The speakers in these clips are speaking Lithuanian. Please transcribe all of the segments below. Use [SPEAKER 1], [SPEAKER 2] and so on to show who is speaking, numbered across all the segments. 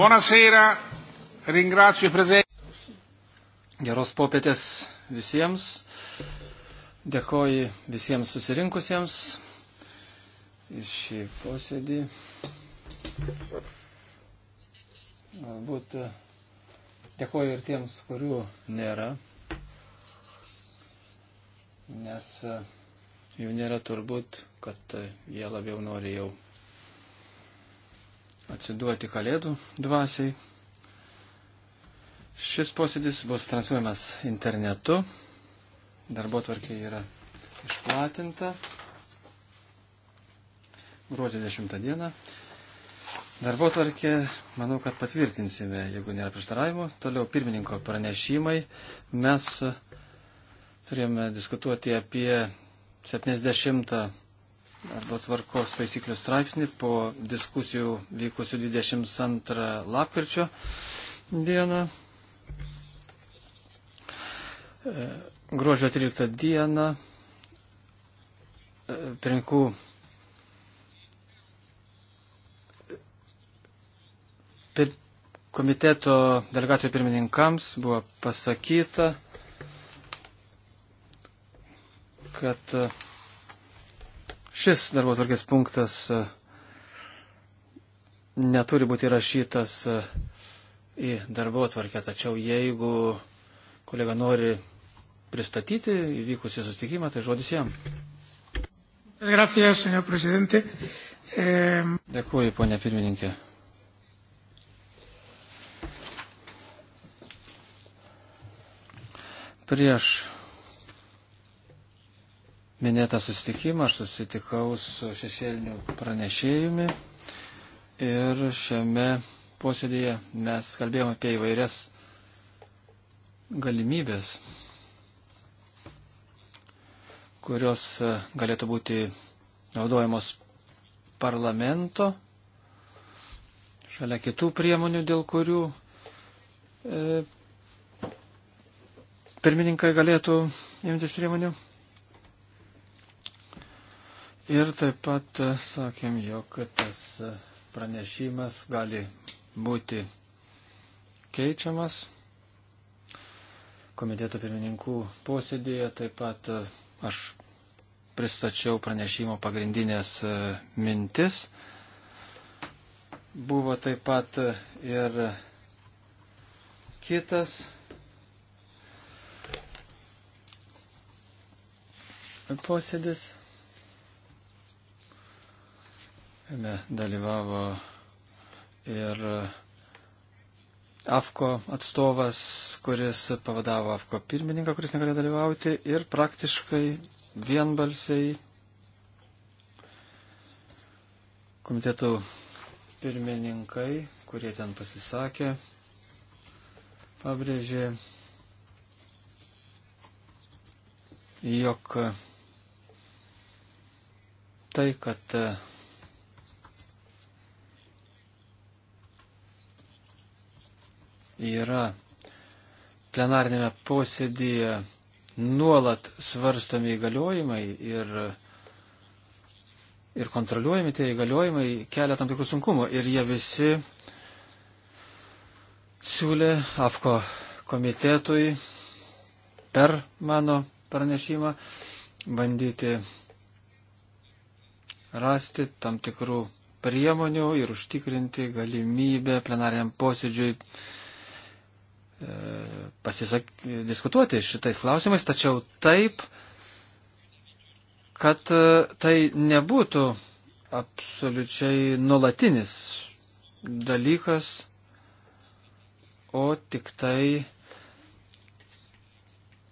[SPEAKER 1] Buonasera, ringrazio i prezenti. Geros popietės visiems. Dėkoju visiems susirinkusiems į šį posėdį. Galbūt e, dėkoju ir tiems, kurių nėra, nes e, jų nėra turbūt, kad e, jie labiau nori jau atsiduoti kalėdų dvasiai. Šis posėdis bus transliuojamas internetu. Darbo tvarkė yra išplatinta. Gruodžio 10 dieną. Darbo tvarkė, manau, kad patvirtinsime, jeigu nėra prieštaravimų. Toliau pirmininko pranešimai. Mes turėjome diskutuoti apie 70 darbo tvarkos taisyklių straipsnį po diskusijų vykusių 22 lapkričio dieną. E, gruodžio 13 dieną e, prinkų komiteto delegacijų pirmininkams buvo pasakyta, kad e, Šis darbo tvarkės punktas e, neturi būti rašytas e, į darbo tvarkę, tačiau jeigu kolega nori pristatyti įvykusį sustikimą, tai žodis jam.
[SPEAKER 2] Gracias, señor presidente. Eh,
[SPEAKER 1] Dėkuoju, ponė pirmininkė. Prieš minėtą susitikimą aš susitikau su šešėliniu pranešėjumi ir šiame posėdėje mes kalbėjome apie įvairias galimybės, kurios e, galėtų būti naudojamos parlamento, šalia kitų priemonių, dėl kurių e, pirmininkai galėtų imtis priemonių. Ir taip pat e, sakėm, jog tas e, pranešimas gali būti keičiamas. Komiteto pirmininkų posėdėje taip pat e, aš pristačiau pranešimo pagrindinės mintis. Buvo taip pat ir kitas posėdis Jame dalyvavo ir AFKO atstovas, kuris pavadavo AFKO pirmininką, kuris negalėjo dalyvauti ir praktiškai vienbalsiai komitetų pirmininkai, kurie ten pasisakė, pabrėžė, jog tai, kad yra plenarnėme posėdėje nuolat svarstomi įgaliojimai ir, ir kontroliuojami tie įgaliojimai kelia tam tikrų sunkumų. Ir jie visi siūlė AFKO komitetui per mano pranešimą bandyti rasti tam tikrų priemonių ir užtikrinti galimybę plenariam posėdžiui pasisak, diskutuoti šitais klausimais, tačiau taip, kad e, tai nebūtų absoliučiai nulatinis dalykas, o tik tai,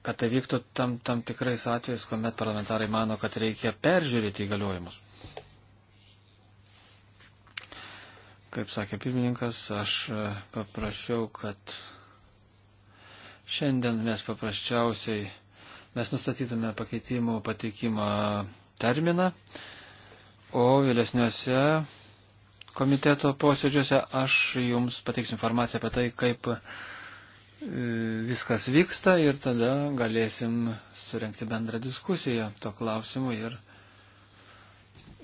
[SPEAKER 1] kad tai vyktų tam, tam tikrais atvejais, kuomet parlamentarai mano, kad reikia peržiūrėti įgaliojimus. Kaip sakė pirmininkas, aš e, paprašiau, kad Šiandien mes paprasčiausiai, mes nustatytume pakeitimų pateikimo terminą, o vėlesniuose komiteto posėdžiuose aš jums pateiksiu informaciją apie tai, kaip e, viskas vyksta ir tada galėsim surenkti bendrą diskusiją to klausimu ir,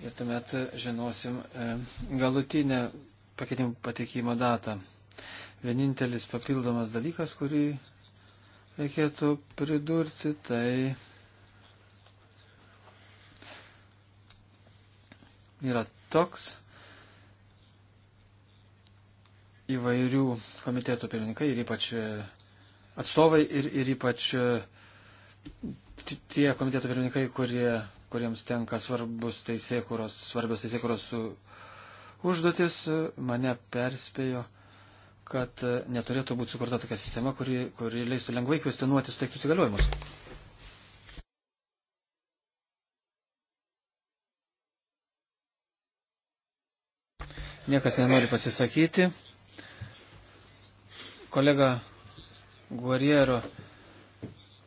[SPEAKER 1] ir tuomet žinosim e, galutinę pakeitimų pateikimo datą. Vienintelis papildomas dalykas, kurį reikėtų pridurti, tai yra toks įvairių komitetų pirmininkai ir ypač e, atstovai ir, ir ypač e, tie komitetų pirmininkai, kurie, kuriems tenka svarbus teisėkuros, svarbios teisėkuros užduotis, e, mane perspėjo kad e, neturėtų būti sukurta tokia sistema, kuri, kuri leistų lengvai kvestionuoti suteiktus įgaliojimus. Niekas nenori pasisakyti. Kolega Guerriero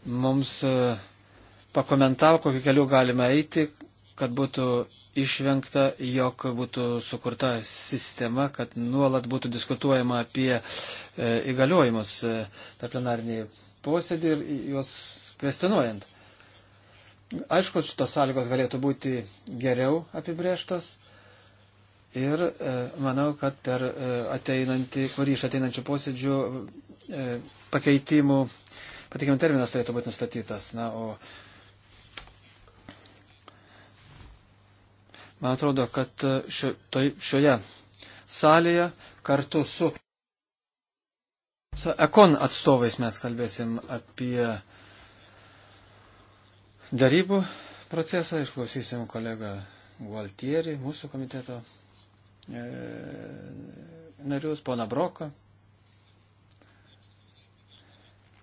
[SPEAKER 1] mums e, pakomentavo, kokiu keliu galime eiti, kad būtų išvengta, jog būtų sukurta sistema, kad nuolat būtų diskutuojama apie e, įgaliojimus per plenarnį posėdį ir juos kvestionuojant. Aišku, šitos sąlygos galėtų būti geriau apibrėžtos ir e, manau, kad per e, ateinantį, kurį iš ateinančių posėdžių e, pakeitimų patikimų terminas turėtų būti nustatytas. Na, o Man atrodo, kad e, šio, toj, šioje salėje kartu su, su ekon atstovais mes kalbėsim apie darybų procesą, išklausysim kolegą Gualtierį, mūsų komiteto e, narius, pona Broką,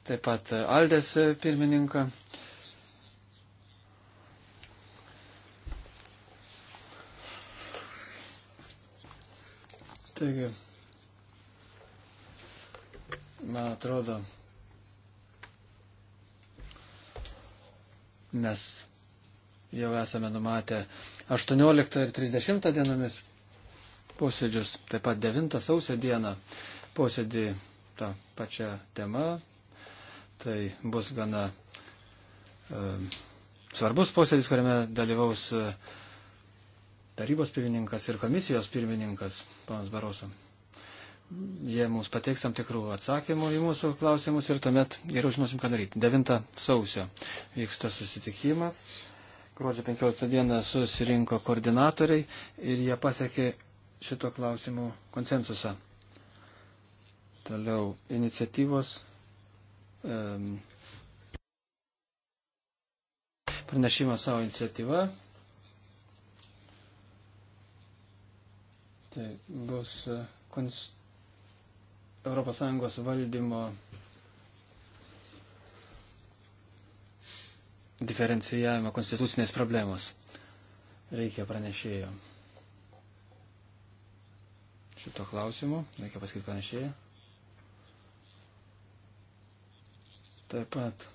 [SPEAKER 1] taip pat Aldės pirmininką. E, Taigi, man atrodo, mes jau esame numatę 18 ir 30 dienomis posėdžius, taip pat 9 sausio dieną posėdį tą pačią temą. Tai bus gana e, svarbus posėdis, kuriame dalyvaus e, tarybos pirmininkas ir komisijos pirmininkas, panas Baroso. Jie mums pateiks tam tikrų atsakymų į mūsų klausimus ir tuomet geriau žinosim, ką daryti. 9 sausio vyksta susitikimas. Gruodžio 15 dieną susirinko koordinatoriai ir jie pasiekė šito klausimų konsensusą. Toliau iniciatyvos. Um, pranešimą savo iniciatyvą Tai bus e, konst... ES valdymo diferencijavimo konstitucinės problemos. Reikia pranešėjo. Šito klausimu reikia paskirti pranešėją. Taip pat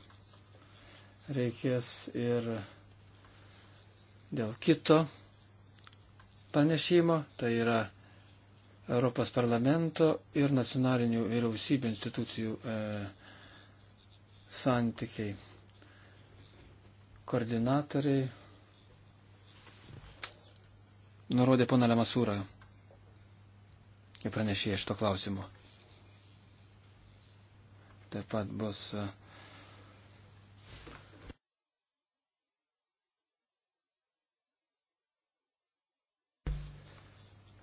[SPEAKER 1] reikės ir dėl kito pranešimo, tai yra Europos parlamento ir nacionalinių vyriausybių institucijų e, santykiai. Koordinatoriai nurodė pana Lemasūrą į pranešėją šito klausimu. Taip pat bus e,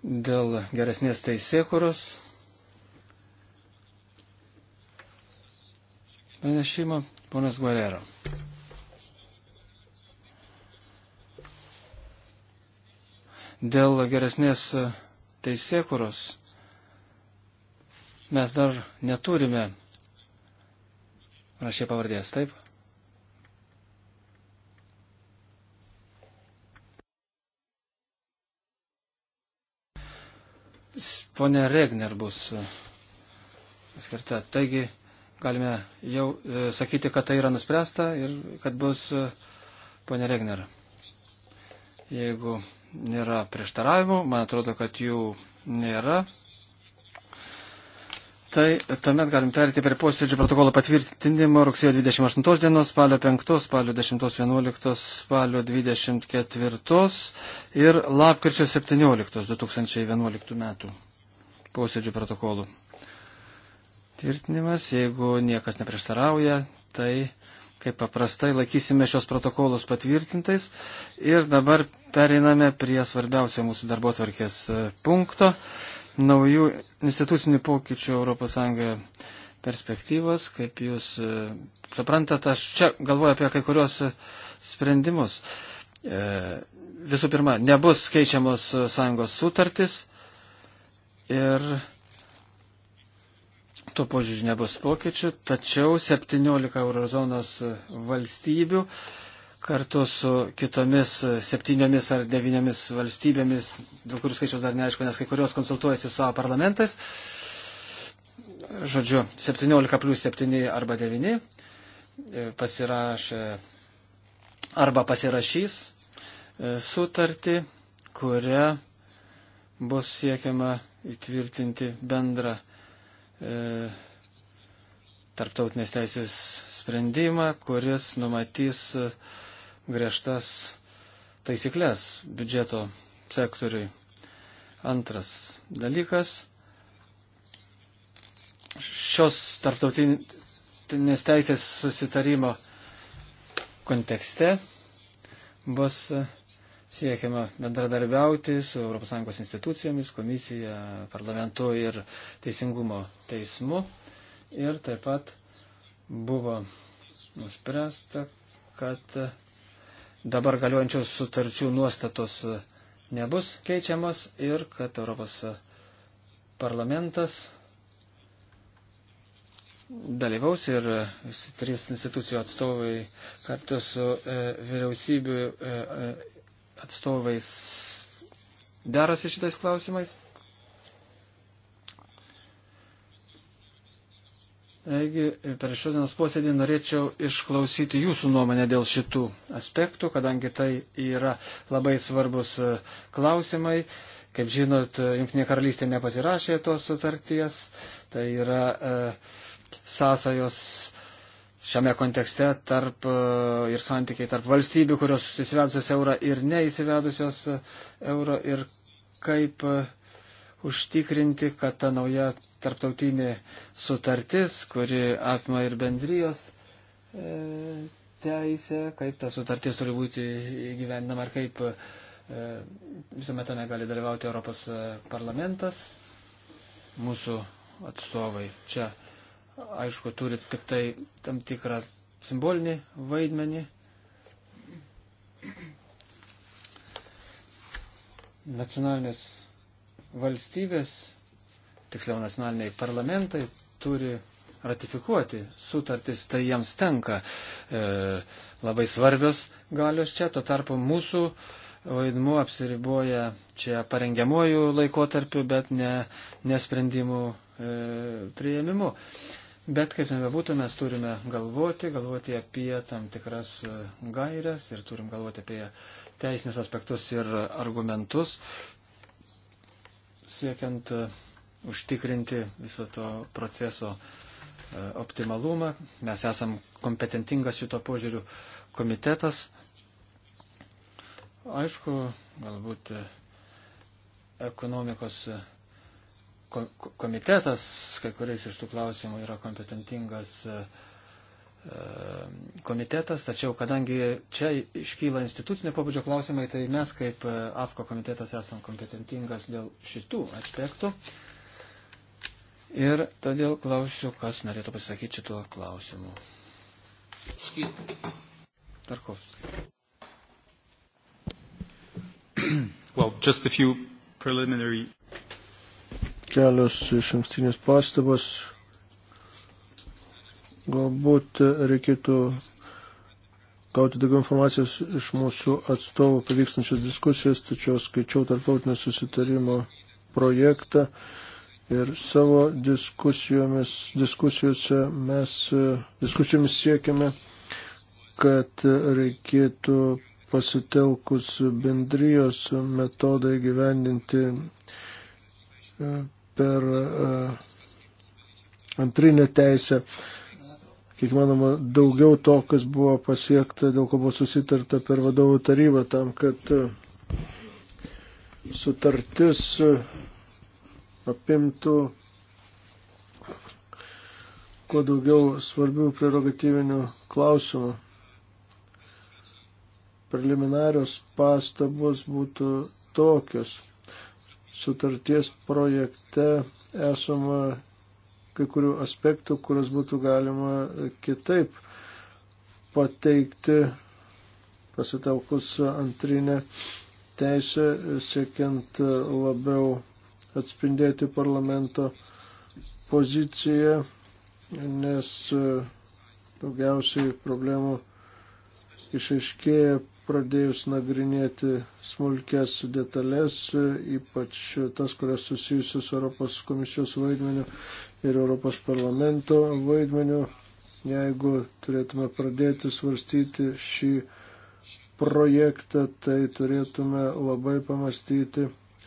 [SPEAKER 1] dėl geresnės teisėkuros pranešimo ponas Guerrero. Dėl geresnės teisėkuros mes dar neturime rašė pavardės, taip? Pone Regner bus e, skirta. Taigi galime jau e, sakyti, kad tai yra nuspręsta ir kad bus e, pone Regner. Jeigu nėra prieštaravimų, man atrodo, kad jų nėra. Tai tuomet galim perėti prie posėdžio protokolo patvirtinimo rugsėjo 28 dienos, spalio 5, spalio 10, 11, spalio 24 ir lapkričio 17, 2011 metų posėdžių protokolų. Tvirtinimas, jeigu niekas neprieštarauja, tai kaip paprastai laikysime šios protokolus patvirtintais. Ir dabar pereiname prie svarbiausio mūsų darbo tvarkės e, punkto - naujų institucinių pokyčių ES perspektyvas, kaip jūs e, suprantat, aš čia galvoju apie kai kurios e, sprendimus. Visų pirma, nebus keičiamos sąjungos sutartis, ir tuo požiūriu nebus pokyčių, tačiau 17 eurozonos valstybių kartu su kitomis septyniomis ar devyniomis valstybėmis, dėl kurių skaičiaus dar neaišku, nes kai kurios konsultuojasi su savo parlamentais, žodžiu, 17 plus 7 arba 9 e, pasirašė arba pasirašys e, sutartį, kuria bus siekiama įtvirtinti bendrą e, tarptautinės teisės sprendimą, kuris numatys e, griežtas taisyklės biudžeto sektoriui. Antras dalykas. Šios tarptautinės teisės susitarimo kontekste bus Siekiama bendradarbiauti su ES institucijomis, komisija, parlamentu ir teisingumo teismu. Ir taip pat buvo nuspręsta, kad dabar galiojančios sutarčių nuostatos nebus keičiamas ir kad Europos parlamentas dalyvaus ir trys institucijų atstovai kartu su e, vyriausybių e, e atstovais derasi šitais klausimais. Taigi, per šios dienos posėdį norėčiau išklausyti jūsų nuomonę dėl šitų aspektų, kadangi tai yra labai svarbus e, klausimai. Kaip žinot, Junktinė karalystė nepasirašė tos sutarties, tai yra e, sąsajos e, šiame kontekste tarp, e, ir santykiai tarp valstybių, kurios įsivedusios eurą ir neįsivedusios e, eurą ir kaip e, užtikrinti, kad ta nauja tarptautinė sutartis, kuri apima ir bendrijos teisę, kaip ta sutartis turi būti įgyvendinama ir kaip visame tame gali dalyvauti Europos parlamentas, mūsų atstovai čia aišku, turi tik tai tam tikrą simbolinį vaidmenį. Nacionalinės valstybės, tiksliau nacionaliniai parlamentai turi ratifikuoti sutartis, tai jiems tenka e, labai svarbios galios čia, to tarpu mūsų vaidmuo apsiriboja čia parengiamojų laikotarpių, bet ne, ne sprendimų e, prieimimu. E, Bet kaip ten bebūtų, mes turime galvoti, galvoti apie tam tikras e, gairias ir turim galvoti apie teisinius aspektus ir argumentus, siekiant e, užtikrinti viso to proceso e, optimalumą. Mes esam kompetentingas šito požiūrių komitetas. Aišku, galbūt ekonomikos komitetas, kai kuriais iš tų klausimų yra kompetentingas e, e, komitetas, tačiau kadangi čia iškyla institucinio pabudžio klausimai, tai mes kaip e, AFKO komitetas esam kompetentingas dėl šitų aspektų. Ir todėl klausiu, kas norėtų pasakyti šituo klausimu. Tarkovskis. Well, just a few preliminary
[SPEAKER 2] kelios iš ankstinės pastabos. Galbūt reikėtų gauti daugiau informacijos iš mūsų atstovų apie vykstančias diskusijas, tačiau skaičiau tarptautinio susitarimo projektą ir savo diskusijomis, diskusijose mes diskusijomis siekiame, kad reikėtų pasitelkus bendrijos metodą įgyvendinti per e, antrinę teisę, kiek manoma, daugiau to, kas buvo pasiekta, dėl ko buvo susitarta per vadovų tarybą, tam, kad e, sutartis e, apimtų kuo daugiau svarbių prerogatyvinių klausimų. Preliminarios pastabos būtų tokios sutarties projekte esama kai kurių aspektų, kurias būtų galima kitaip pateikti pasitelkus antrinę teisę, siekiant labiau atspindėti parlamento poziciją, nes daugiausiai problemų išaiškėja pradėjus nagrinėti smulkės detalės, ypač tas, kurios susijusios Europos komisijos vaidmeniu ir Europos parlamento vaidmeniu, jeigu turėtume pradėti svarstyti šį projektą, tai turėtume labai pamastyti,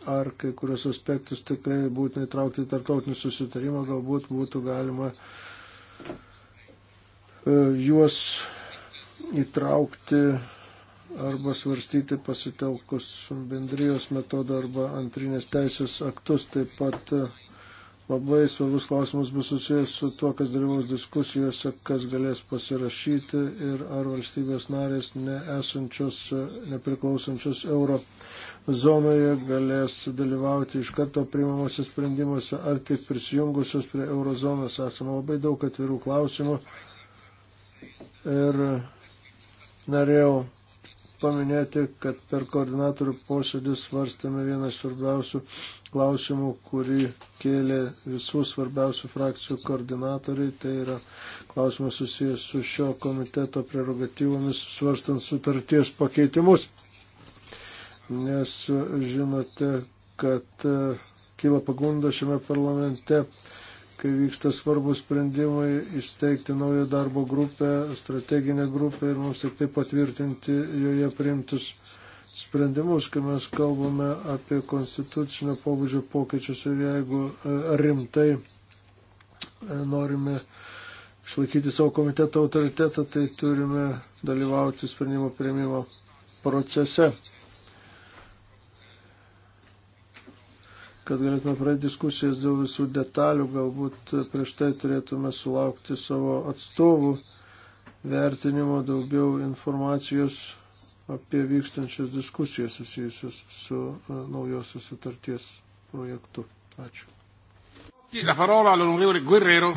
[SPEAKER 2] ar kai kurios aspektus tikrai būtina įtraukti į tarptautinį susitarimą, galbūt būtų galima e, juos įtraukti arba svarstyti pasitelkus bendrijos metodą arba antrinės teisės aktus. Taip pat e, labai svarbus klausimas bus susijęs su tuo, kas dalyvaus diskusijose, kas galės pasirašyti ir ar valstybės narės neesančios, nepriklausančios euro zonoje galės dalyvauti iš karto priimamuose sprendimuose ar tik prisijungusios prie euro zonos. Esame labai daug atvirų klausimų ir norėjau paminėti, kad per koordinatorių posėdį svarstame vieną svarbiausių klausimų, kurį kėlė visų svarbiausių frakcijų koordinatoriai. Tai yra klausimas susijęs su šio komiteto prerogatyvomis svarstant sutarties pakeitimus. Nes žinote, kad e, kyla pagunda šiame parlamente kai vyksta svarbus sprendimai, įsteigti naują darbo grupę, strateginę grupę ir mums tik tai patvirtinti joje priimtus sprendimus, kai mes kalbame apie konstitucinio pobūdžio pokyčius ir jeigu e, rimtai e, norime išlaikyti savo komiteto autoritetą, tai turime dalyvauti sprendimo prieimimo procese. kad galėtume pradėti diskusijas dėl visų detalių, galbūt prieš tai turėtume sulaukti savo atstovų vertinimo daugiau informacijos apie vykstančias diskusijas susijusius su e, naujosios sutarties projektu. Ačiū. La parola all'onorevole Guerrero.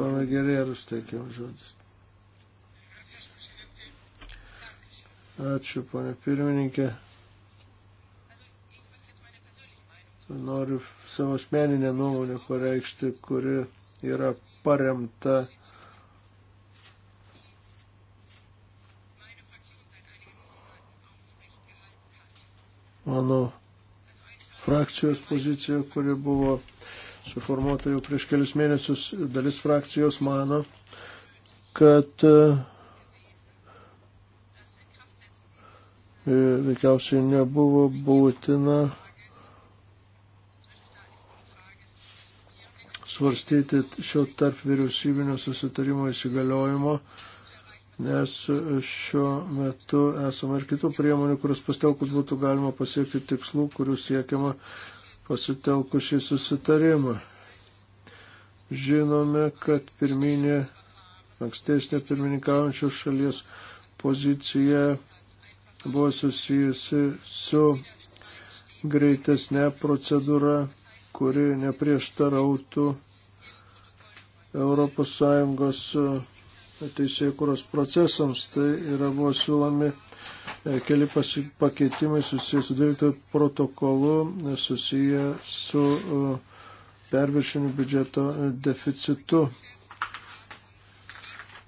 [SPEAKER 2] Pana Guerrero, steikiam žodis. Ačiū, ponė pirmininkė. noriu savo asmeninę nuomonę pareikšti, kuri yra paremta mano frakcijos pozicija, kuri buvo suformuota jau prieš kelius mėnesius. Dalis frakcijos mano, kad e, veikiausiai nebuvo būtina svarstyti šio tarp vyriausybinio susitarimo įsigaliojimo, nes šiuo metu esame ir kitų priemonių, kurias pastelkus būtų galima pasiekti tikslų, kurių siekiama pasitelkus šį susitarimą. Žinome, kad pirminė, ankstesnė pirmininkaujančios šalies pozicija buvo susijusi su greitesnė procedūra kuri neprieštarautų ES e, teisėkuros procesams. Tai yra buvo siūlomi e, keli pakeitimai susiję su 12 protokolu, e, susiję su perviršiniu biudžeto deficitu.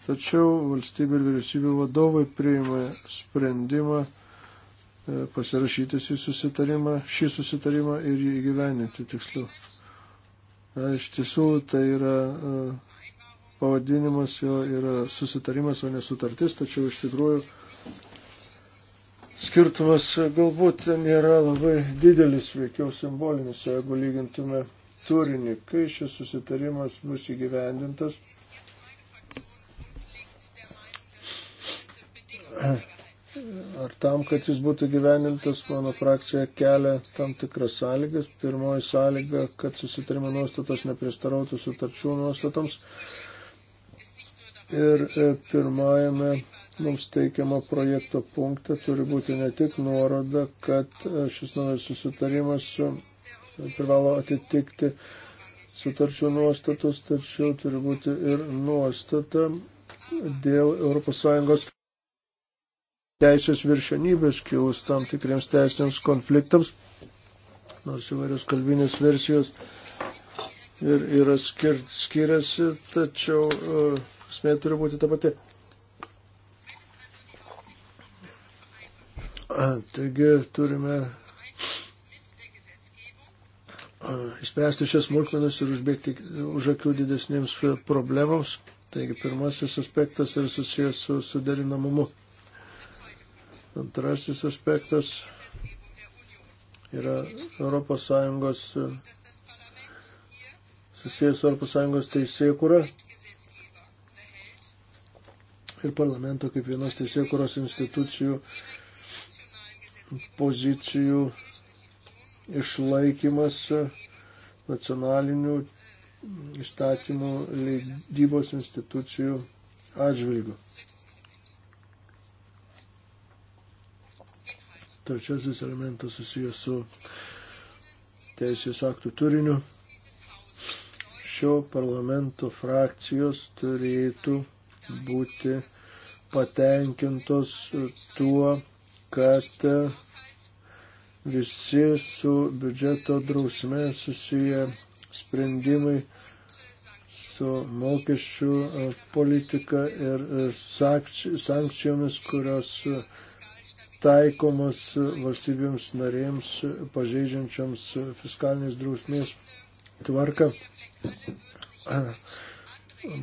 [SPEAKER 2] Tačiau valstybė ir vyriausybė vadovai priima sprendimą E, pasirašyti šį susitarimą, šį susitarimą ir jį įgyveninti tiksliau. E, iš tiesų tai yra e, pavadinimas jo yra susitarimas, o ne sutartis, tačiau iš tikrųjų skirtumas galbūt nėra labai didelis, veikiau simbolinis, jeigu lygintume turinį, kai šis susitarimas bus įgyvendintas ar tam, kad jis būtų gyvenintas, mano frakcija kelia tam tikras sąlygas. Pirmoji sąlyga, kad susitarimo nuostatas neprieštarautų sutarčių nuostatoms. Ir e, pirmajame mums teikiamo projekto punkte turi būti ne tik nuoroda, kad e, šis naujas susitarimas e, privalo atitikti sutarčių nuostatus, tačiau turi būti ir nuostata dėl ES teisės viršenybės kilus tam tikriems teisiniams konfliktams, nors įvairios kalbinės versijos ir yra skir skiriasi, tačiau uh, esmė turi būti ta pati. A, taigi turime išspręsti šias smulkmenas ir užbėgti už akių didesnėms problemams. Taigi pirmasis aspektas yra susijęs su suderinamumu. Antrasis aspektas yra Europos Sąjungos susijęs su Europos Sąjungos teisėkūra ir parlamento kaip vienos teisėkūros institucijų pozicijų išlaikymas nacionalinių įstatymų leidybos institucijų atžvilgių. Trečiasis elementas susijęs su teisės aktų turiniu. Šio parlamento frakcijos turėtų būti patenkintos tuo, kad visi su biudžeto drausme susiję sprendimai su mokesčių politika ir sankcijomis, kurios taikomas valstybėms narėms pažeidžiančiams fiskalinės drausmės tvarką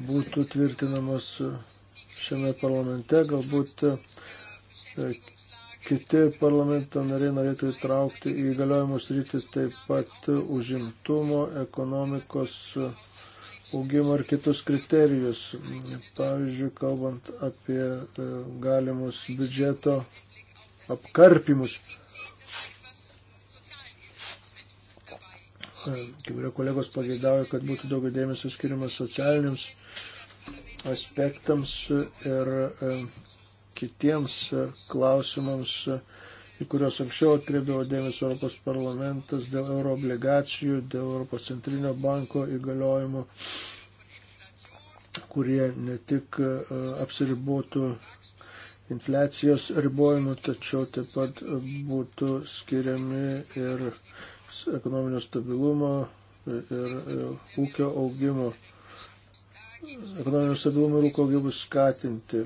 [SPEAKER 2] būtų tvirtinamos šiame parlamente. Galbūt e, kiti parlamento nariai norėtų įtraukti į įgaliojimus rytį taip pat užimtumo, ekonomikos augimo ir kitus kriterijus. Pavyzdžiui, kalbant apie e, galimus biudžeto apkarpimus. Kaip yra kolegos pageidauja, kad būtų daug dėmesio skiriamas socialiniams aspektams ir e, kitiems e, klausimams, e, į kuriuos anksčiau atkreipdavo dėmesį Europos parlamentas dėl euro obligacijų, dėl Europos centrinio banko įgaliojimų, kurie ne tik apsiribotų infliacijos ribojimų, tačiau taip pat būtų skiriami ir ekonominio stabilumo ir ūkio augimo, ekonominio stabilumo ir ūkio augimo skatinti.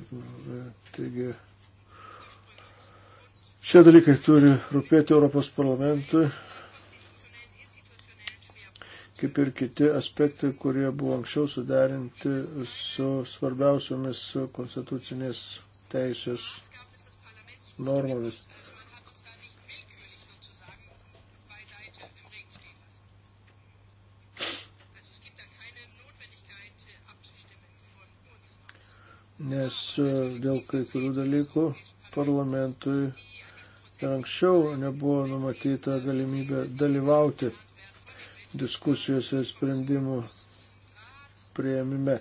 [SPEAKER 2] Taigi, šie dalykai turi rūpėti Europos parlamentui, kaip ir kiti aspektai, kurie buvo anksčiau suderinti su svarbiausiomis konstitucinės teisės normomis. Nes uh, dėl kai kurių dalykų parlamentui ir anksčiau nebuvo numatyta galimybė dalyvauti diskusijose sprendimų prieimime.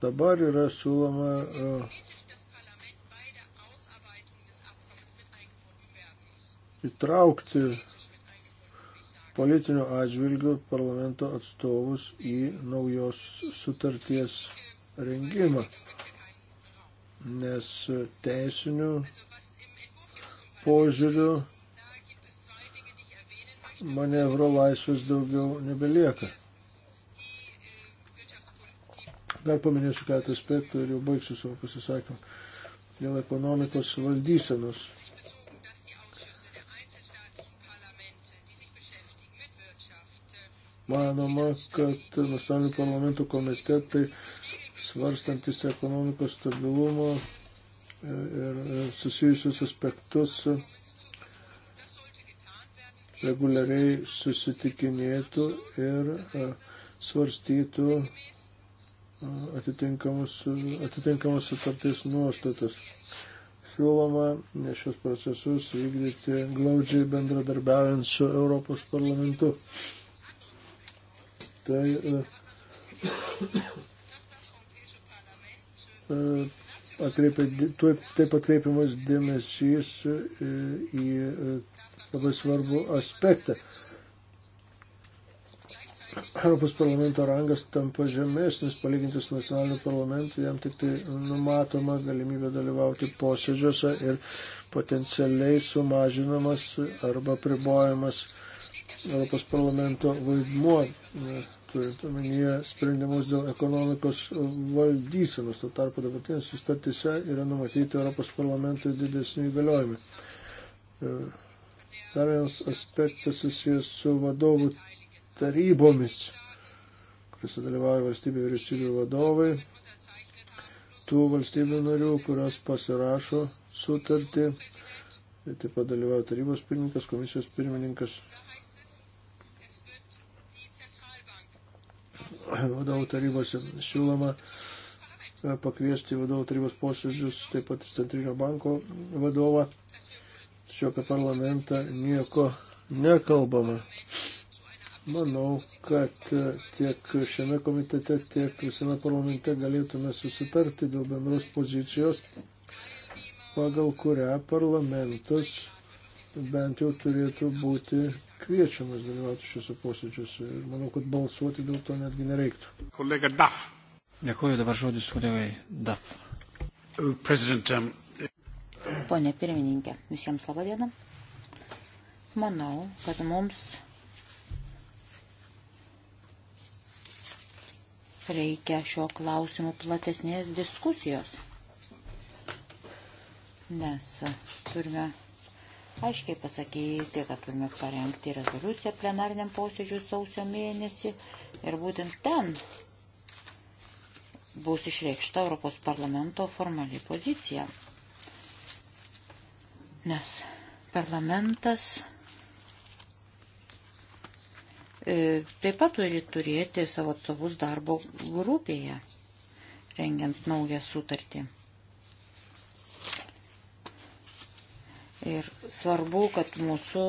[SPEAKER 2] Dabar yra siūloma uh, įtraukti politinių atžvilgių parlamento atstovus į naujos sutarties rengimą, nes teisinių požiūrių manevro laisvės daugiau nebelieka. Dar paminėsiu keletą aspektų ir jau baigsiu savo pasisakymą dėl ekonomikos valdysenos manoma, kad nacionalinių parlamentų komitetai svarstantis ekonomikos stabilumo ir susijusius aspektus reguliariai susitikinėtų ir e, svarstytų e, atitinkamus, atitinkamus sutarties nuostatas. Siūloma šios procesus vykdyti glaudžiai bendradarbiaujant su Europos parlamentu tai e, e, atkreipia, taip atkreipiamas dėmesys e, į labai svarbų aspektą. Europos parlamento rangas tampa žemesnis, palyginti su nacionaliniu parlamentu, jam tik tai numatoma galimybė dalyvauti posėdžiuose ir potencialiai sumažinamas arba pribojamas uh, Europos parlamento vaidmuo, e, turint omenyje sprendimus dėl ekonomikos valdysenos. Tuo tarpu dabartinės sustatise yra numatyti Europos parlamentui didesnį įgaliojimą. E, dar vienas aspektas susijęs su vadovų tarybomis, kuriuose dalyvauja valstybių vyriausybių vadovai, tų valstybių narių, kurios pasirašo sutartį, taip pat dalyvauja tarybos pirmininkas, komisijos pirmininkas vadovų tarybose siūloma e, pakviesti vadovų tarybos posėdžius, taip pat ir Centrinio banko vadovą. Tačiau apie parlamentą nieko nekalbama. Manau, kad e, tiek šiame komitete, tiek visame parlamente galėtume susitarti dėl bendros pozicijos, pagal kurią parlamentas bent jau turėtų būti kviečiamas dalyvauti šiuose posėdžiuose ir manau, kad balsuoti dėl to netgi nereiktų. Kolega Daf. Dėkuoju
[SPEAKER 1] dabar žodis kolegai Daf. Uh, Prezidentam.
[SPEAKER 2] Um, Pone
[SPEAKER 3] pirmininkė, visiems laba diena. Manau, kad mums reikia šio klausimu platesnės diskusijos, nes turime aiškiai pasakyti, kad turime parengti rezoliuciją plenariniam posėdžiui sausio mėnesį ir būtent ten bus išreikšta Europos parlamento formali pozicija. Nes parlamentas e, taip pat turi turėti savo atstovus darbo grupėje, rengiant naują sutartį. Ir svarbu, kad mūsų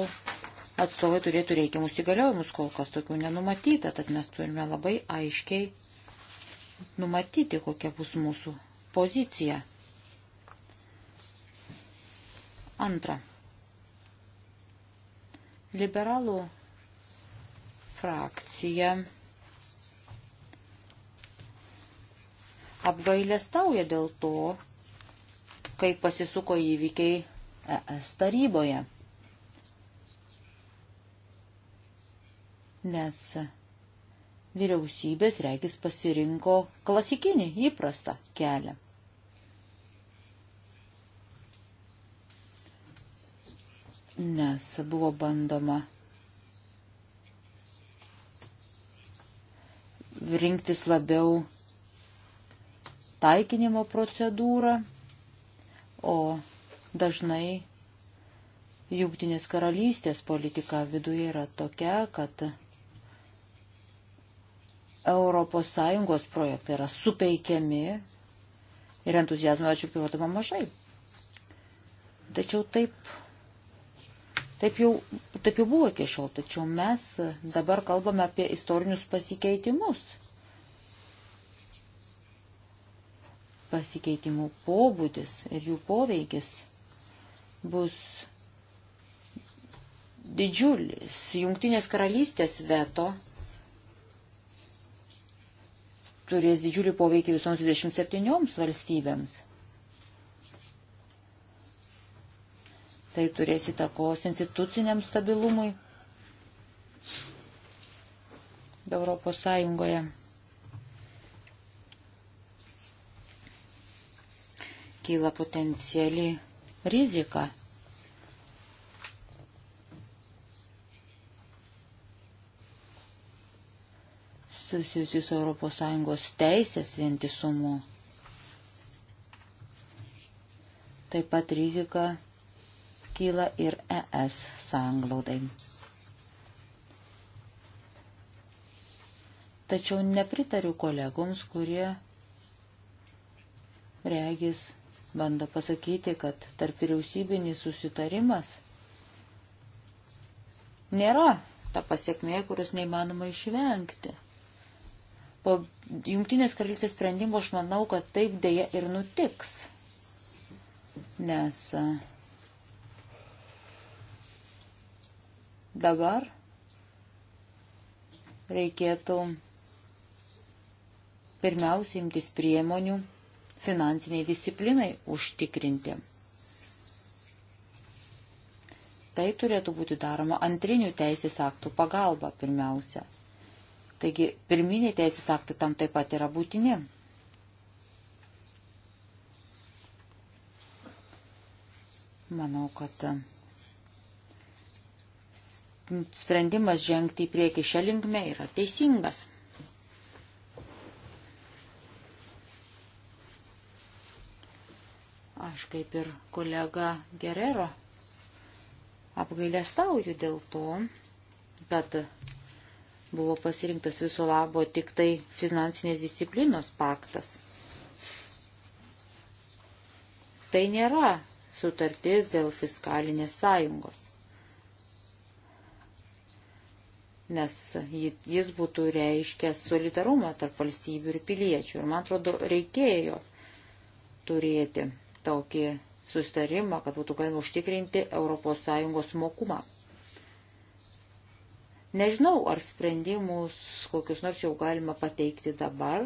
[SPEAKER 3] atstovai turėtų reikiamus įgaliojimus, kol kas tokių nenumatyta, tad mes turime labai aiškiai numatyti, kokia bus mūsų pozicija. Antra. Liberalų frakcija apgailestauja dėl to, kaip pasisuko įvykiai ES taryboje. Nes vyriausybės regis pasirinko klasikinį įprastą kelią. Nes buvo bandoma rinktis labiau taikinimo procedūrą, o dažnai jungtinės karalystės politika viduje yra tokia, kad ES projektai yra supeikiami ir entuzijazmo ačiū pilotama mažai. Tačiau taip, taip, jau, taip jau buvo iki šiol, tačiau mes dabar kalbame apie istorinius pasikeitimus. Pasikeitimų pobūdis ir jų poveikis bus didžiulis jungtinės karalystės veto turės didžiulį poveikį visoms 27 valstybėms. Tai turės įtakos instituciniam stabilumui Europos Sąjungoje. Kyla potencialiai riziką. susijusi su ES teisės vientisumu. Taip pat rizika kyla ir ES sanglaudai. Tačiau nepritariu kolegoms, kurie regis bando pasakyti, kad tarp vyriausybinis susitarimas nėra ta pasiekmė, kurios neįmanoma išvengti. Po jungtinės karalystės sprendimo aš manau, kad taip dėja ir nutiks. Nes dabar reikėtų pirmiausia imtis priemonių finansiniai disciplinai užtikrinti. Tai turėtų būti daroma antrinių teisės aktų pagalba pirmiausia. Taigi pirminiai teisės aktai tam taip pat yra būtini. Manau, kad sprendimas žengti į priekį šią linkmę yra teisingas. Aš kaip ir kolega Gerero apgailestauju dėl to, kad buvo pasirinktas viso labo tik tai finansinės disciplinos paktas. Tai nėra sutartis dėl fiskalinės sąjungos, nes jis būtų reiškęs solidarumą tarp valstybių ir piliečių. Ir man atrodo, reikėjo turėti tokį sustarimą, kad būtų galima užtikrinti ES mokumą. Nežinau, ar sprendimus kokius nors jau galima pateikti dabar.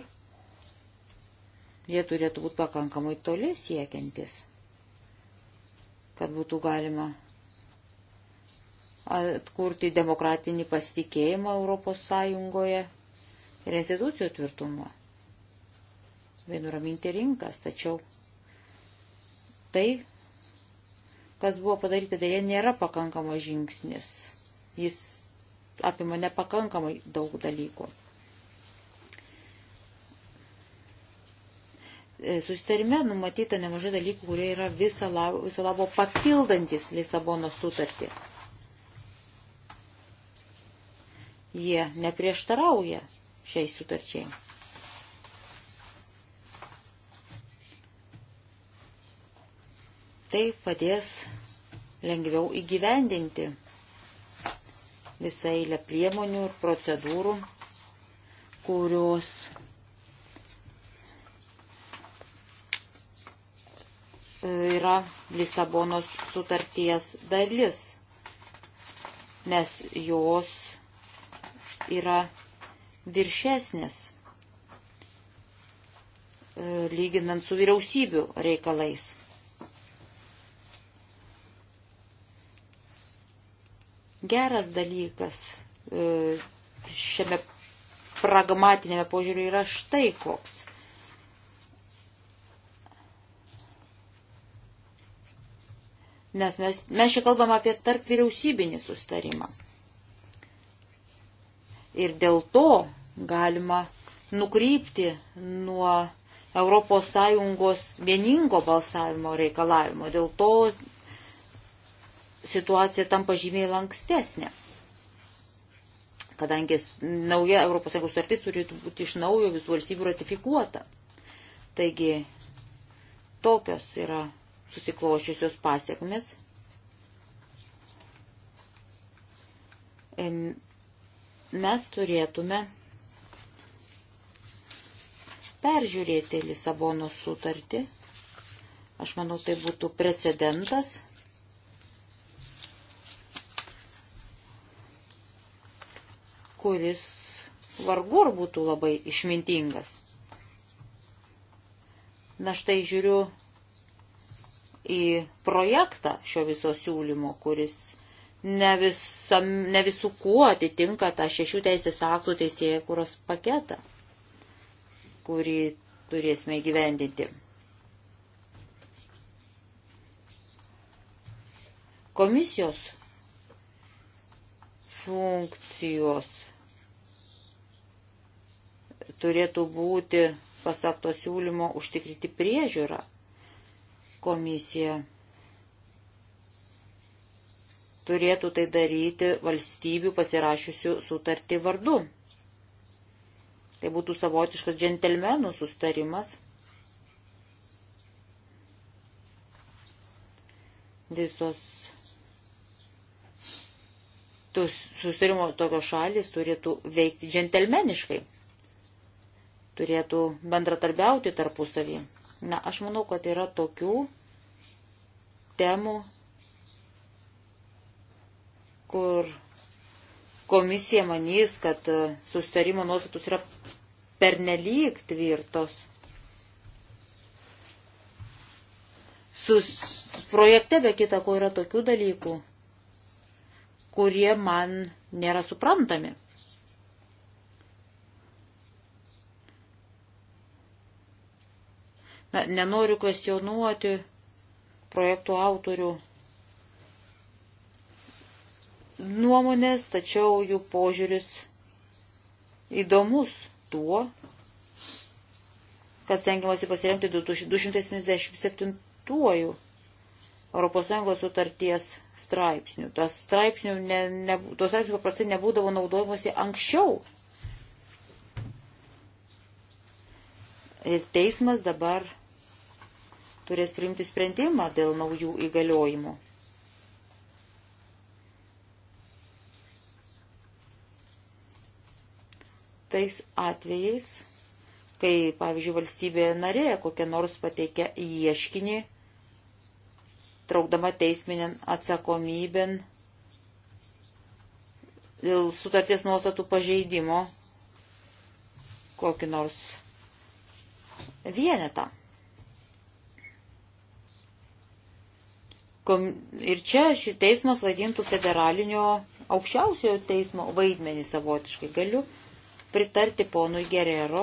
[SPEAKER 3] Jie turėtų būti pakankamai toli siekiantis, kad būtų galima atkurti demokratinį pasitikėjimą Europos Sąjungoje ir institucijų tvirtumą. Vienuraminti rinkas, tačiau tai, kas buvo padaryta dėje, nėra pakankamas žingsnis. Jis apima nepakankamai daug dalykų. E, susitarime numatyta nemažai dalykų, kurie yra viso labo, viso labo papildantis Lisabono sutartį. Jie neprieštarauja šiai sutarčiai. Tai padės lengviau įgyvendinti visą eilę priemonių ir procedūrų, kurios yra Lisabonos sutarties dalis, nes jos yra viršesnės e, lyginant su vyriausybių reikalais. Geras dalykas e, šiame pragmatinėme požiūriu yra štai koks. Nes mes, mes čia kalbam apie tarp vyriausybinį sustarimą. Ir dėl to galima nukrypti nuo ES vieningo balsavimo reikalavimo. Dėl to situacija tampa žymiai lankstesnė, kadangi nauja ES sutartis turėtų būti iš naujo visų valstybių ratifikuota. Taigi tokios yra susiklošiusios pasiekmes. Mes turėtume peržiūrėti Lisabono sutartį. Aš manau, tai būtų precedentas kuris vargur būtų labai išmintingas. Na štai žiūriu į projektą šio viso siūlymo, kuris ne, visam, ne visų kuo atitinka tą šešių teisės aktų teisėjų kuros paketą, kurį turėsime įgyvendinti. Komisijos funkcijos turėtų būti, pasak to siūlymo, užtikrinti priežiūrą komisija. Turėtų tai daryti valstybių pasirašiusių sutartį vardu. Tai būtų savotiškas džentelmenų sustarimas. Visos susirimo tokios šalis turėtų veikti džentelmeniškai turėtų bendratarbiauti tarpusavį. Na, aš manau, kad yra tokių temų, kur komisija manys, kad susitarimo nuostatus yra pernelyg tvirtos. Sus projekte be kita ko yra tokių dalykų, kurie man nėra suprantami. Na, nenoriu kvestionuoti projektų autorių nuomonės, tačiau jų požiūris įdomus tuo, kad stengiamasi pasiremti 277 ES sutarties straipsnių. Tas straipsnių ne, ne, tos straipsnių paprastai nebūdavo naudojimuose anksčiau. Ir teismas dabar turės priimti sprendimą dėl naujų įgaliojimų. Tais atvejais, kai, pavyzdžiui, valstybė narė kokia nors pateikia ieškinį, traukdama teisminę atsakomybę dėl sutarties nuostatų pažeidimo kokį nors vienetą. Ir čia šis teismas vaidintų federalinio aukščiausiojo teismo vaidmenį savotiškai. Galiu pritarti ponui Gerero.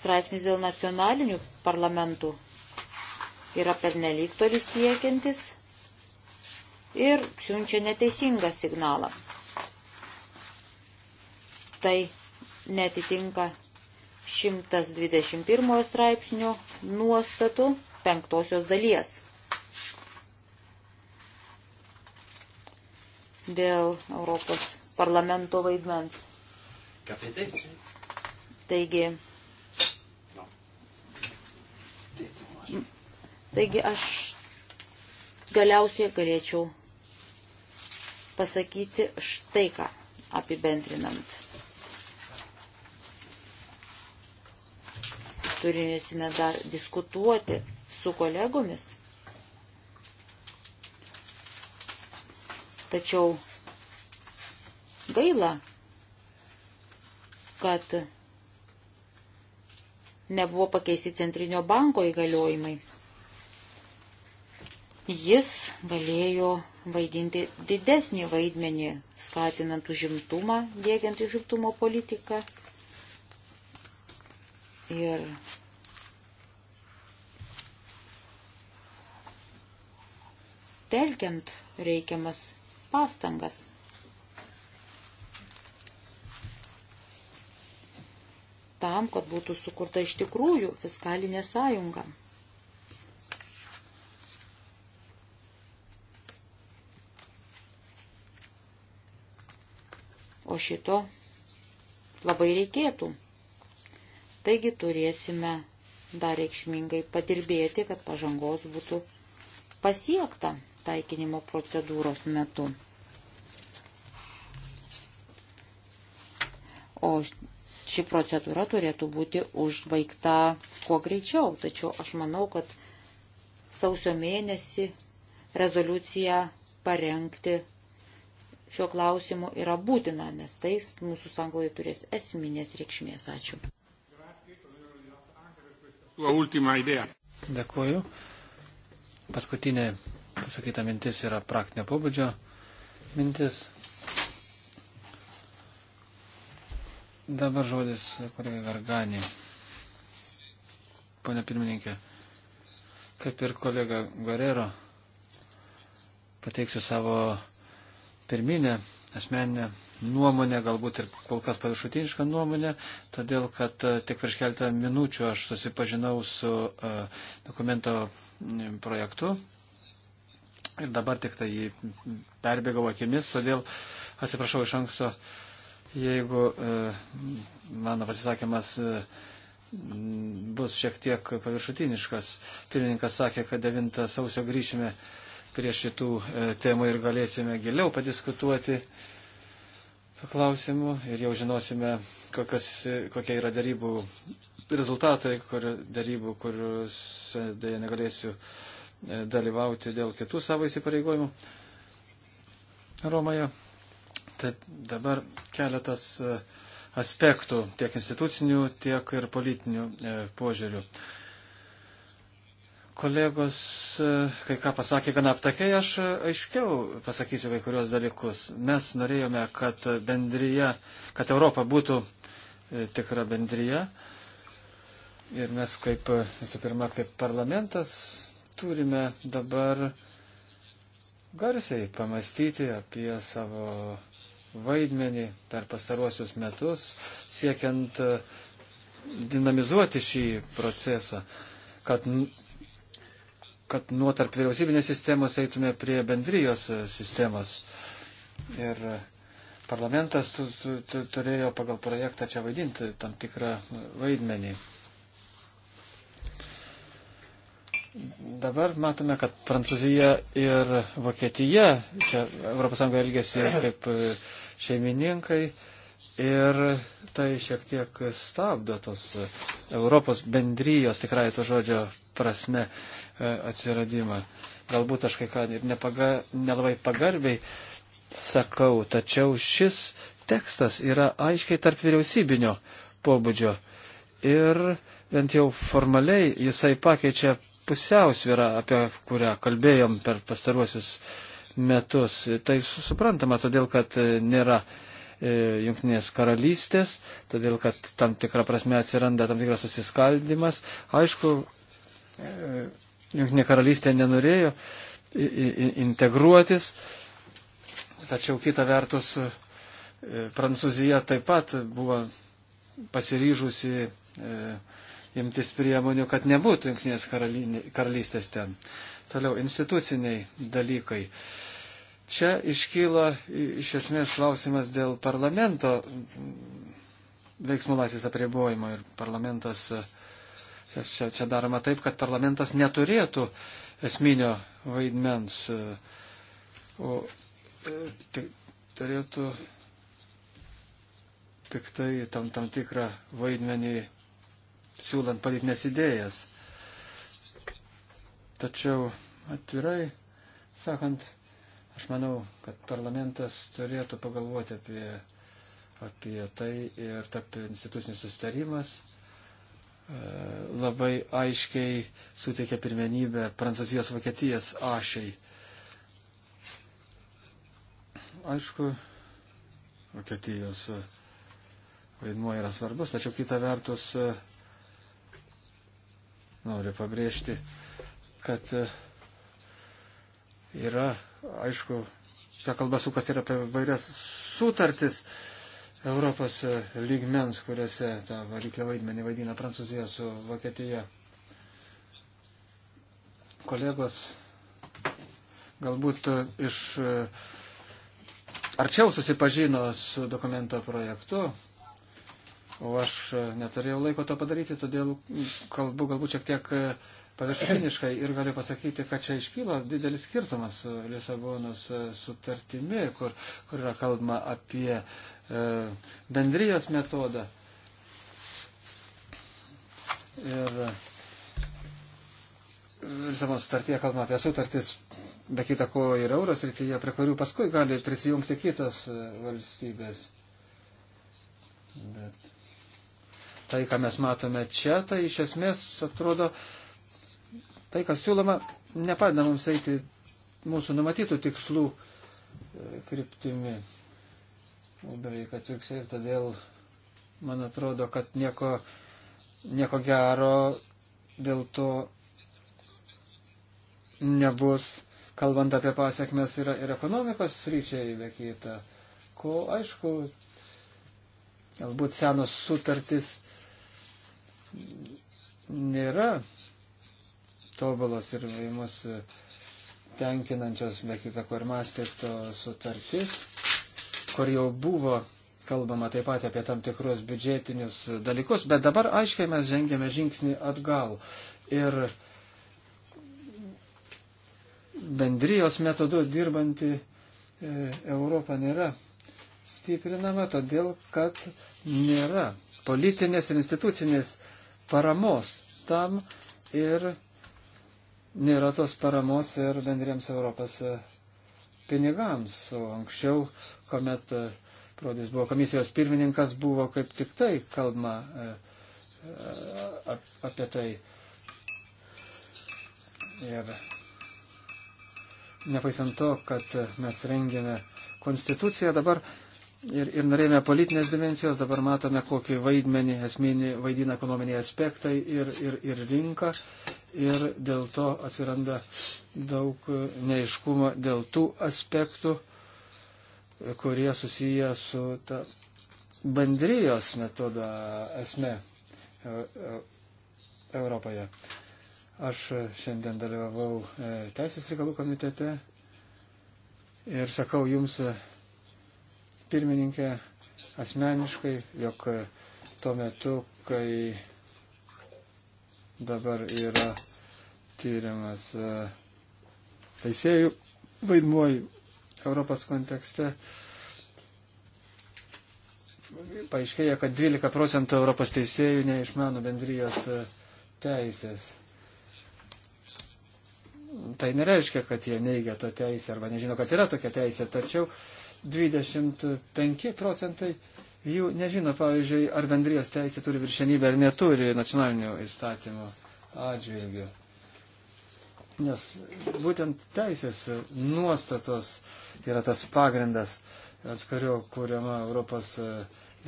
[SPEAKER 3] Straipsnis dėl nacionalinių parlamentų yra pernelyg toli siekiantis ir siunčia neteisingą signalą. Tai netitinka 121 straipsnio nuostatų penktosios dalies. Dėl Europos parlamento vaidmens. Taigi, taigi aš galiausiai galėčiau pasakyti štai ką apibendrinant. turėsime dar diskutuoti su kolegomis. Tačiau gaila, kad nebuvo pakeisti centrinio banko įgaliojimai. Jis galėjo vaidinti didesnį vaidmenį, skatinant užimtumą, dėgiant užimtumo politiką. Ir telkiant reikiamas pastangas. Tam, kad būtų sukurta iš tikrųjų fiskalinė sąjunga. O šito labai reikėtų. Taigi turėsime dar reikšmingai padirbėti, kad pažangos būtų pasiekta taikinimo procedūros metu. O ši procedūra turėtų būti užbaigta kuo greičiau, tačiau aš manau, kad sausio mėnesį rezoliuciją parengti šio klausimu yra būtina, nes tais mūsų sanglai turės esminės reikšmės. Ačiū.
[SPEAKER 1] Dėkuoju. Paskutinė pasakyta mintis yra praktinio pobūdžio mintis. Dabar žodis kolegai Garganį. Pone pirmininkė, kaip ir kolega Guerrero, pateiksiu savo pirminę asmeninę nuomonę, galbūt ir kol kas paviršutinišką nuomonę, todėl kad e, tik prieš keletą minučių aš susipažinau su e, dokumento projektu ir dabar tik tai jį perbėgau akimis, todėl atsiprašau iš anksto, jeigu e, mano pasisakymas e, bus šiek tiek paviršutiniškas. Pirmininkas sakė, kad 9 sausio grįšime prie šitų e, temų ir galėsime giliau padiskutuoti klausimų ir jau žinosime, kokios, e, kokie yra darybų rezultatai, kur, darybų, kuriuos dėja negalėsiu dalyvauti dėl kitų savo įsipareigojimų Romoje. Taip, dabar keletas e, aspektų, tiek institucinių, tiek ir politinių e, požiūrių. Kolegos e, kai ką pasakė gana aptakiai, aš aiškiau pasakysiu kai kurios dalykus. Mes norėjome, kad bendryje, kad Europa būtų tikra bendryje. Ir mes kaip, visų pirma, kaip parlamentas turime dabar garsiai pamastyti apie savo vaidmenį per pastaruosius metus, siekiant e, dinamizuoti šį procesą, kad, kad nuo tarp vyriausybinės sistemos eitume prie bendrijos e, sistemos. Ir e, parlamentas tu, tu, tu, turėjo pagal projektą čia vaidinti tam tikrą vaidmenį. Dabar matome, kad Prancūzija ir Vokietija, čia ES elgesi kaip e, šeimininkai ir tai šiek tiek stabdo tos e, Europos bendrijos tikrai to žodžio prasme e, atsiradimą. Galbūt aš kai ką ir nepaga, nelabai pagarbiai sakau, tačiau šis tekstas yra aiškiai tarp vyriausybinio pobūdžio ir bent jau formaliai jisai pakeičia pusiausvyrą, apie kurią kalbėjom per pastaruosius metus. Tai suprantama, todėl kad e, nėra e, Junktinės karalystės, todėl kad tam tikrą prasme atsiranda tam tikras susiskaldimas. Aišku, e, Junktinė karalystė nenorėjo integruotis, tačiau kita vertus Prancūzija taip pat buvo pasiryžusi imtis priemonių, kad nebūtų jungtinės karalystės ten. Toliau, instituciniai dalykai. Čia iškyla iš esmės klausimas dėl parlamento veiksmų laisvės apribojimo ir parlamentas, e, čia, čia, čia daroma taip, kad parlamentas neturėtų esminio vaidmens, e, o e, tik, turėtų tik tai tam, tam tikrą vaidmenį siūlant politinės idėjas. Tačiau atvirai sakant, aš manau, kad parlamentas turėtų pagalvoti apie, apie tai ir tarp institucinis sustarimas e, labai aiškiai suteikia pirmenybę Prancūzijos Vokietijos ašiai. Aišku, Vokietijos vaidmuo yra svarbus, tačiau kita vertus e, noriu pabrėžti, kad e, yra, aišku, čia kalba sukas ir apie vairias sutartis Europos e, lygmens, kuriuose tą variklio vaidmenį vaidina Prancūzija su Vokietija. Kolegos galbūt e, iš arčiau susipažino su dokumento projektu, O aš e, neturėjau laiko to padaryti, todėl kalbu galbūt šiek tiek e, paviršutiniškai ir galiu pasakyti, kad čia iškyla didelis skirtumas su Lisabonos e, sutartimi, kur, kur yra kalbama apie e, bendrijos metodą. Ir Lisabonos sutartyje kalbama apie sutartis, be kita ko ir euros rytyje, prie kurių paskui gali prisijungti kitos valstybės. Bet Tai, ką mes matome čia, tai iš esmės atrodo, tai, kas siūloma, nepadeda mums eiti mūsų numatytų tikslų e, kryptimi. O beveik atvirkščiai ir todėl man atrodo, kad nieko, nieko gero dėl to nebus, kalbant apie pasiekmes ir, ir ekonomikos ryčiai be kita. Ko, aišku, galbūt senos sutartys nėra tobulos ir mus tenkinančios, be kita ko, ir Mastrichto sutartis, kur jau buvo kalbama taip pat apie tam tikrus biudžetinius dalykus, bet dabar aiškiai mes žengėme žingsnį atgal. Ir bendrijos metodu dirbanti e, Europa nėra stiprinama, todėl kad nėra politinės ir institucinės paramos tam ir nėra tos paramos ir bendriems Europos pinigams. O anksčiau, kuomet e, Prodis buvo komisijos pirmininkas, buvo kaip tik tai kalbama e, e, apie tai. Ir nepaisant to, kad mes rengėme konstituciją, dabar ir, ir norėjome politinės dimensijos, dabar matome, kokį vaidmenį esminį vaidina ekonominiai aspektai ir, ir, ir rinka. Ir dėl to atsiranda daug neiškumo dėl tų aspektų, kurie susiję su ta bandrijos metodo esme e, e, Europoje. Aš šiandien dalyvavau e, Teisės reikalų komitete ir sakau jums pirmininkė asmeniškai, jog tuo metu, kai dabar yra tyriamas e, teisėjų vaidmuo Europos kontekste, paaiškėja, kad 12 procentų Europos teisėjų neišmano bendrijos e, teisės. Tai nereiškia, kad jie neigia tą teisę arba nežino, kad yra tokia teisė, tačiau uh, 25 procentai jų nežino, pavyzdžiui, ar bendrijos teisė turi viršenybę ar neturi nacionalinių įstatymų atžvilgių. Nes būtent teisės nuostatos yra tas pagrindas, ant kurio kuriama Europos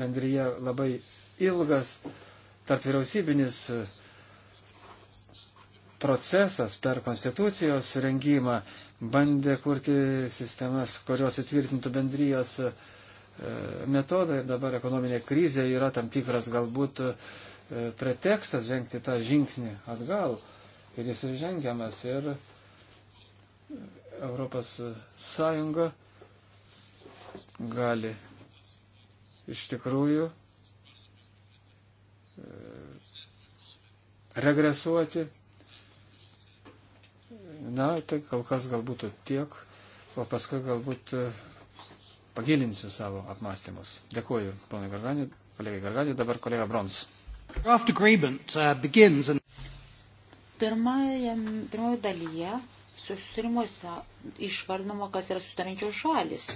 [SPEAKER 1] bendryje labai ilgas tarp vyriausybinis procesas per konstitucijos rengimą bandė kurti sistemas, kurios įtvirtintų bendrijos e, metodą ir dabar ekonominė krizė yra tam tikras galbūt e, pretekstas žengti tą žingsnį atgal ir jis ir žengiamas ir Europos Sąjunga gali iš tikrųjų e, regresuoti Na, tai kol kas galbūt tiek, o paskui galbūt e, pagilinsiu savo apmąstymus. Dėkuoju, ponai Garganiu, kolegai Garganiu, dabar kolega Brons. Uh,
[SPEAKER 3] pirmoje dalyje susirimuose išvardinama, kas yra sustarančios šalis.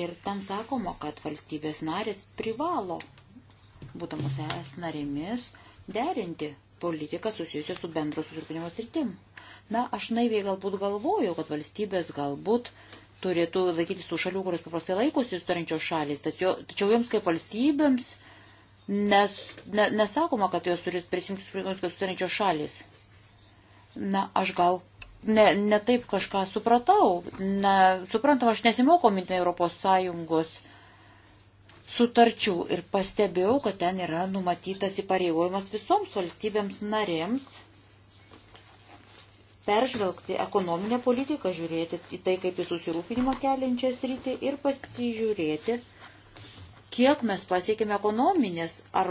[SPEAKER 3] Ir ten sakoma, kad valstybės narės privalo, būdamos es narėmis, derinti politiką susijusią su bendro susirūpinimo sritim. Na, aš naiviai galbūt galvoju, kad valstybės galbūt turėtų laikytis tų šalių, kurios paprastai laikosi turinčios šalis, tačiau, tačiau joms kaip valstybėms nes, ne, nesakoma, kad jos turės prisimti sprendimus, kad turinčios šalis. Na, aš gal ne, ne taip kažką supratau. Na, suprantam, aš nesimokau minti Europos Sąjungos sutarčių ir pastebėjau, kad ten yra numatytas įpareigojimas visoms valstybėms narėms peržvelgti ekonominę politiką, žiūrėti į tai, kaip į susirūpinimą keliančią sritį ir pasižiūrėti, kiek mes pasiekime ekonominės ar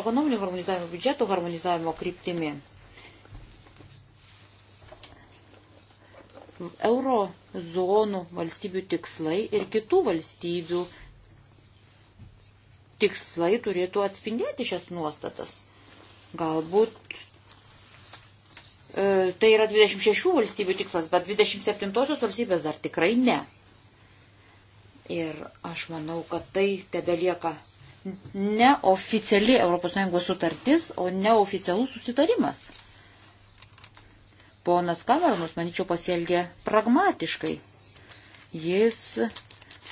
[SPEAKER 3] ekonominio harmonizavimo biudžeto harmonizavimo kryptimi. Euro zonų valstybių tikslai ir kitų valstybių tikslai turėtų atspindėti šias nuostatas. Galbūt E, tai yra 26 valstybių tikslas, bet 27 valstybės dar tikrai ne. Ir aš manau, kad tai tebelieka neoficiali ES sutartis, o neoficialus susitarimas. Ponas Kameronas, manyčiau, pasielgė pragmatiškai. Jis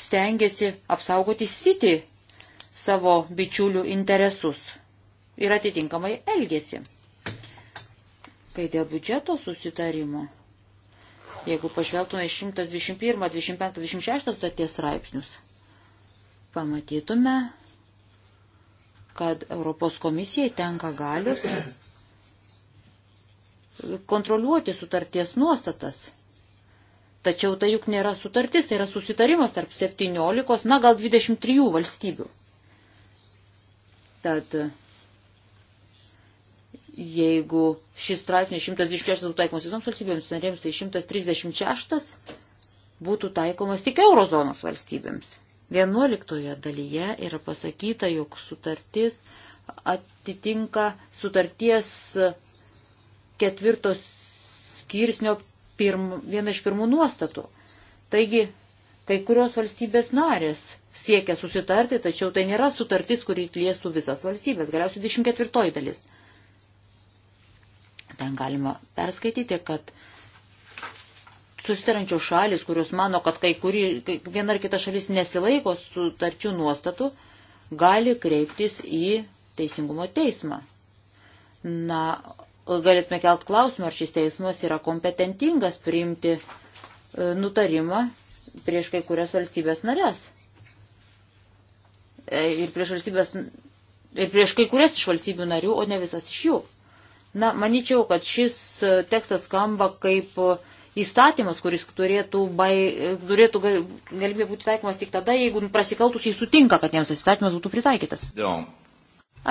[SPEAKER 3] stengiasi apsaugoti sitį savo bičiulių interesus ir atitinkamai elgėsi. Kai dėl biudžeto susitarimo, jeigu pažvelgtume 121, 25, 26 starties straipsnius, pamatytume, kad Europos komisijai tenka galius kontroliuoti sutarties nuostatas. Tačiau tai juk nėra sutartis, tai yra susitarimas tarp 17, na gal 23 valstybių. Tad Jeigu šis straipsnis 126 būtų taikomas visoms valstybėms narėms, tai 136 būtų taikomas tik eurozonos valstybėms. 11 dalyje yra pasakyta, jog sutartis atitinka sutarties ketvirtos skirsnio pirm, viena iš pirmų nuostatų. Taigi, kai kurios valstybės narės siekia susitarti, tačiau tai nėra sutartis, kurį liestų visas valstybės, galiausiai 24 dalis. Ten galima perskaityti, kad susitarančių šalis, kurios mano, kad kai kuri, kai viena ar kita šalis nesilaiko sutarčių nuostatų, gali kreiptis į teisingumo teismą. Na, galėtume kelt klausimą, ar šis teismas yra kompetentingas priimti e, nutarimą prieš kai kurias valstybės narės. E, ir prieš, valstybės, ir prieš kai kurias iš valstybių narių, o ne visas iš jų. Na, manyčiau, kad šis e, tekstas skamba kaip e, įstatymas, kuris turėtų, bai, e, turėtų gal, galimybė būti taikomas tik tada, jeigu prasikaltučiai sutinka, kad jiems tas įstatymas būtų pritaikytas.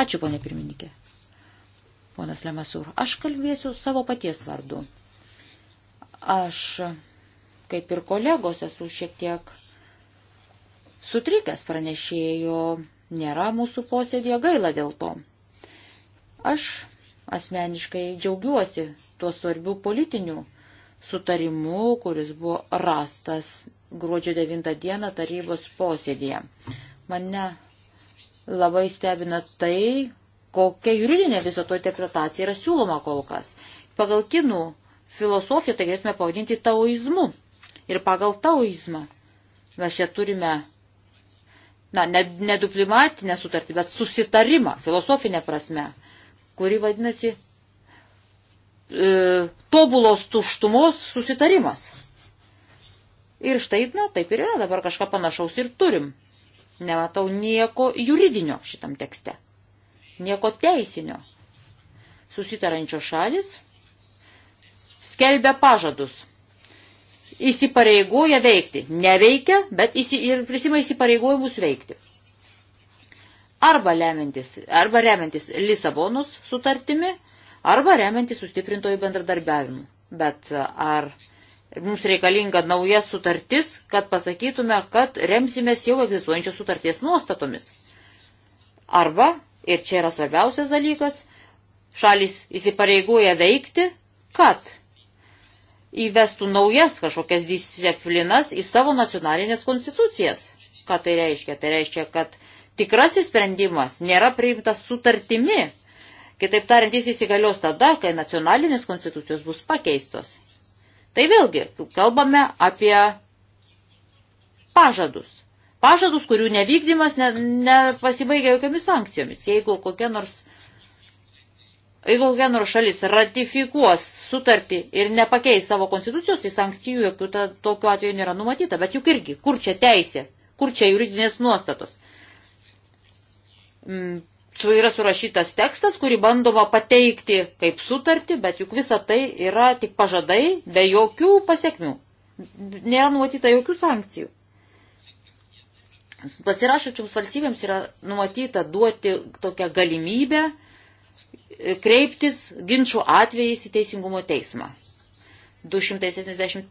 [SPEAKER 3] Ačiū, ponė pirmininkė. Ponas Lemasur, aš kalbėsiu savo paties vardu. Aš, kaip ir kolegos, esu šiek tiek sutrikęs pranešėjo, nėra mūsų posėdėje gaila dėl to. Aš asmeniškai džiaugiuosi tuo svarbiu politiniu sutarimu, kuris buvo rastas gruodžio 9 dieną tarybos posėdėje. Mane labai stebina tai, kokia juridinė viso to interpretacija yra siūloma kol kas. Pagal kinų filosofiją tai galėtume pavadinti taoizmu. Ir pagal taoizmą mes čia turime, na, ne, ne duplimatinę sutartį, bet susitarimą filosofinę prasme kuri vadinasi e, tobulos tuštumos susitarimas. Ir štai, na, taip ir yra, dabar kažką panašaus ir turim. Nematau nieko juridinio šitam tekste, nieko teisinio. Susitarančio šalis skelbia pažadus, įsipareigoja veikti. Neveikia, bet įsi, ir prisima įsipareigojimus veikti arba remiantis, arba remiantis Lisabonos sutartimi, arba remiantis sustiprintojų bendradarbiavimu. Bet e, ar mums reikalinga nauja sutartis, kad pasakytume, kad remsimės jau egzistuojančios sutarties nuostatomis? Arba, ir čia yra svarbiausias dalykas, šalis įsipareigoja veikti, kad įvestų naujas kažkokias disciplinas į savo nacionalinės konstitucijas. Ką tai reiškia? Tai reiškia, kad tikrasis sprendimas nėra priimtas sutartimi. Kitaip tariant, jis įsigalios tada, kai nacionalinės konstitucijos bus pakeistos. Tai vėlgi, kalbame apie pažadus. Pažadus, kurių nevykdymas nepasibaigia ne, ne jokiamis sankcijomis. Jeigu kokia nors, jeigu kokia nors šalis ratifikuos sutartį ir nepakeis savo konstitucijos, tai sankcijų jokių ta, tokiu atveju nėra numatyta. Bet juk irgi, kur čia teisė, kur čia juridinės nuostatos m, mm, yra surašytas tekstas, kurį bandoma pateikti kaip sutartį, bet juk visa tai yra tik pažadai be jokių pasiekmių. Nėra numatyta jokių sankcijų. Pasirašyčiams valstybėms yra numatyta duoti tokią galimybę kreiptis ginčių atvejais į Teisingumo teismą. 273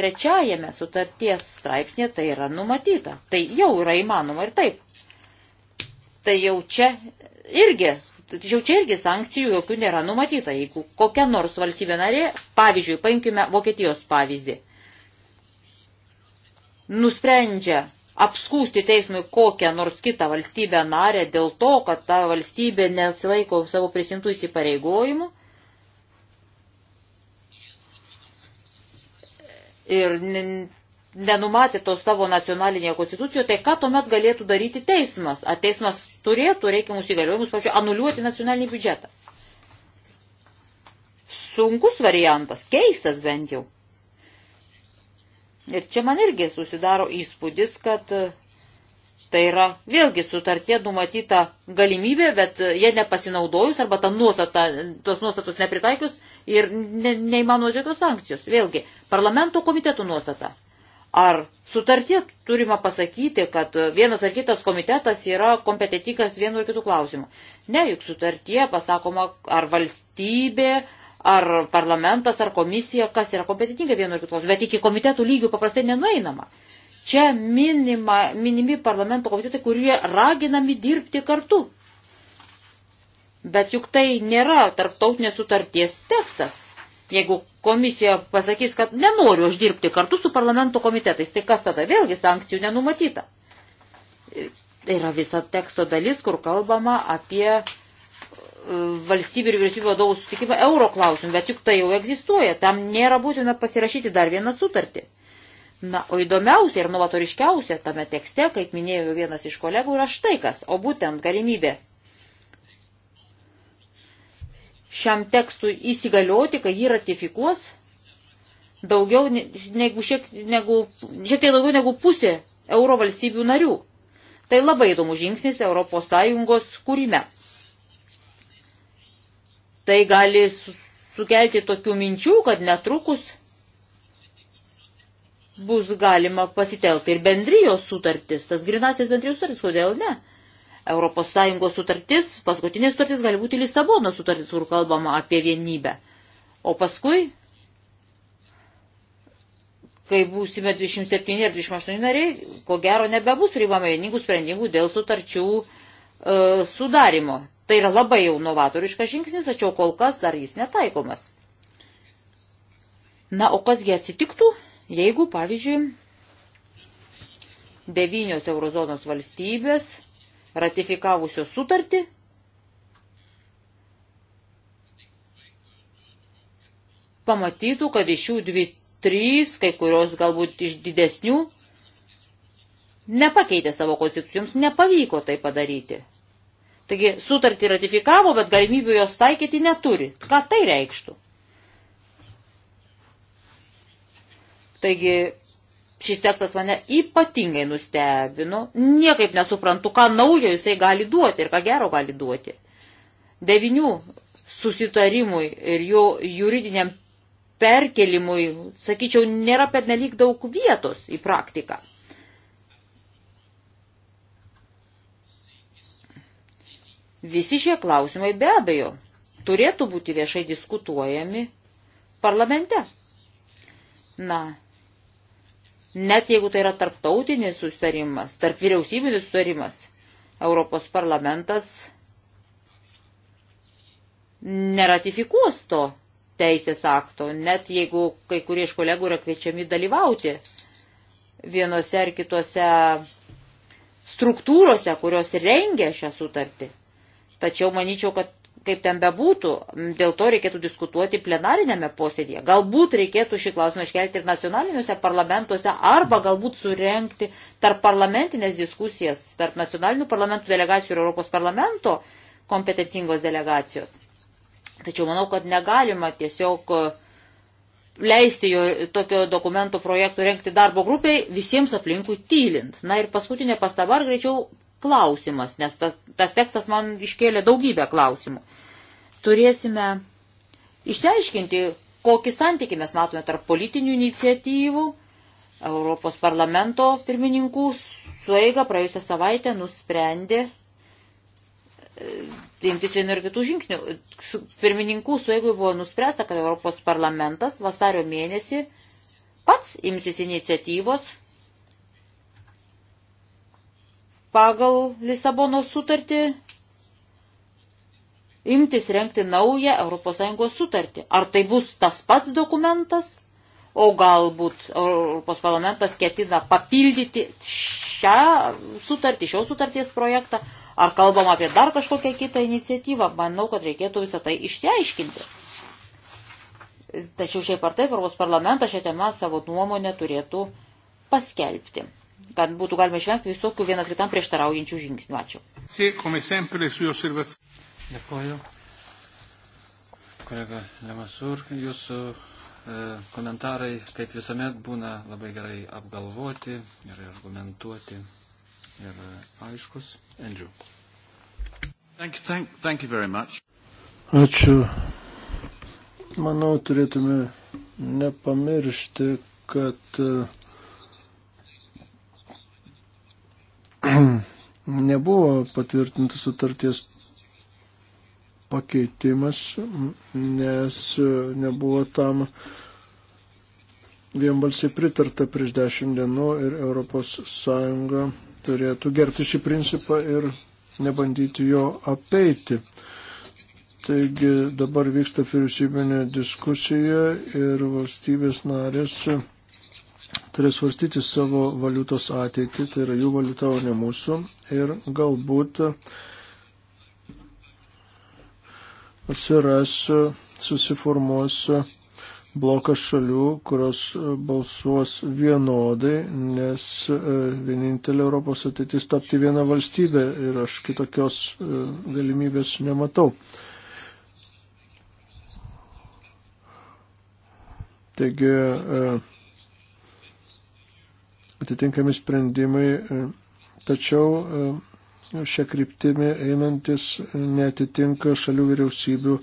[SPEAKER 3] trečiajame sutarties straipsnė tai yra numatyta. Tai jau yra įmanoma ir taip tai jau čia irgi, tačiau čia irgi sankcijų jokių nėra numatyta. Jeigu kokia nors valstybė narė, pavyzdžiui, paimkime Vokietijos pavyzdį, nusprendžia apskūsti teismui kokią nors kitą valstybę narę dėl to, kad ta valstybė nesilaiko savo prisimtų įsipareigojimų. Ir nenumatė to savo nacionalinėje konstitucijoje, tai ką tuomet galėtų daryti teismas? Ar teismas turėtų reikiamus įgaliojimus, pažiūrėjau, anuliuoti nacionalinį biudžetą? Sunkus variantas, keistas bent jau. Ir čia man irgi susidaro įspūdis, kad tai yra vėlgi sutartie numatyta galimybė, bet jie nepasinaudojus arba ta nuostata, tos nuostatos nepritaikius ir ne, neįmanomos jokios sankcijos. Vėlgi, parlamento komitetų nuostata Ar sutartie turima pasakyti, kad vienas ar kitas komitetas yra kompetitikas vienu ar kitu klausimu? Ne, juk sutartie pasakoma, ar valstybė, ar parlamentas, ar komisija, kas yra kompetitinga vienu ar kitu klausimu. Bet iki komitetų lygių paprastai nenueinama. Čia minima, minimi parlamento komitetai, kurie raginami dirbti kartu. Bet juk tai nėra tarptautinės sutarties tekstas. Jeigu komisija pasakys, kad nenoriu aš dirbti kartu su parlamento komitetais, tai kas tada vėlgi sankcijų nenumatyta. Tai yra visa teksto dalis, kur kalbama apie e, valstybių ir vyriausybių vadovų sutikimą euro klausimų, bet juk tai jau egzistuoja, tam nėra būtina pasirašyti dar vieną sutartį. Na, o įdomiausia ir novatoriškiausia tame tekste, kaip minėjo vienas iš kolegų, yra štai kas, o būtent galimybė šiam tekstui įsigalioti, kai jį ratifikuos, daugiau negu šiek, negu, šiek tiek daugiau negu pusė euro valstybių narių. Tai labai įdomus žingsnis ES kūrime. Tai gali sukelti tokių minčių, kad netrukus bus galima pasitelkti ir bendrijos sutartis, tas grinasis bendrijos sutartis, kodėl ne? ES sutartis, paskutinė sutartis gali būti Lisabono sutartis, kur kalbama apie vienybę. O paskui, kai būsime 27 ar 28 nariai, ko gero nebebus priimama vieningų sprendimų dėl sutarčių e, sudarimo. Tai yra labai jau novatoriškas žingsnis, tačiau kol kas dar jis netaikomas. Na, o kasgi atsitiktų, jeigu, pavyzdžiui, devynios eurozonos valstybės ratifikavusios sutartį. Pamatytų, kad iš jų dvi, trys, kai kurios galbūt iš didesnių, nepakeitė savo konstitucijoms, nepavyko tai padaryti. Taigi sutartį ratifikavo, bet galimybių jos taikyti neturi. Ką tai reikštų? Taigi šis tekstas mane ypatingai nustebino. Niekaip nesuprantu, ką naujo jisai gali duoti ir ką gero gali duoti. Devinių susitarimui ir jo juridiniam perkelimui, sakyčiau, nėra pernelyg daug vietos į praktiką. Visi šie klausimai be abejo turėtų būti viešai diskutuojami parlamente. Na, net jeigu tai yra tarptautinis sustarimas, tarp vyriausybinis sustarimas, Europos parlamentas neratifikuos to teisės akto, net jeigu kai kurie iš kolegų yra kviečiami dalyvauti vienose ar kitose struktūrose, kurios rengia šią sutartį. Tačiau manyčiau, kad kaip ten bebūtų, dėl to reikėtų diskutuoti plenarinėme posėdėje. Galbūt reikėtų šį klausimą iškelti ir nacionaliniuose parlamentuose, arba galbūt surenkti tarp parlamentinės diskusijas, tarp nacionalinių parlamentų delegacijų ir Europos parlamento kompetentingos delegacijos. Tačiau manau, kad negalima tiesiog e, leisti jo tokio dokumento projektų renkti darbo grupiai visiems aplinkui tylint. Na ir paskutinė pastaba, ar greičiau klausimas, nes tas, tas tekstas man iškėlė daugybę klausimų. Turėsime išsiaiškinti, kokį santykį mes matome tarp politinių iniciatyvų. Europos parlamento pirmininkų sueiga praėjusią savaitę nusprendė e, imtis vienu ir kitų žingsnių. Pirmininkų sueigai buvo nuspręsta, kad Europos parlamentas vasario mėnesį pats imsis iniciatyvos pagal Lisabono sutartį imtis renkti naują ES sutartį. Ar tai bus tas pats dokumentas, o galbūt Europos parlamentas ketina papildyti šią sutartį, šios sutarties projektą, ar kalbam apie dar kažkokią kitą iniciatyvą. Manau, kad reikėtų visą tai išsiaiškinti. Tačiau šiaip ar taip Europos parlamentas šią temą savo nuomonę turėtų paskelbti kad būtų galima išvengti visokių vienas kitam prieštaraujančių žingsnių. Ačiū.
[SPEAKER 1] Dėkuoju. Kolega Lemasur, jūsų e, komentarai, kaip visuomet, būna labai gerai apgalvoti ir argumentuoti ir aiškus. Andrew. Thank you, thank, thank you very much.
[SPEAKER 2] Ačiū. Manau, turėtume nepamiršti, kad uh, nebuvo patvirtintas sutarties pakeitimas, nes nebuvo tam vienbalsiai pritarta prieš dešimt dienų ir ES turėtų gerti šį principą ir nebandyti jo apeiti. Taigi dabar vyksta vyriausybinė diskusija ir valstybės narės turės svarstyti savo valiutos ateitį, tai yra jų valiuta, o ne mūsų. Ir galbūt atsiras, susiformuos blokas šalių, kurios balsuos vienodai, nes e, vienintelė Europos ateitis tapti vieną valstybę ir aš kitokios e, galimybės nematau. Taigi, e, atitinkami sprendimai, e, tačiau e, šią kryptimį einantis e, netitinka šalių vyriausybių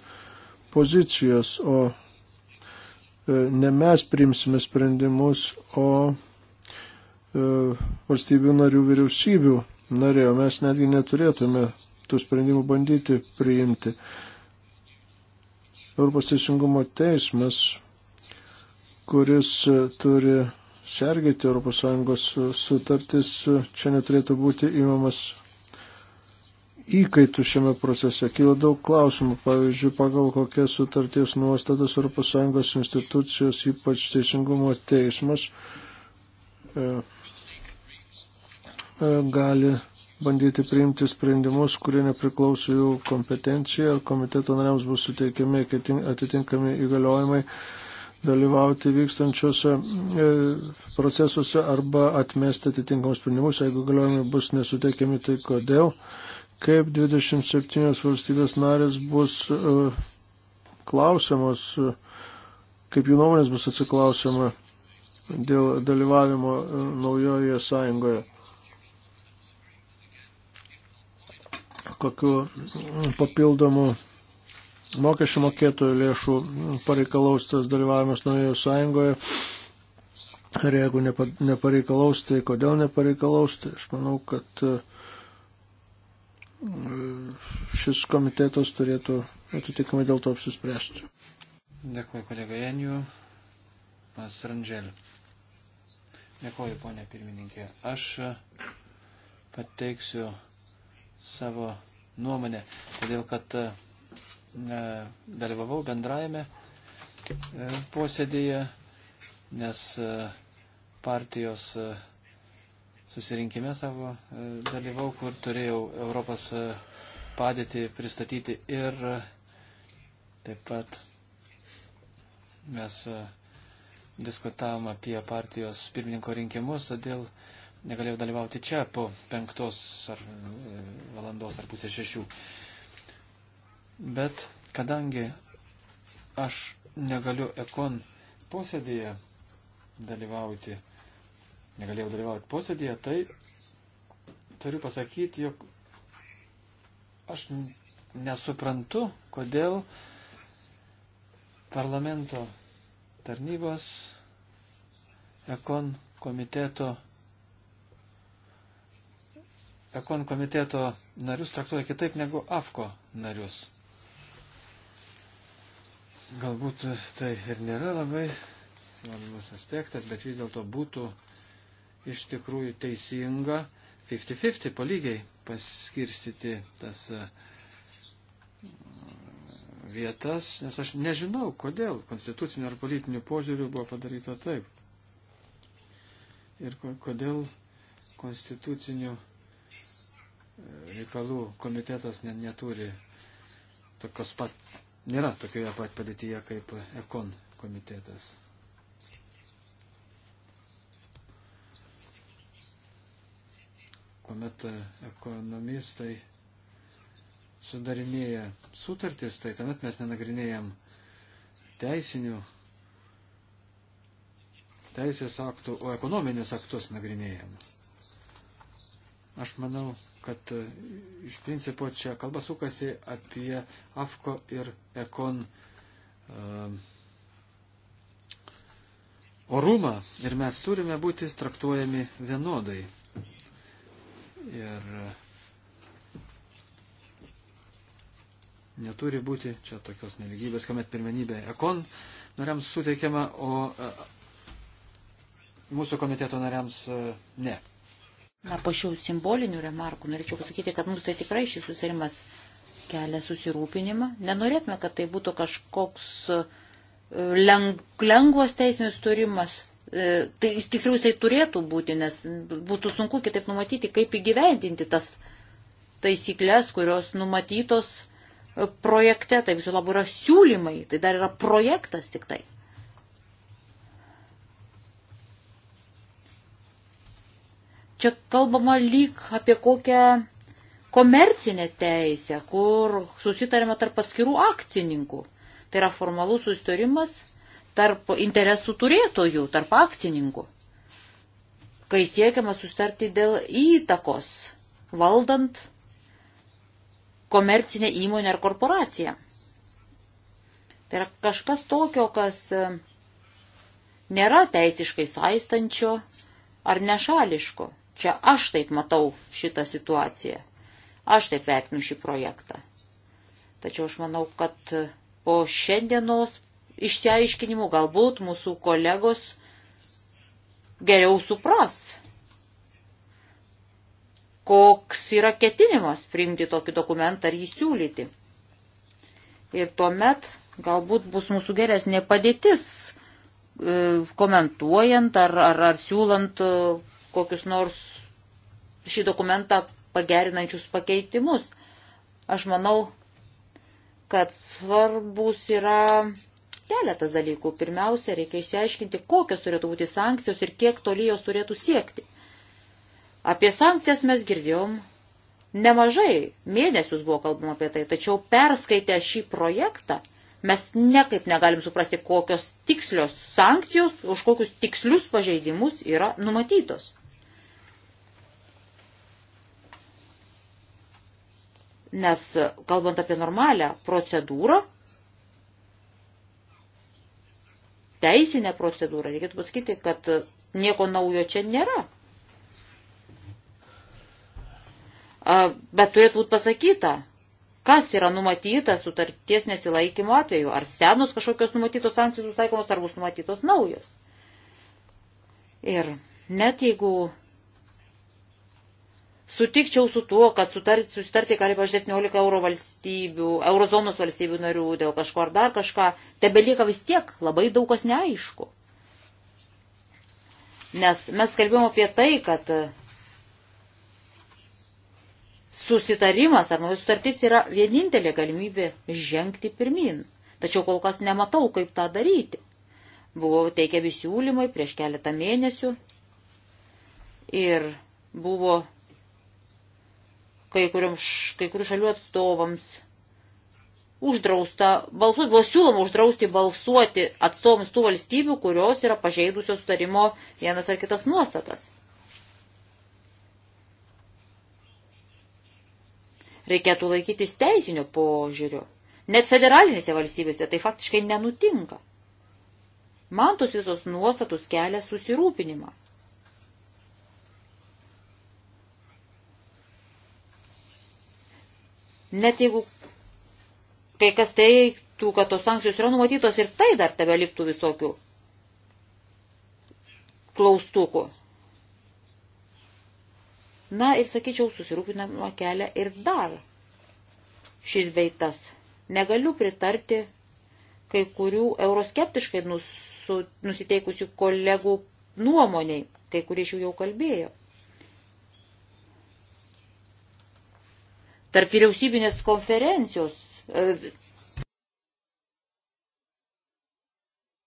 [SPEAKER 2] pozicijos, o ne mes primsime sprendimus, o valstybių narių vyriausybių narėjo. Mes netgi neturėtume tų sprendimų bandyti priimti. Europos teisingumo teismas, kuris turi sergėti ES sutartis, čia neturėtų būti įmamas įkaitų šiame procese. Kyla daug klausimų, pavyzdžiui, pagal kokias sutarties nuostatas ES institucijos, ypač Teisingumo teismas, e, e, gali bandyti priimti sprendimus, kurie nepriklauso jų kompetencijai, ar komiteto nariams bus suteikiami atitinkami įgaliojimai dalyvauti vykstančiuose e, procesuose arba atmesti atitinkamus sprendimus, jeigu galiojami bus nesuteikiami, tai kodėl, kaip 27 valstybės narės bus e, klausiamos, e, kaip jų nuomonės bus atsiklausiama dėl dalyvavimo naujoje sąjungoje. Kokiu papildomu mokesčių mokėtojų lėšų pareikalaus tas dalyvavimas naujoje sąjungoje. Ir jeigu nepa, nepareikalaus, tai kodėl nepareikalaus, tai aš manau, kad e, šis komitetas turėtų atitinkamai dėl to apsispręsti.
[SPEAKER 1] Dėkuoju kolega Janiju, pas Randželį. Dėkuoju, ponė pirmininkė. Aš e, pateiksiu savo nuomonę, todėl kad e, dalyvavau bendrajame e, posėdėje, nes e, partijos e, susirinkime savo dalyvau, kur turėjau Europos padėtį pristatyti ir taip pat mes diskutavom apie partijos pirmininko rinkimus, todėl negalėjau dalyvauti čia po penktos ar valandos ar pusės šešių bet kadangi aš negaliu ekon posėdėje dalyvauti, negalėjau dalyvauti posėdėje, tai turiu pasakyti, jog aš nesuprantu, kodėl parlamento tarnybos ekon komiteto Ekon komiteto narius traktuoja kitaip negu AFKO narius. Galbūt tai ir nėra labai svarbus aspektas, bet vis dėlto būtų iš tikrųjų teisinga 50-50 palygiai paskirstyti tas e, vietas, nes aš nežinau, kodėl konstituciniu ar politiniu požiūriu buvo padaryta taip. Ir kodėl konstitucinių e, reikalų komitetas neturi tokios pat nėra tokioje pat padėtyje kaip ekon komitetas. Kuomet ekonomistai sudarinėja sutartis, tai tuomet mes nenagrinėjam teisinių teisės aktų, o ekonominės aktus nagrinėjam. Aš manau, kad e, iš principo čia kalba sukasi apie AFKO ir EKON um, e, orumą ir mes turime būti traktuojami vienodai. Ir e, neturi būti čia tokios neligybės, kuomet pirmenybė ekon nariams suteikiama, o mūsų komiteto nariams ne. Na, po šių simbolinių
[SPEAKER 3] remarkų norėčiau pasakyti, kad mums tai tikrai šis susirimas kelia susirūpinimą. Nenorėtume, kad tai būtų kažkoks e, leng, lengvas teisinis turimas. E, tai tiksliau jisai turėtų būti, nes būtų sunku kitaip numatyti, kaip įgyvendinti tas taisyklės, kurios numatytos e, projekte. Tai visų labai yra siūlymai, tai dar yra projektas tik tai. Čia kalbama lyg apie kokią komercinę teisę, kur susitarima tarp atskirų akcininkų. Tai yra formalus susitarimas tarp interesų turėtojų, tarp akcininkų, kai siekiama sustarti dėl įtakos valdant komercinę įmonę ar korporaciją. Tai yra kažkas tokio, kas e, nėra teisiškai saistančio ar nešališko. Čia aš taip matau šitą situaciją. Aš taip vertinu šį projektą. Tačiau aš manau, kad po šiandienos išsiaiškinimų galbūt mūsų kolegos geriau supras, koks yra ketinimas priimti tokį dokumentą ar jį siūlyti. Ir tuomet galbūt bus mūsų geresnė padėtis e, komentuojant ar, ar, ar siūlant e, kokius nors šį dokumentą pagerinančius pakeitimus. Aš manau, kad svarbus yra keletas dalykų. Pirmiausia, reikia išsiaiškinti, kokios turėtų būti sankcijos ir kiek toli jos turėtų siekti. Apie sankcijas mes girdėjom nemažai, mėnesius buvo kalbama apie tai, tačiau perskaitę šį projektą mes nekaip negalim suprasti, kokios tikslios sankcijos už kokius tikslius pažeidimus yra numatytos. Nes kalbant apie normalią procedūrą, teisinę procedūrą, reikėtų pasakyti, kad nieko naujo čia nėra. Bet turėtų būti pasakyta, kas yra numatyta sutarties nesilaikymo atveju. Ar senos kažkokios numatytos sankcijos taikomos, ar bus numatytos naujos. Ir net jeigu Sutikčiau su tuo, kad sutarti, susitarti gali paž 17 euro valstybių, eurozonos valstybių narių dėl kažko ar dar kažką, tebelieka vis tiek labai daug kas neaišku. Nes mes kalbėjom apie tai, kad susitarimas ar naujas sutartis yra vienintelė galimybė žengti pirmin. Tačiau kol kas nematau, kaip tą daryti. Buvo teikiami siūlymai prieš keletą mėnesių ir buvo kai, kuriam, kai kurių šalių atstovams uždrausta balsuoti, buvo siūloma uždrausti balsuoti atstovams tų valstybių, kurios yra pažeidusios sutarimo vienas ar kitas nuostatas. Reikėtų laikytis teisinio požiūrio. Net federalinėse valstybėse tai faktiškai nenutinka. Man tos visos nuostatus kelia susirūpinimą. Net jeigu kai kas teiktų, kad tos sankcijos yra numatytos ir tai dar tebe liktų visokių klaustukų. Na ir, sakyčiau, susirūpinama kelia ir dar šis veitas. Negaliu pritarti kai kurių euroskeptiškai nus, nusiteikusių kolegų nuomoniai, kai kurie iš jų jau kalbėjo. tarp vyriausybinės konferencijos. E,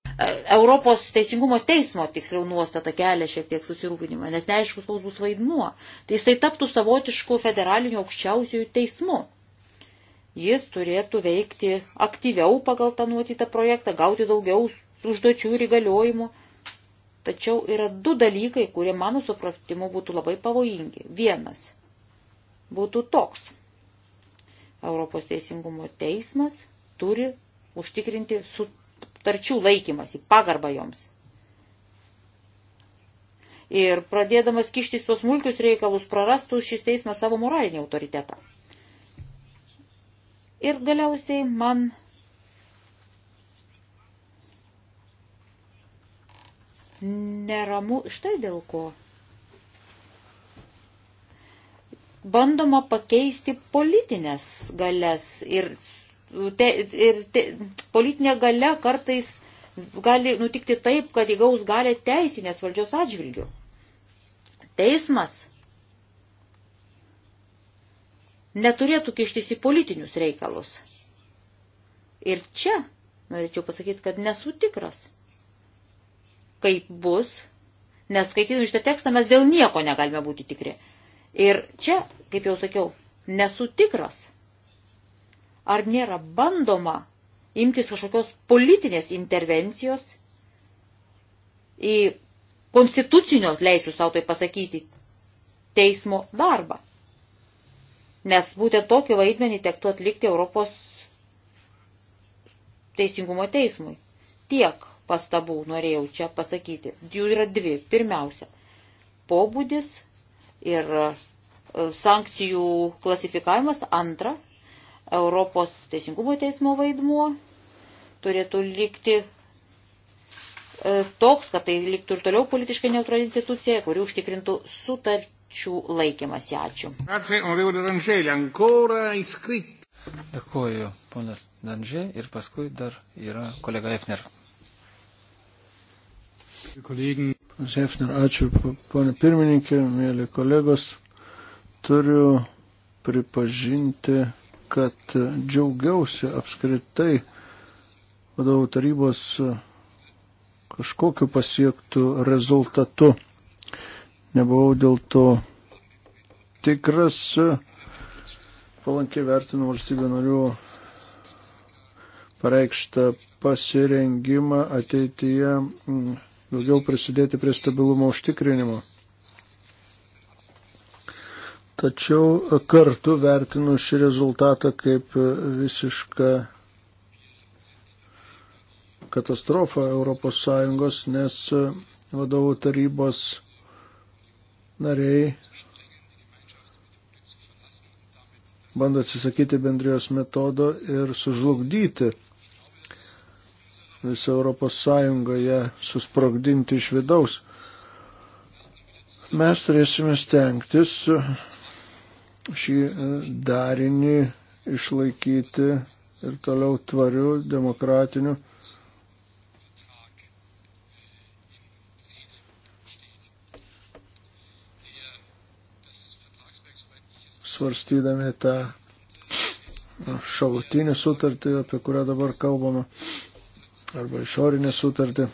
[SPEAKER 3] e, Europos teisingumo teismo tiksliau nuostata kelia šiek tiek susirūpinimą, nes neaiškus, koks bus vaidmuo. Tai jisai taptų savotišku federaliniu aukščiausiųjų teismu. Jis turėtų veikti aktyviau pagal tą nuotytą projektą, gauti daugiau užduočių ir įgaliojimų. Tačiau yra du dalykai, kurie mano supratimu būtų labai pavojingi. Vienas būtų toks. Europos teisingumo teismas turi užtikrinti sutarčių laikymasi, pagarbą joms. Ir pradėdamas kištis tuos smulkius reikalus, prarastų šis teismas savo moralinį autoritetą. Ir galiausiai man neramu štai dėl ko. bandoma pakeisti politinės galės ir, te, ir te, politinė gale kartais gali nutikti taip, kad įgaus galę teisinės valdžios atžvilgių. Teismas neturėtų kištis į politinius reikalus. Ir čia norėčiau pasakyti, kad nesu tikras, kaip bus, nes skaitydami šitą tekstą mes dėl nieko negalime būti tikri. Ir čia, kaip jau sakiau, nesu tikras, ar nėra bandoma imtis kažkokios politinės intervencijos į konstitucinio, leisiu savo tai pasakyti, teismo darbą. Nes būtent tokį vaidmenį tektų atlikti Europos teisingumo teismui. Tiek pastabų norėjau čia pasakyti. Jų yra dvi. Pirmiausia, pobūdis ir e, sankcijų klasifikavimas. Antra, Europos teisingumo teismo vaidmuo turėtų likti e, toks, kad tai liktų ir toliau politiškai neutrali institucija, kuri užtikrintų sutarčių laikymasi. Ačiū.
[SPEAKER 1] Dėkuoju, ponas Danžė, ir paskui dar yra kolega Efner.
[SPEAKER 2] Kolegin. Hefner, ačiū, ponė pirmininkė, mėly kolegos. Turiu pripažinti, kad džiaugiausi apskritai vadovų tarybos kažkokiu pasiektų rezultatu. Nebuvau dėl to tikras, palankiai vertinu valstybė narių pareikštą pasirengimą ateityje daugiau prisidėti prie stabilumo užtikrinimo. Tačiau kartu vertinu šį rezultatą kaip visišką katastrofą ES, nes vadovų tarybos nariai bando atsisakyti bendrijos metodo ir sužlugdyti visą Europos Sąjungoje susprogdinti iš vidaus. Mes turėsime stengtis šį darinį išlaikyti ir toliau tvariu, demokratiniu. Svarstydami tą šalutinį sutartį, apie kurią dabar kalbama arba išorinę sutartį.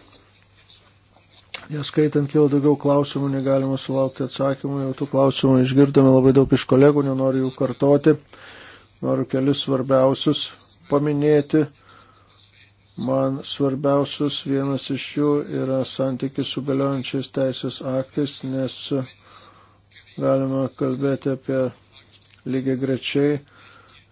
[SPEAKER 2] Neskaitant kilo daugiau klausimų, negalima sulaukti atsakymų, jau tų klausimų išgirdome labai daug iš kolegų, nenoriu jų kartoti. Noriu kelis svarbiausius paminėti. Man svarbiausius vienas iš jų yra santykis su galiojančiais teisės aktais, nes galima kalbėti apie lygiai grečiai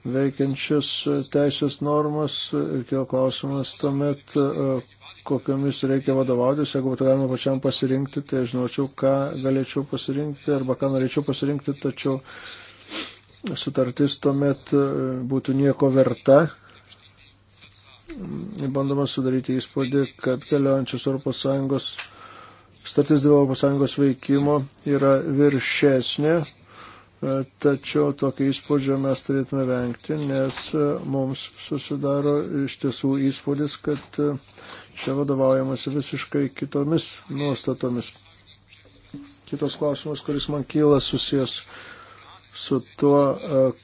[SPEAKER 2] veikiančias teisės normas ir kėl klausimas tuomet, e, kokiamis reikia vadovautis, jeigu būtų galima pačiam pasirinkti, tai žinočiau, ką galėčiau pasirinkti arba ką norėčiau pasirinkti, tačiau sutartis tuomet e, būtų nieko verta. Bandoma sudaryti įspūdį, kad galiojančios ES sutartis dėl ES veikimo yra viršesnė E, tačiau tokio įspūdžio mes turėtume vengti, nes e, mums susidaro iš tiesų įspūdis, kad e, čia vadovaujamasi visiškai kitomis nuostatomis. Kitas klausimas, kuris man kyla susijęs su tuo,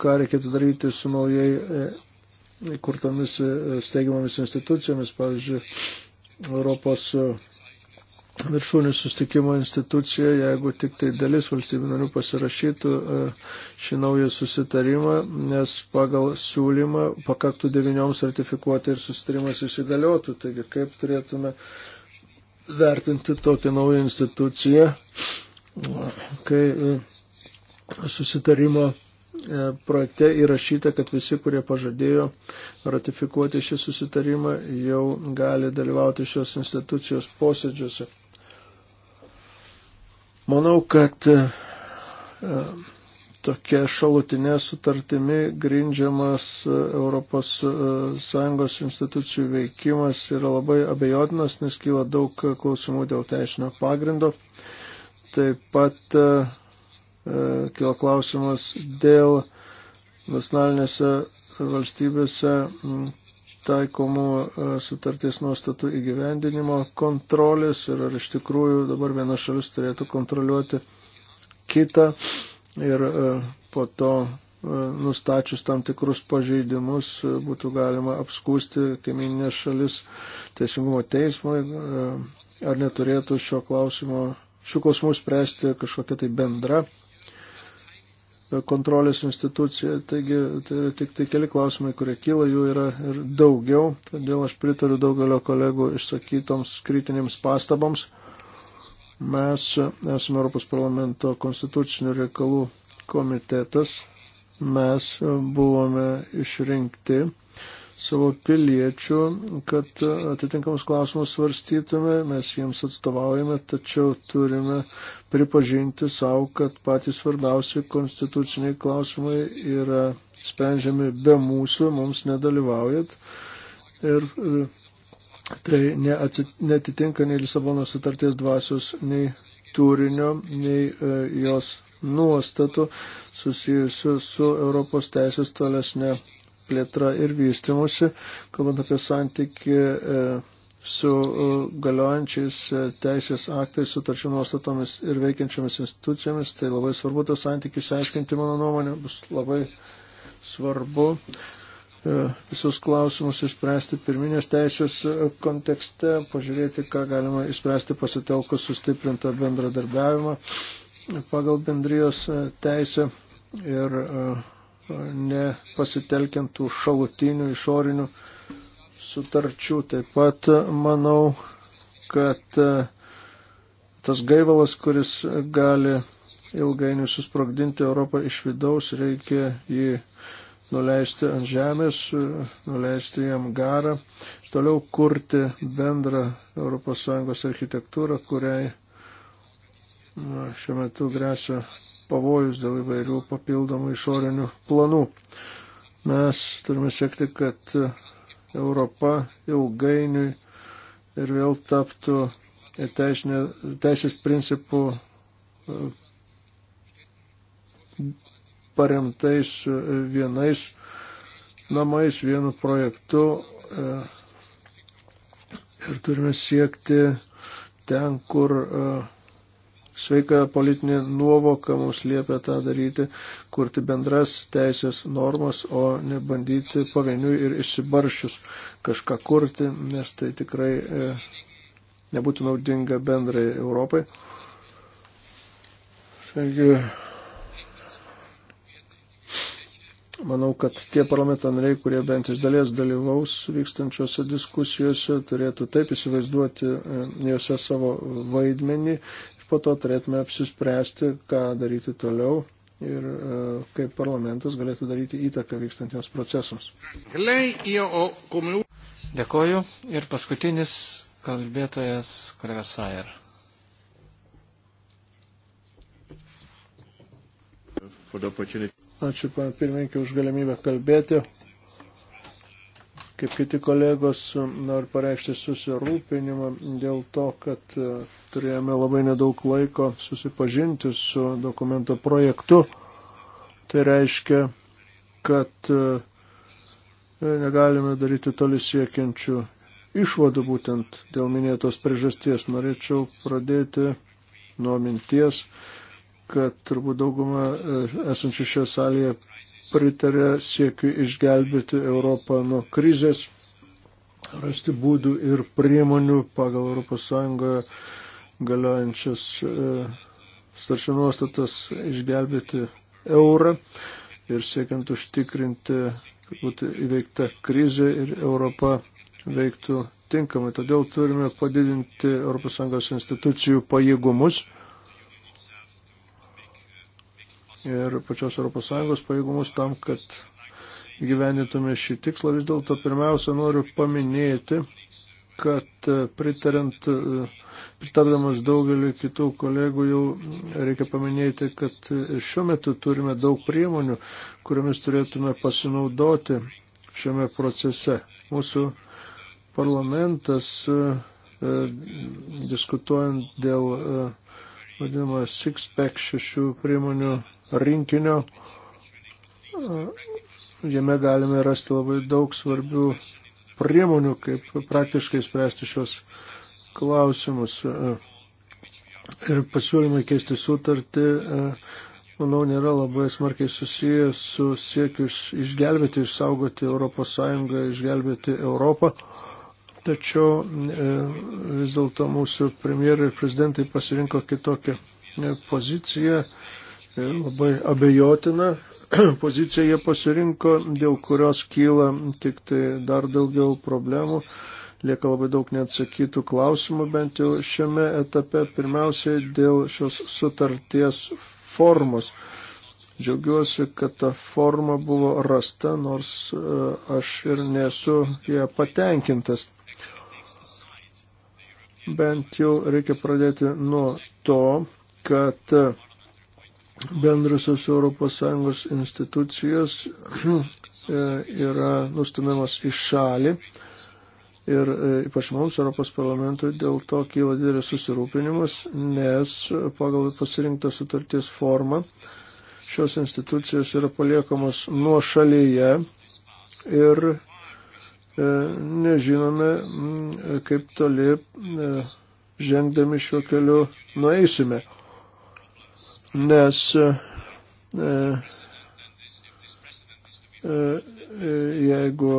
[SPEAKER 2] ką reikėtų daryti su naujai kurtomis steigiamomis institucijomis, pavyzdžiui, Europos viršūnių sustikimo institucija, jeigu tik tai dalis valstybių narių pasirašytų e, šį naują susitarimą, nes pagal siūlymą pakaktų devynioms ratifikuoti ir susitarimas įsigaliotų. Taigi kaip turėtume vertinti tokią naują instituciją, kai e, susitarimo e, projekte įrašyta, kad visi, kurie pažadėjo ratifikuoti šį susitarimą, jau gali dalyvauti šios institucijos posėdžiuose. Manau, kad e, e, tokia šalutinė sutartimi grindžiamas ES e, institucijų veikimas yra labai abejotinas, nes kyla daug klausimų dėl teisinio pagrindo. Taip pat kyla klausimas dėl nacionalinėse valstybėse taikomų e, sutarties nuostatų įgyvendinimo kontrolės ir ar iš tikrųjų dabar viena šalis turėtų kontroliuoti kitą ir e, po to e, nustačius tam tikrus pažeidimus būtų galima apskūsti kaiminės šalis teisingumo teismui, ar neturėtų šio klausimo, šių klausimų spręsti kažkokia tai bendra kontrolės institucija. Taigi tai yra tik tai keli klausimai, kurie kyla, jų yra ir daugiau. Todėl aš pritariu daugelio kolegų išsakytoms kritinėms pastaboms. Mes esame Europos parlamento konstitucinių reikalų komitetas. Mes buvome išrinkti savo piliečių, kad atitinkamus klausimus svarstytume, mes jiems atstovaujame, tačiau turime pripažinti savo, kad patys svarbiausi konstituciniai klausimai yra sprendžiami be mūsų, mums nedalyvaujat. Ir e, tai netitinka nei Lisabono sutarties dvasios, nei turinio, nei e, jos nuostatų susijusių su Europos teisės tolesnė plėtra ir vystimusi, kalbant apie santyki e, su e, galiojančiais e, teisės aktais, sutarčių nuostatomis ir veikiančiomis institucijomis. Tai labai svarbu tą santykių išsiaiškinti, mano nuomonė, bus labai svarbu visus klausimus išspręsti pirminės teisės kontekste, pažiūrėti, ką galima išspręsti pasitelkus sustiprintą bendradarbiavimą pagal bendrijos teisę ir uh, nepasitelkiantų šalutinių išorinių sutarčių. Taip pat manau, kad e, tas gaivalas, kuris gali ilgainiui susprogdinti Europą iš vidaus, reikia jį nuleisti ant žemės, nuleisti jam garą, toliau kurti bendrą ES architektūrą, kuriai šiuo metu grėsia pavojus dėl įvairių papildomų išorinių planų. Mes turime siekti, kad Europa ilgainiui ir vėl taptų teisinė, teisės principų paremtais vienais namais, vienu projektu ir turime siekti ten, kur uh, sveika politinė nuovoka mums liepia tą daryti, kurti bendras teisės normas, o ne bandyti pavieniui ir išsibaršius kažką kurti, nes tai tikrai e, nebūtų naudinga bendrai Europai. Taigi, manau, kad tie parlamento nariai, kurie bent iš dalies dalyvaus vykstančiose diskusijose, turėtų taip įsivaizduoti e, juose savo vaidmenį po to turėtume apsispręsti, ką daryti toliau ir e, kaip parlamentas galėtų daryti įtaką vykstantiems procesams.
[SPEAKER 1] Dėkoju. Ir paskutinis kalbėtojas, kolega Sayer.
[SPEAKER 2] Ačiū, pana pirmininkė, už galimybę kalbėti kaip kiti kolegos, noriu pareikšti susirūpinimą dėl to, kad e, turėjome labai nedaug laiko susipažinti su dokumento projektu. Tai reiškia, kad e, negalime daryti toli siekiančių išvadų būtent dėl minėtos priežasties. Norėčiau pradėti nuo minties, kad turbūt dauguma e, esančių šioje salėje pritarė siekiu išgelbėti Europą nuo krizės, rasti būdų ir priemonių pagal ES galiojančias e, starčių nuostatas išgelbėti eurą ir siekiant užtikrinti, kad būtų įveikta krizė ir Europa veiktų tinkamai. Todėl turime padidinti ES institucijų pajėgumus ir pačios ES pajėgumus tam, kad gyvenytume šį tikslą. Vis dėlto pirmiausia noriu paminėti, kad e, pritarint, e, pritardamas daugelį kitų kolegų jau reikia paminėti, kad e, šiuo metu turime daug priemonių, kuriomis turėtume pasinaudoti šiame procese. Mūsų parlamentas diskutuojant dėl vadinamo six-pack šešių priemonių rinkinio. Jame galime rasti labai daug svarbių priemonių, kaip praktiškai spręsti šios klausimus. Ir pasiūlymai keisti sutartį, manau, nėra labai smarkiai susijęs su siekiu išgelbėti, išsaugoti ES, išgelbėti Europą. Tačiau e, vis dėlto mūsų premjerai ir prezidentai pasirinko kitokią e, poziciją labai abejotina poziciją jie pasirinko, dėl kurios kyla tik tai dar daugiau problemų. Lieka labai daug neatsakytų klausimų, bent jau šiame etape, pirmiausiai dėl šios sutarties formos. Džiaugiuosi, kad ta forma buvo rasta, nors e, aš ir nesu ją patenkintas bent jau reikia pradėti nuo to, kad bendrasios ES institucijos e, yra nustumiamas į šalį ir e, ypač mums Europos parlamentui dėl to kyla didelis susirūpinimas, nes pagal pasirinktą sutarties formą šios institucijos yra paliekamos nuo šalyje ir e, nežinome, kaip toli žengdami šiuo keliu nueisime nes e, e, e, jeigu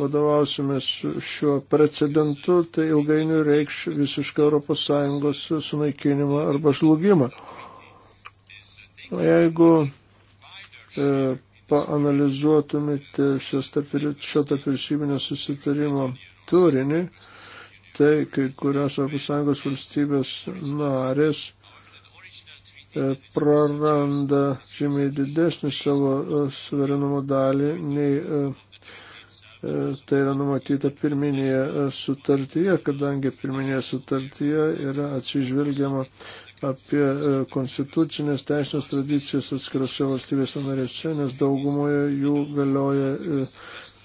[SPEAKER 2] vadovausimės šiuo precedentu, tai ilgainiui reikš visišką ES sunaikinimą arba žlugimą. Jeigu e, paanalizuotumėte šio tarpiršybinio susitarimo turinį, tai kai kurios ES valstybės narės E, praranda žymiai didesnį savo e, suverenumo dalį nei e, Tai yra numatyta pirminėje sutartyje, kadangi pirminėje sutartyje yra atsižvelgiama apie konstitucinės teisinės tradicijas atskirose valstybėse narėse, nes daugumoje jų galioja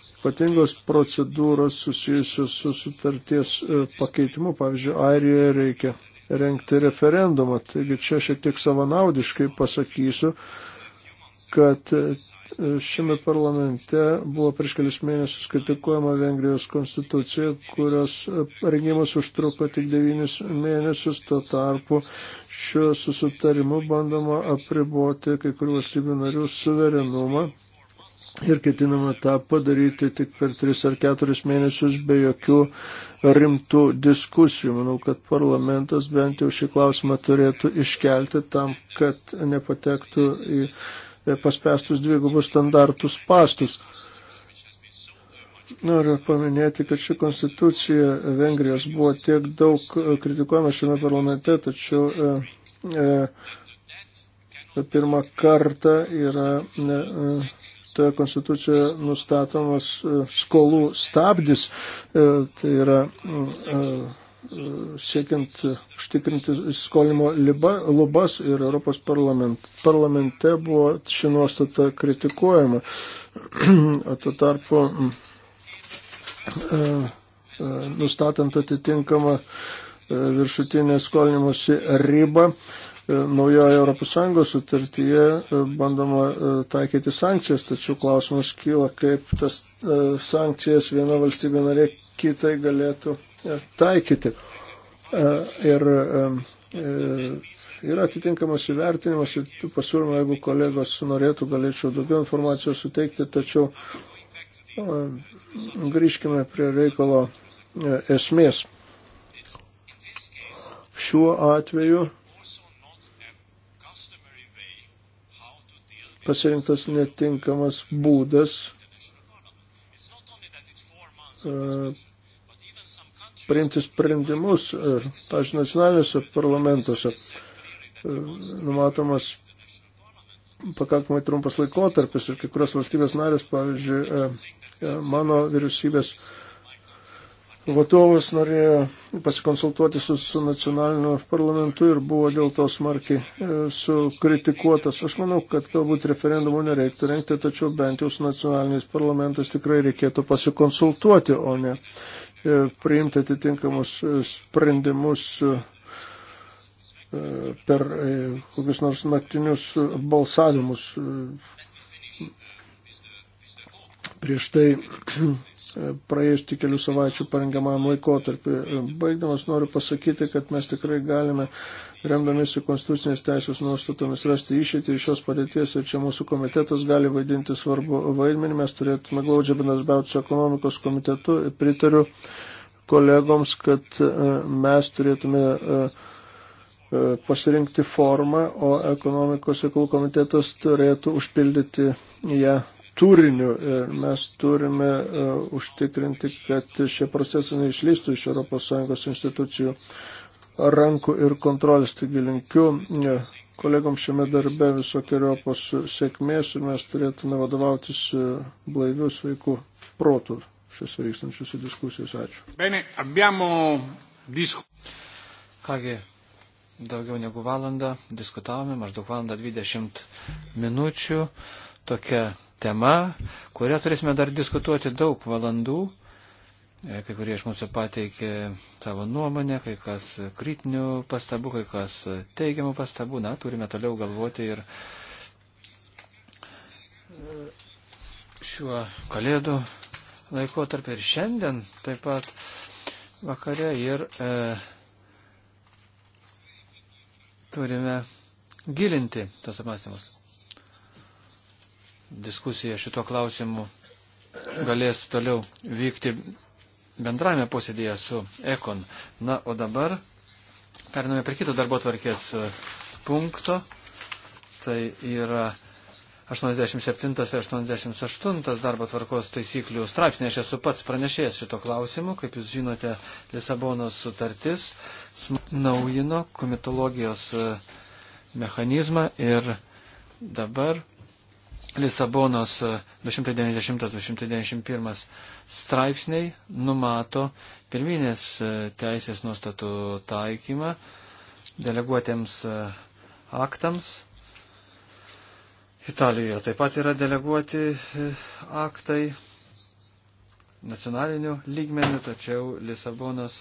[SPEAKER 2] ypatingos procedūros susijusios su sutarties pakeitimu. Pavyzdžiui, Airijoje reikia renkti referendumą. Taigi čia šiek tiek savanaudiškai pasakysiu, kad e, šiame parlamente buvo prieš kelius mėnesius kritikuojama Vengrijos konstitucija, kurios e, rengimas užtruko tik devynis mėnesius, tuo tarpu šiuo susitarimu bandoma apriboti kai kurių valstybių narių suverenumą ir ketinama tą padaryti tik per 3 ar 4 mėnesius be jokių rimtų diskusijų. Manau, kad parlamentas bent jau šį klausimą turėtų iškelti tam, kad nepatektų į e, paspestus dvigubus standartus pastus. Noriu paminėti, kad ši konstitucija Vengrijos buvo tiek daug kritikuojama šiame parlamente, tačiau e, e, pirmą kartą yra. E, e, šitą konstituciją nustatomas e, skolų stabdis, e, tai yra e, siekiant užtikrinti skolimo lubas ir Europos parlament, parlamente buvo ši nuostata kritikuojama. O tuo tarpu nustatant atitinkamą viršutinę skolinimuose ribą, E, naujoje ES sutartyje e, bandoma e, taikyti sankcijas, tačiau klausimas kyla, kaip tas sankcijas viena valstybė narė kitai galėtų taikyti. Ir yra atitinkamas įvertinimas ir tų pasiūlymų, jeigu kolegos norėtų, galėčiau daugiau informacijos suteikti, tačiau grįžkime prie reikalo esmės. Šiuo atveju pasirinktas netinkamas būdas e, priimti sprendimus, e, pažiūrėjau, nacionaliniuose parlamentuose e, numatomas pakankamai trumpas laikotarpis ir kai kurios valstybės narės, pavyzdžiui, mano vyriausybės vadovas norėjo pasikonsultuoti su, su nacionaliniu parlamentu ir buvo dėl to smarkiai e, sukritikuotas. Aš manau, kad galbūt referendumų nereiktų renkti, tačiau bent jau su nacionaliniais parlamentais tikrai reikėtų pasikonsultuoti, o ne e, priimti atitinkamus e, sprendimus per kokius nors naktinius balsavimus. Prieš tai E, praėjus tik kelių savaičių parengiamam laikotarpiu. E, baigdamas noriu pasakyti, kad mes tikrai galime, remdamiesi konstitucinės teisės nuostatomis, rasti išeitį iš šios padėties ir čia mūsų komitetas gali vaidinti svarbu vaidmenį. Mes turėtume glaudžiai bendradarbiauti su ekonomikos komitetu. Pritariu kolegoms, kad e, mes turėtume pasirinkti formą, o ekonomikos reikalų komitetas turėtų užpildyti ją turiniu ir mes turime e, užtikrinti, kad šie procesai neišlystų iš ES institucijų rankų ir kontrolės. Taigi linkiu e, kolegom šiame darbe visokiojopos sėkmės ir mes turėtume vadovautis e, blaivių sveikų protų šiuose vykstančiuose diskusijose. Ačiū.
[SPEAKER 1] Bene, abbiamo disku... Kągi, daugiau negu valandą diskutavome, maždaug valandą 20 minučių. Tokia tema, kurią turėsime dar diskutuoti daug valandų. E, kai kurie iš mūsų pateikė savo nuomonę, kai kas kritinių pastabų, kai kas teigiamų pastabų. Na, turime toliau galvoti ir e, šiuo kalėdų laikotarpiu ir šiandien taip pat vakare ir e, turime gilinti tos apmąstymus diskusija šito klausimu galės toliau vykti bendrame posėdėje su Ekon. Na, o dabar periname prie kito darbo tvarkės e, punkto. Tai yra 87 ir 88 darbo tvarkos taisyklių straipsnė. Aš esu pats pranešėjęs šito klausimu. Kaip jūs žinote, Lisabonos sutartis naujino komitologijos e, mechanizmą ir dabar Lisabonos 290-291 e, straipsniai numato pirminės e, teisės nuostatų taikymą deleguotiems e, aktams. Italijoje taip pat yra deleguoti aktai nacionalinių lygmenių, tačiau Lisabonos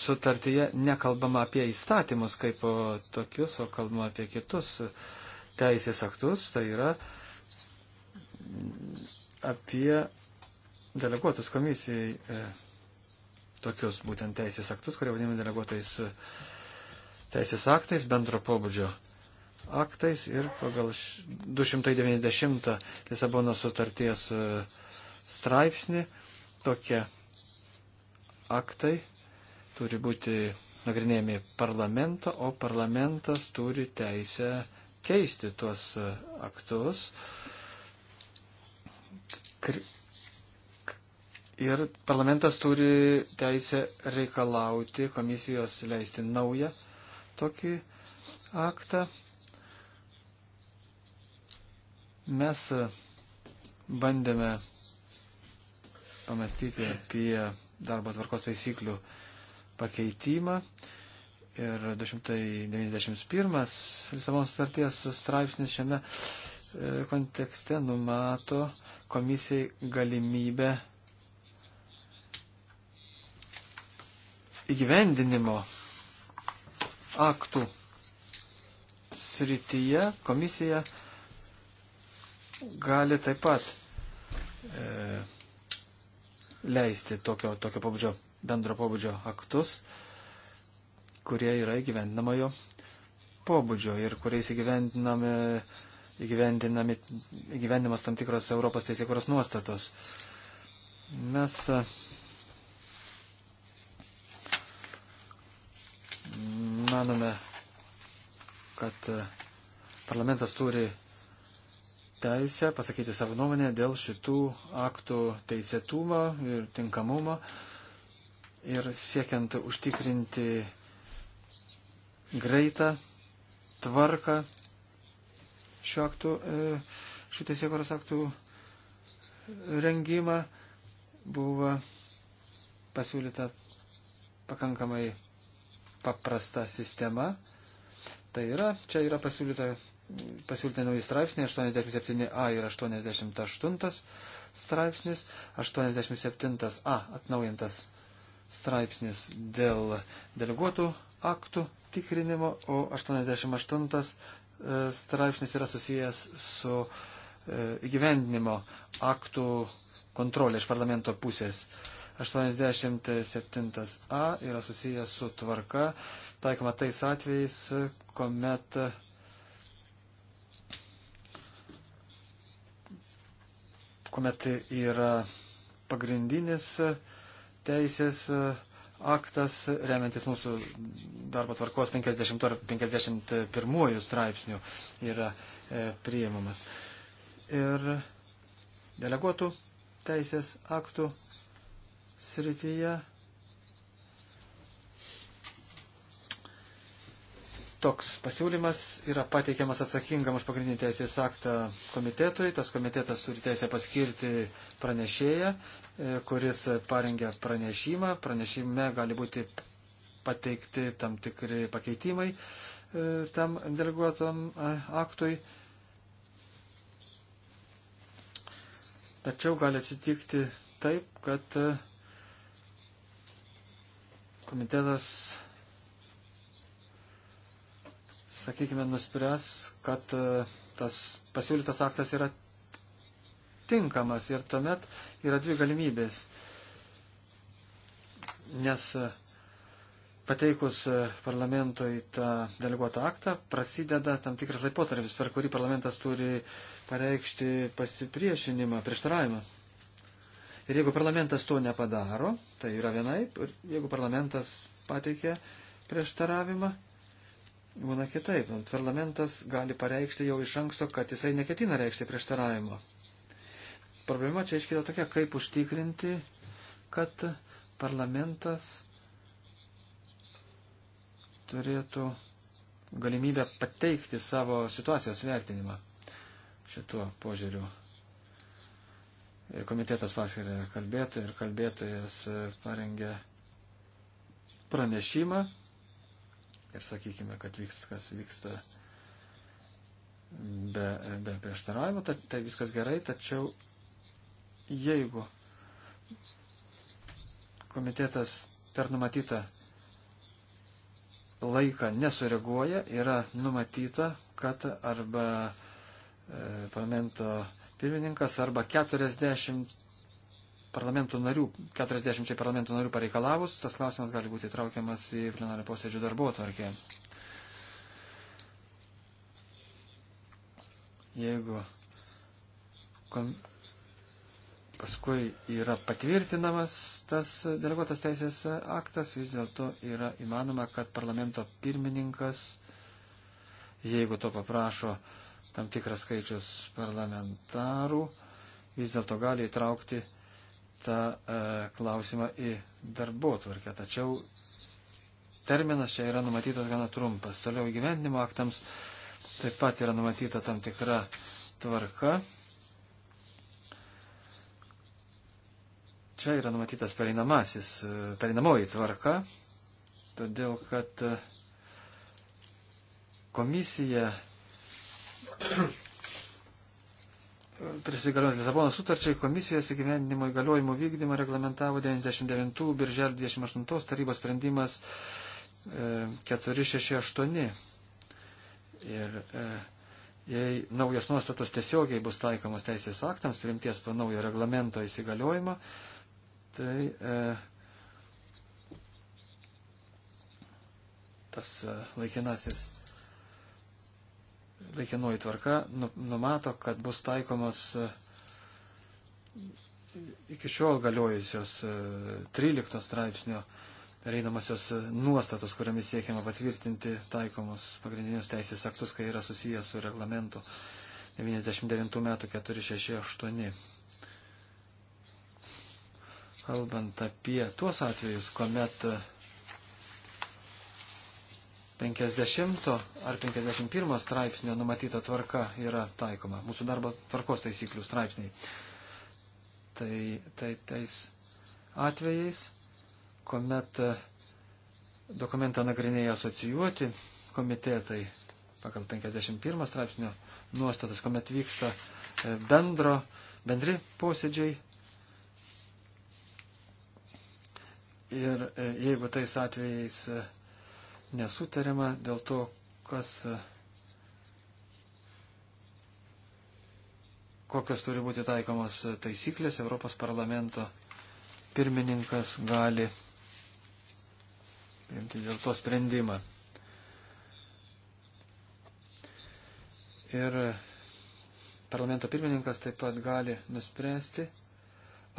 [SPEAKER 1] sutartyje nekalbama apie įstatymus kaip o tokius, o kalbama apie kitus teisės aktus, tai yra apie deleguotus komisijai e, tokius būtent teisės aktus, kurie vadinami deleguotais e, teisės aktais, bendro pobūdžio aktais ir pagal 290 Lisabono sutarties e, straipsnį tokie aktai turi būti nagrinėjami parlamento, o parlamentas turi teisę keisti tuos e, aktus ir parlamentas turi teisę reikalauti komisijos leisti naują tokį aktą. Mes e, bandėme pamastyti apie darbo tvarkos taisyklių pakeitimą ir 291 Lisabonos sutarties straipsnis šiame e, kontekste numato komisijai galimybę įgyvendinimo aktų srityje komisija gali taip pat e, leisti tokio, tokio pobūdžio, bendro pobūdžio aktus. E, kurie yra įgyvendinamojo pobūdžio ir kuriais įgyvendinami, įgyvendinami, įgyvendinamas tam tikros Europos teisėkuros nuostatos. Mes mm, manome, kad e, parlamentas turi teisę pasakyti savo nuomonę dėl šitų aktų teisėtumo ir tinkamumo ir siekiant užtikrinti greitą tvarką šių aktų, e, šių teisėkuros aktų rengimą. Buvo pasiūlyta pakankamai paprasta sistema. Tai yra, čia yra pasiūlyta, pasiūlyta nauji straipsniai 87a ir 88 straipsnis, 87a atnaujintas straipsnis dėl deleguotų aktų tikrinimo, o 88 e, straipsnis yra susijęs su e, įgyvendinimo aktų kontrolė iš parlamento pusės. 87a yra susijęs su tvarka, taikoma tais atvejais, kuomet kuomet yra pagrindinis teisės aktas, remiantis mūsų darbo tvarkos 50 ar 51 straipsnių, yra e, priimamas. Ir deleguotų teisės aktų srityje toks pasiūlymas yra pateikiamas atsakingam už pagrindinį teisės aktą komitetui. Tas komitetas turi teisę paskirti pranešėją E, kuris parengė pranešimą. Pranešime gali būti pateikti tam tikri pakeitimai e, tam deleguotam e, aktui. Tačiau gali atsitikti taip, kad komitetas, sakykime, nuspręs, kad tas pasiūlytas aktas yra tinkamas. Ir tuomet yra dvi galimybės. Nes e, pateikus e, parlamentui tą deleguotą aktą, prasideda tam tikras laikotarpis, per kurį parlamentas turi pareikšti pasipriešinimą, prieštaravimą. Ir jeigu parlamentas to nepadaro, tai yra vienaip, ir jeigu parlamentas pateikia prieštaravimą, būna kitaip. Parlamentas gali pareikšti jau iš anksto, kad jisai neketina reikšti prieštaravimo problema čia iškyla tokia, kaip užtikrinti, kad parlamentas turėtų galimybę pateikti savo situacijos vertinimą šituo požiūriu. Komitetas paskiria kalbėtoją ir kalbėtojas parengė pranešimą ir sakykime, kad viskas vyksta be, be prieštaravimo, tai, tai viskas gerai, tačiau jeigu komitetas per numatytą laiką nesureaguoja, yra numatyta, kad arba e, parlamento pirmininkas arba 40 parlamento narių, 40 parlamento narių pareikalavus, tas klausimas gali būti traukiamas į plenario posėdžių darbo atvarkę. Jeigu paskui yra patvirtinamas tas deleguotas teisės aktas, vis dėlto yra įmanoma, kad parlamento pirmininkas, jeigu to paprašo tam tikras skaičius parlamentarų, vis dėlto gali įtraukti tą e, klausimą į darbo tvarkę. Tačiau terminas čia yra numatytas gana trumpas. Toliau įgyvendinimo aktams taip pat yra numatyta tam tikra tvarka. Čia yra numatytas pereinamasis, pereinamoji tvarka, todėl kad e, komisija prisigaliojant Lisabono sutarčiai komisijos įgyvendinimo įgaliojimų vykdymą reglamentavo 99 birželio 28 tarybos sprendimas 468. E, Ir e, jei naujos nuostatos tiesiogiai bus taikomos teisės aktams, primties po naujo reglamento įsigaliojimo, tai e, tas e, laikinasis laikinoji tvarka nu, numato, kad bus taikomos e, iki šiol galiojusios 13 e, straipsnio reinamosios nuostatos, kuriamis siekiama patvirtinti taikomus pagrindinius teisės aktus, kai yra susijęs su reglamentu 99 metų 468 kalbant apie tuos atvejus, kuomet 50 ar 51 straipsnio numatyta tvarka yra taikoma, mūsų darbo tvarkos taisyklių straipsniai. Tai, tai tais atvejais, kuomet e, dokumentą nagrinėja asocijuoti komitetai pagal 51 straipsnio nuostatas, kuomet vyksta e, bendro, bendri posėdžiai Ir e, jeigu tais atvejais e, nesutarima dėl to, kas, e, kokios turi būti taikomos taisyklės, Europos parlamento pirmininkas gali priimti dėl to sprendimą. Ir parlamento pirmininkas taip pat gali nuspręsti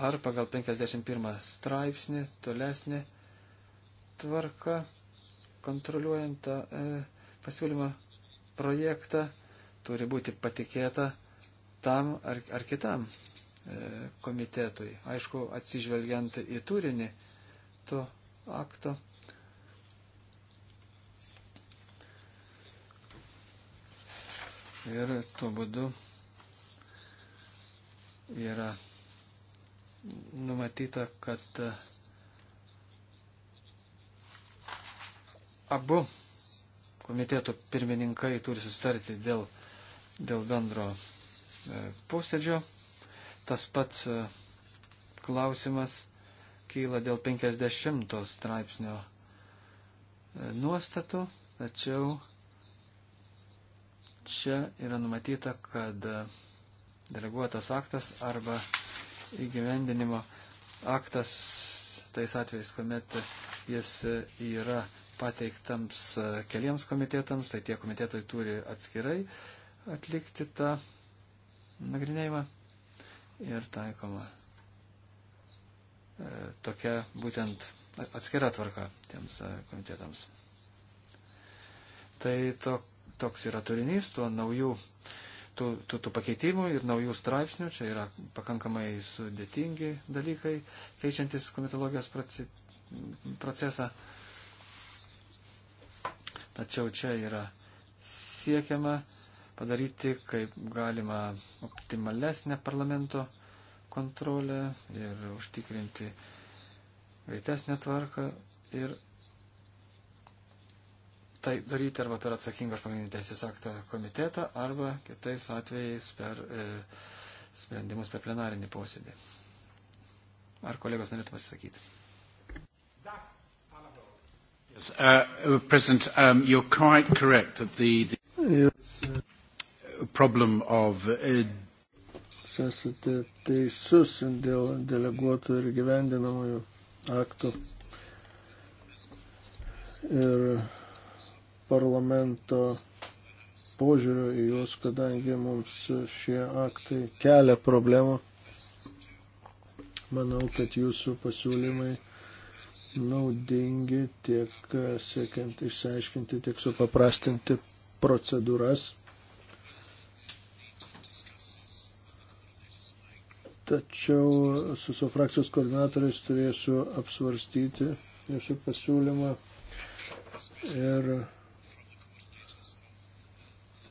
[SPEAKER 1] ar pagal 51 straipsnį tolesnė tvarka kontroliuojant tą e, pasiūlymą projektą turi būti patikėta tam ar, ar kitam e, komitetui. Aišku, atsižvelgiant į turinį to akto. Ir tuo būdu yra numatyta, kad e, abu komiteto pirmininkai turi sustarti dėl, dėl bendro e, posėdžio. Tas pats e, klausimas kyla dėl 50 straipsnio nuostatų, tačiau čia yra numatyta, kad deleguotas aktas arba įgyvendinimo aktas tais atvejais, kuomet jis yra pateiktams keliams komitetams, tai tie komitetai turi atskirai atlikti tą nagrinėjimą ir taikoma e, tokia būtent atskira tvarka tiems e, komitetams. Tai to, toks yra turinys tuo naujų tų, tų, tų pakeitimų ir naujų straipsnių. Čia yra pakankamai sudėtingi dalykai, keičiantis komitologijos procesą. Tačiau čia yra siekiama padaryti kaip galima optimalesnę parlamento kontrolę ir užtikrinti greitesnę tvarką ir tai daryti arba per atsakingą žmoginį teisės aktą komitetą, arba kitais atvejais per e, sprendimus per plenarinį posėdį. Ar kolegos norėtų pasisakyti?
[SPEAKER 2] Yes, uh, President, um, you're quite correct that the, the yes. problem of uh, Jūs esate teisus dėl deleguotų ir gyvendinamųjų aktų. Ir parlamento požiūrio į juos, kadangi mums šie aktai kelia problemų. Manau, kad jūsų pasiūlymai naudingi tiek siekiant išsiaiškinti, tiek supaprastinti procedūras. Tačiau su savo frakcijos koordinatoriais turėsiu apsvarstyti jūsų pasiūlymą ir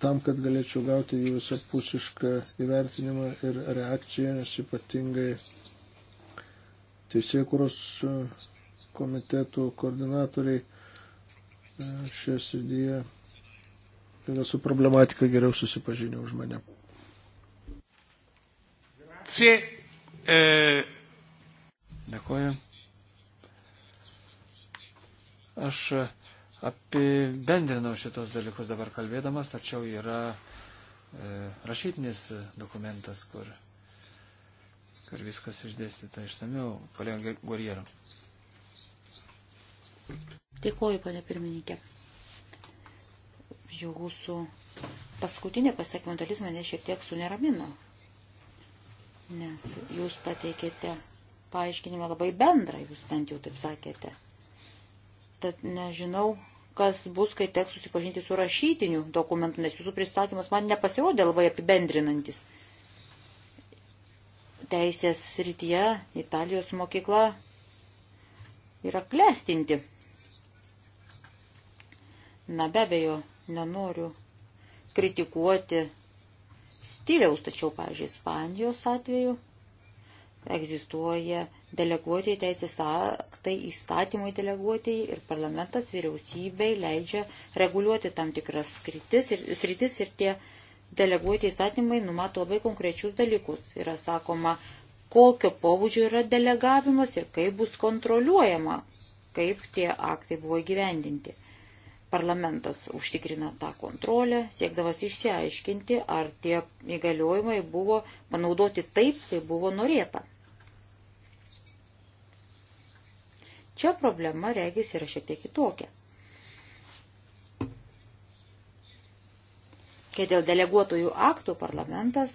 [SPEAKER 2] tam, kad galėčiau gauti jų visapusišką įvertinimą ir reakciją, nes ypatingai teisėkuros e, komitetų koordinatoriai e, šioje srityje yra su problematika geriau susipažinę už mane. E.
[SPEAKER 1] Dėkuoju. Aš apibendrinau šitos dalykus dabar kalbėdamas, tačiau yra e, rašytinis dokumentas, kur, kur viskas išdėstyta išsamiau, kolega Guerriero.
[SPEAKER 3] Dėkuoju, ponė pirmininkė. Jūsų paskutinė pasakymo dalis mane šiek tiek suneramino, nes jūs pateikėte paaiškinimą labai bendrą, jūs bent jau taip sakėte. Tad nežinau, kas bus, kai teks susipažinti su rašytiniu dokumentu, nes jūsų pristatymas man nepasirodė labai apibendrinantis. Teisės srityje Italijos mokykla yra klestinti. Na be abejo, nenoriu kritikuoti stiliaus, tačiau, pavyzdžiui, Ispanijos atveju egzistuoja deleguoti teisės aktai įstatymai deleguoti ir parlamentas vyriausybei leidžia reguliuoti tam tikras sritis ir, sritis ir tie deleguoti įstatymai numato labai konkrečius dalykus. Yra sakoma, kokio pobūdžio yra delegavimas ir kaip bus kontroliuojama, kaip tie aktai buvo įgyvendinti. Parlamentas užtikrina tą kontrolę, siekdamas išsiaiškinti, ar tie įgaliojimai buvo panaudoti taip, kaip buvo norėta. Čia problema, regis, yra šiek tiek kitokia. Kai dėl deleguotojų aktų parlamentas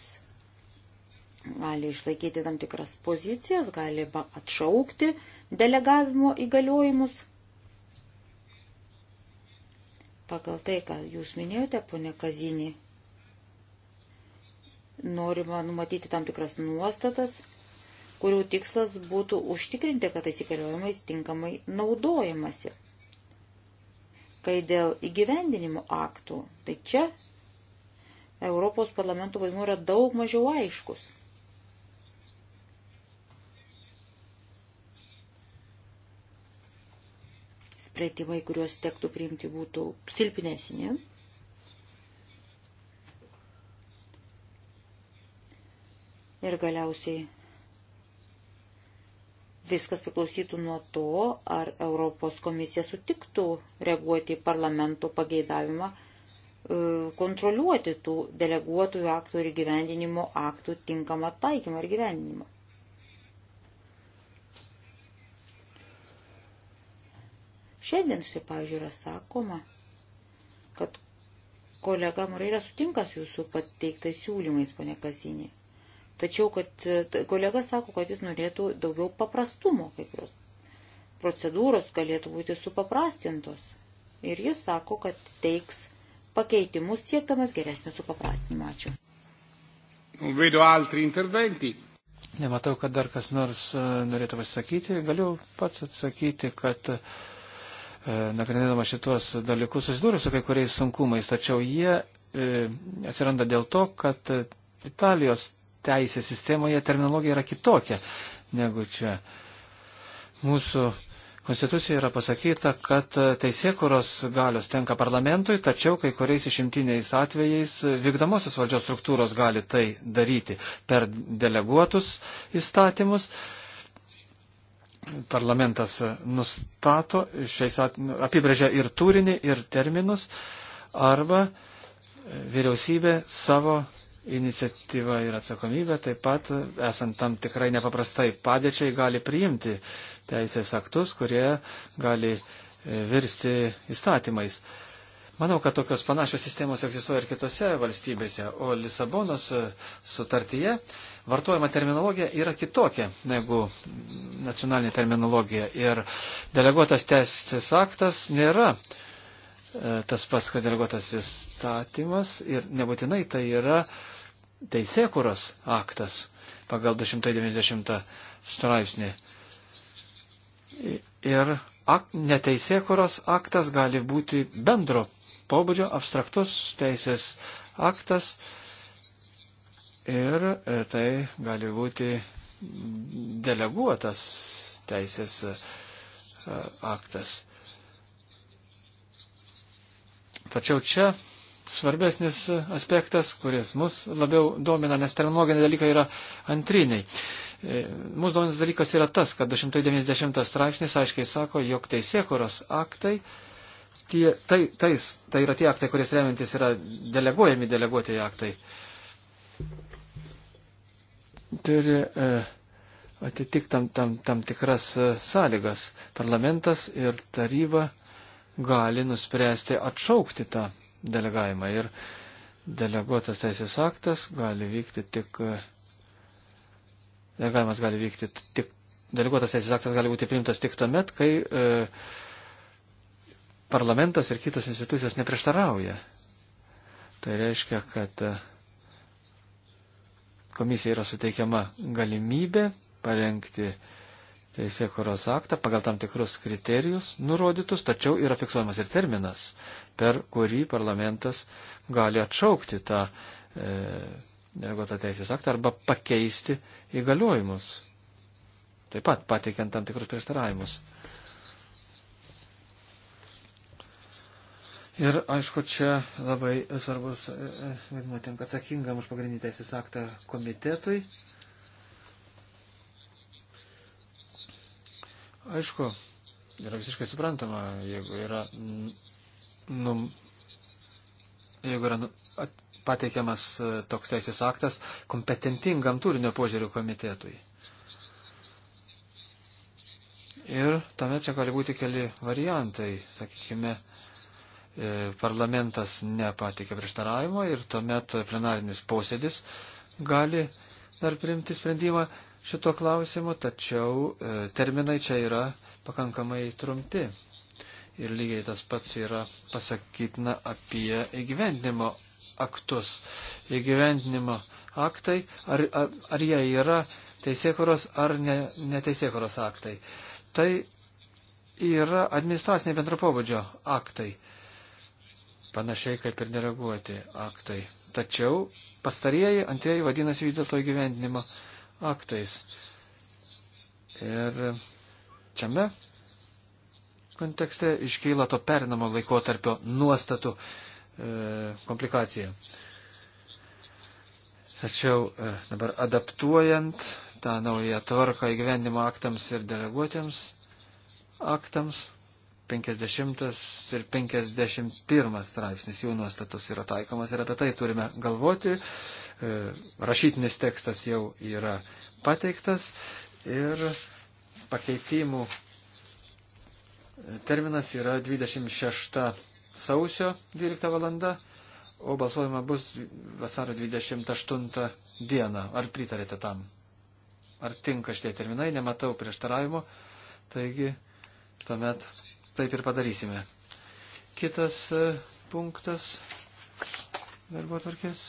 [SPEAKER 3] gali išlaikyti tam tikras pozicijas, gali atšaukti delegavimo įgaliojimus. Pagal tai, ką jūs minėjote, ponė Kazinį, norima numatyti tam tikras nuostatas – kurių tikslas būtų užtikrinti, kad atsikaliojimais tinkamai naudojamasi. Kai dėl įgyvendinimo aktų, tai čia Europos parlamento vaidmuo yra daug mažiau aiškus. Sprendimai, kuriuos tektų priimti, būtų silpnesni. Ir galiausiai Viskas priklausytų nuo to, ar Europos komisija sutiktų reaguoti į parlamento pageidavimą e, kontroliuoti tų deleguotųjų aktų ir gyvendinimo aktų tinkamą taikymą ir gyvendinimą. Šiandien štai, pavyzdžiui, yra sakoma, kad kolega Moreira sutinka su jūsų pateiktais siūlymais, ponė Kasinė. Tačiau, kad e, kolega sako, kad jis norėtų daugiau paprastumo, kaip jos procedūros galėtų būti supaprastintos. Ir jis sako, kad teiks pakeitimus siektamas geresnio supaprastinimo. Ačiū.
[SPEAKER 2] Nu, vedo altri interventi.
[SPEAKER 1] Nematau, kad dar kas nors e, norėtų pasisakyti. Galiu pats atsakyti, kad e, nagrinėdama šitos dalykus susidūriu su kai kuriais sunkumais, tačiau jie e, atsiranda dėl to, kad Italijos teisės sistemoje terminologija yra kitokia negu čia. Mūsų konstitucijoje yra pasakyta, kad teisėkuros galios tenka parlamentui, tačiau kai kuriais išimtiniais atvejais vykdomosios valdžios struktūros gali tai daryti per deleguotus įstatymus parlamentas nustato, šiais at... apibrėžia ir turinį, ir terminus, arba vyriausybė savo iniciatyva ir atsakomybė, taip pat, esant tam tikrai nepaprastai padėčiai, gali priimti teisės aktus, kurie gali e, virsti įstatymais. Manau, kad tokios panašios sistemos egzistuoja ir kitose valstybėse, o Lisabonos e, sutartyje vartojama terminologija yra kitokia negu nacionalinė terminologija ir deleguotas teisės aktas nėra e, tas pats, kad deleguotas įstatymas ir nebūtinai tai yra uh, teisėkuros aktas pagal 290 straipsnį. Ir ak, neteisėkuros aktas gali būti bendro pobūdžio abstraktus teisės aktas ir e, tai gali būti deleguotas teisės e, aktas. Tačiau čia svarbesnis aspektas, kuris mus labiau domina, nes terminologiniai dalykai yra antriniai. E, Mūsų dominas dalykas yra tas, kad 290 straipsnis aiškiai sako, jog teisėkuros aktai, tie, tai, tais, tai yra tie aktai, kuris remiantis yra deleguojami deleguotieji aktai, turi e, atitikti tam, tam, tam tikras e, sąlygas. Parlamentas ir taryba gali nuspręsti atšaukti tą delegavimą. Ir deleguotas teisės aktas gali vykti tik. Delegavimas gali vykti tik. Deleguotas teisės aktas gali būti priimtas tik tuomet, kai e, parlamentas ir kitos institucijos neprieštarauja. Tai reiškia, kad e, komisija yra suteikiama galimybė parengti e, teisėkuros aktą pagal tam tikrus kriterijus nurodytus, tačiau yra fiksuojamas ir terminas, per kurį parlamentas gali atšaukti tą e, deleguotą teisės aktą arba pakeisti įgaliojimus. Taip pat pateikiant tam tikrus prieštaravimus. Ir aišku, čia labai svarbus e, e, vaidmuo tenka atsakingam už pagrindinį teisės aktą komitetui. E, Aišku, yra visiškai suprantama, jeigu yra, nu, jeigu yra nu, at, pateikiamas e, toks teisės aktas kompetentingam turinio požiūrių komitetui. Ir tame čia gali būti keli variantai, sakykime, e, parlamentas nepatikė prieštaravimo ir tuomet plenarinis posėdis gali dar priimti sprendimą šituo klausimu, tačiau e, terminai čia yra pakankamai trumpi. Ir lygiai tas pats yra pasakytina apie įgyvendinimo aktus. Įgyvendinimo aktai, ar, ar, ar jie yra teisėkuros ar ne, neteisėkuros aktai. Tai yra administraciniai bendro pobūdžio aktai, panašiai kaip ir nereaguoti aktai. Tačiau pastarieji, antrieji vadinasi vis dėlto įgyvendinimo aktai aktais. Ir čiame kontekste iškyla to perinamo laikotarpio nuostatų e, komplikacija. Tačiau e, dabar adaptuojant tą naują tvarką įgyvendimo aktams ir deleguotiems aktams, 50 ir 51 straipsnis jų nuostatos yra taikomas ir apie tai turime galvoti. E, rašytinis tekstas jau yra pateiktas ir pakeitimų terminas yra 26 sausio 12 valanda, o balsuojama bus vasario 28 dieną. Ar pritarėte tam? Ar tinka šitie terminai? Nematau prieštaravimo. Taigi, tuomet taip ir padarysime. Kitas e, punktas darbo tvarkės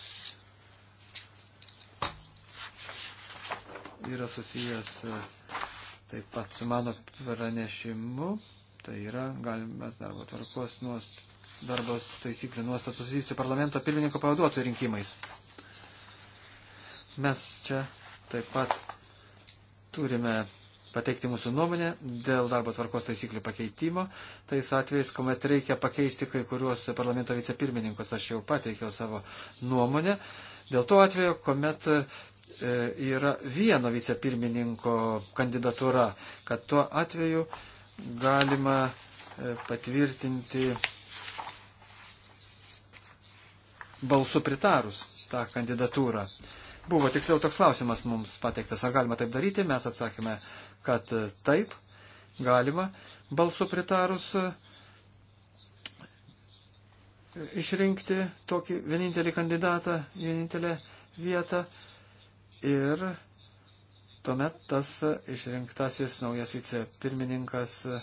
[SPEAKER 1] yra susijęs e, taip pat su mano pranešimu. Tai yra galimas darbo tvarkos nuost, darbos taisyklių nuostatų susijusių parlamento pirmininko pavaduotojų rinkimais. Mes čia taip pat turime pateikti mūsų nuomonę dėl darbo tvarkos taisyklių pakeitimo. Tais atvejais, kuomet reikia pakeisti kai kuriuos parlamento vicepirmininkus, aš jau pateikiau savo nuomonę. Dėl to atveju, kuomet e, yra vieno vicepirmininko kandidatūra, kad tuo atveju galima e, patvirtinti balsų pritarus tą kandidatūrą. Buvo tiksliau toks klausimas mums pateiktas, ar galima taip daryti. Mes atsakėme, kad taip, galima balsu pritarus e, išrinkti tokį vienintelį kandidatą, vienintelę vietą. Ir tuomet tas išrinktasis naujas vicepirmininkas e,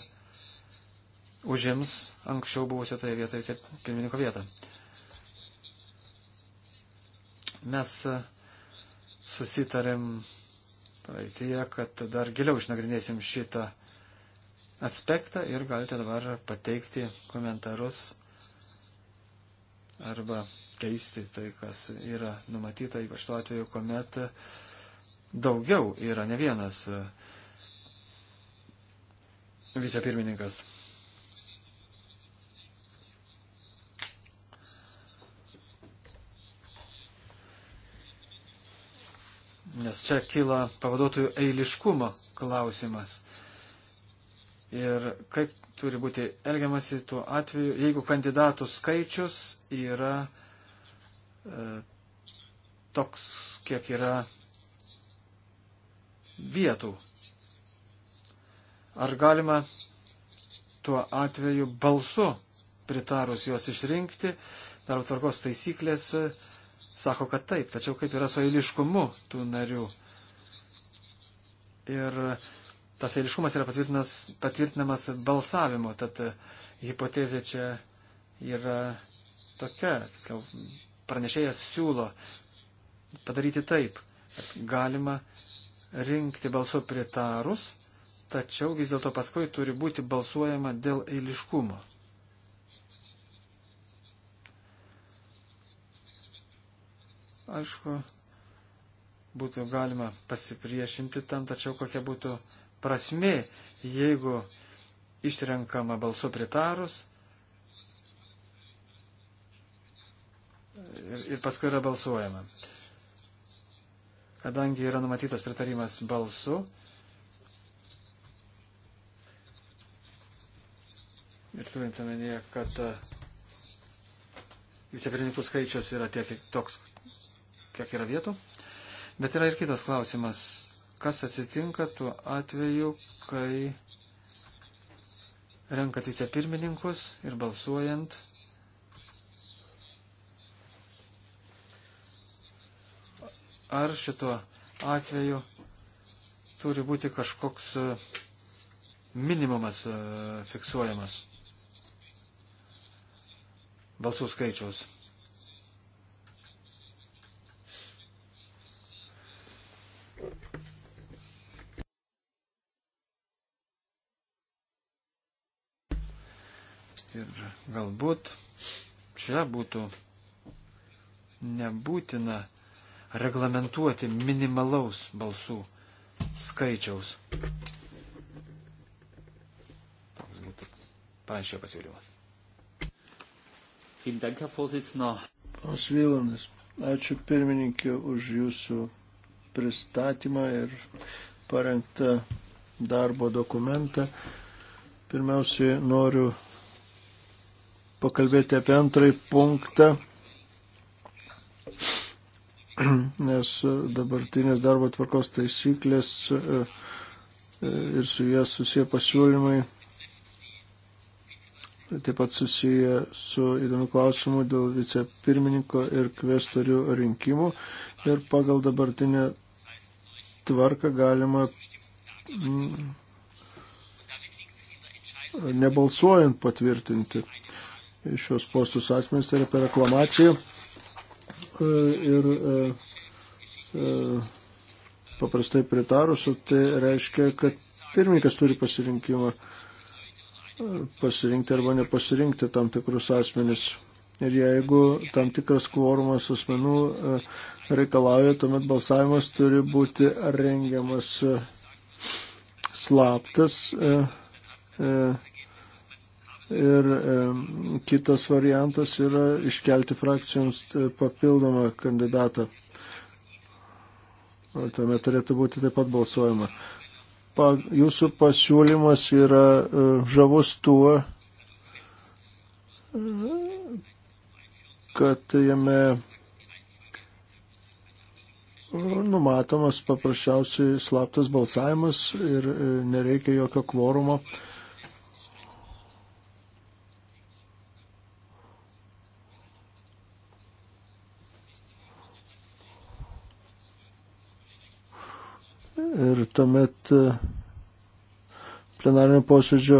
[SPEAKER 1] užims anksčiau buvusio toje vietoje vicepirmininko vietą. Mes e, susitarėm praeitie, kad dar giliau išnagrinėsim šitą aspektą ir galite dabar pateikti komentarus arba keisti tai, kas yra numatyta, ypač tuo atveju, kuomet daugiau yra ne vienas e, vicepirmininkas. nes čia kyla pavaduotojų eiliškumo klausimas. Ir kaip turi būti elgiamasi tuo atveju, jeigu kandidatų skaičius yra e, toks, kiek yra vietų. Ar galima tuo atveju balsu pritarus juos išrinkti, darbo tvarkos taisyklės e, sako, kad taip, tačiau kaip yra su eiliškumu tų narių. Ir tas eiliškumas yra patvirtinamas balsavimu, tad hipotezė čia yra tokia, tiksliau, pranešėjas siūlo padaryti taip, kad galima rinkti balsų pritarus, tačiau vis dėlto paskui turi būti balsuojama dėl eiliškumo. Aišku, būtų galima pasipriešinti tam, tačiau kokia būtų prasmė, jeigu išrenkama balsu pritarus ir, ir paskui yra balsuojama. Kadangi yra numatytas pritarimas balsu, ir turint omenyje, kad e, vicepirmininkų skaičius yra tiek toks, kiek yra vietų. Bet yra ir kitas klausimas. Kas atsitinka tuo atveju, kai renkat vicepirmininkus ir balsuojant ar šituo atveju turi būti kažkoks e, minimumas e, fiksuojamas balsų skaičiaus. Ir galbūt čia būtų nebūtina reglamentuoti minimalaus balsų skaičiaus. Toks būtų panašio pasiūlymas.
[SPEAKER 2] Ponas Vylanas, ačiū pirmininkė už jūsų pristatymą ir parengtą darbo dokumentą. Pirmiausiai noriu pakalbėti apie antrąjį punktą, nes dabartinės darbo tvarkos taisyklės e, e, ir su jie susiję pasiūlymai taip pat susiję su įdomiu klausimu dėl vicepirmininko ir kvestorių rinkimų ir pagal dabartinę tvarką galima mm, nebalsuojant patvirtinti šios postus asmenys, tai yra per reklamaciją. E, ir e, e, paprastai pritarus, tai reiškia, kad pirmininkas turi pasirinkimą pasirinkti arba nepasirinkti tam tikrus asmenis. Ir jeigu tam tikras kvorumas asmenų reikalauja, tuomet balsavimas turi būti rengiamas slaptas. E, e, Ir e, kitas variantas yra iškelti frakcijoms e, papildomą kandidatą. O tame turėtų būti taip pat balsuojama. Pa, jūsų pasiūlymas yra e, žavus tuo, kad jame e, numatomas paprasčiausiai slaptas balsavimas ir e, nereikia jokio kvorumo. E, Ir tuomet e, plenarinio posėdžio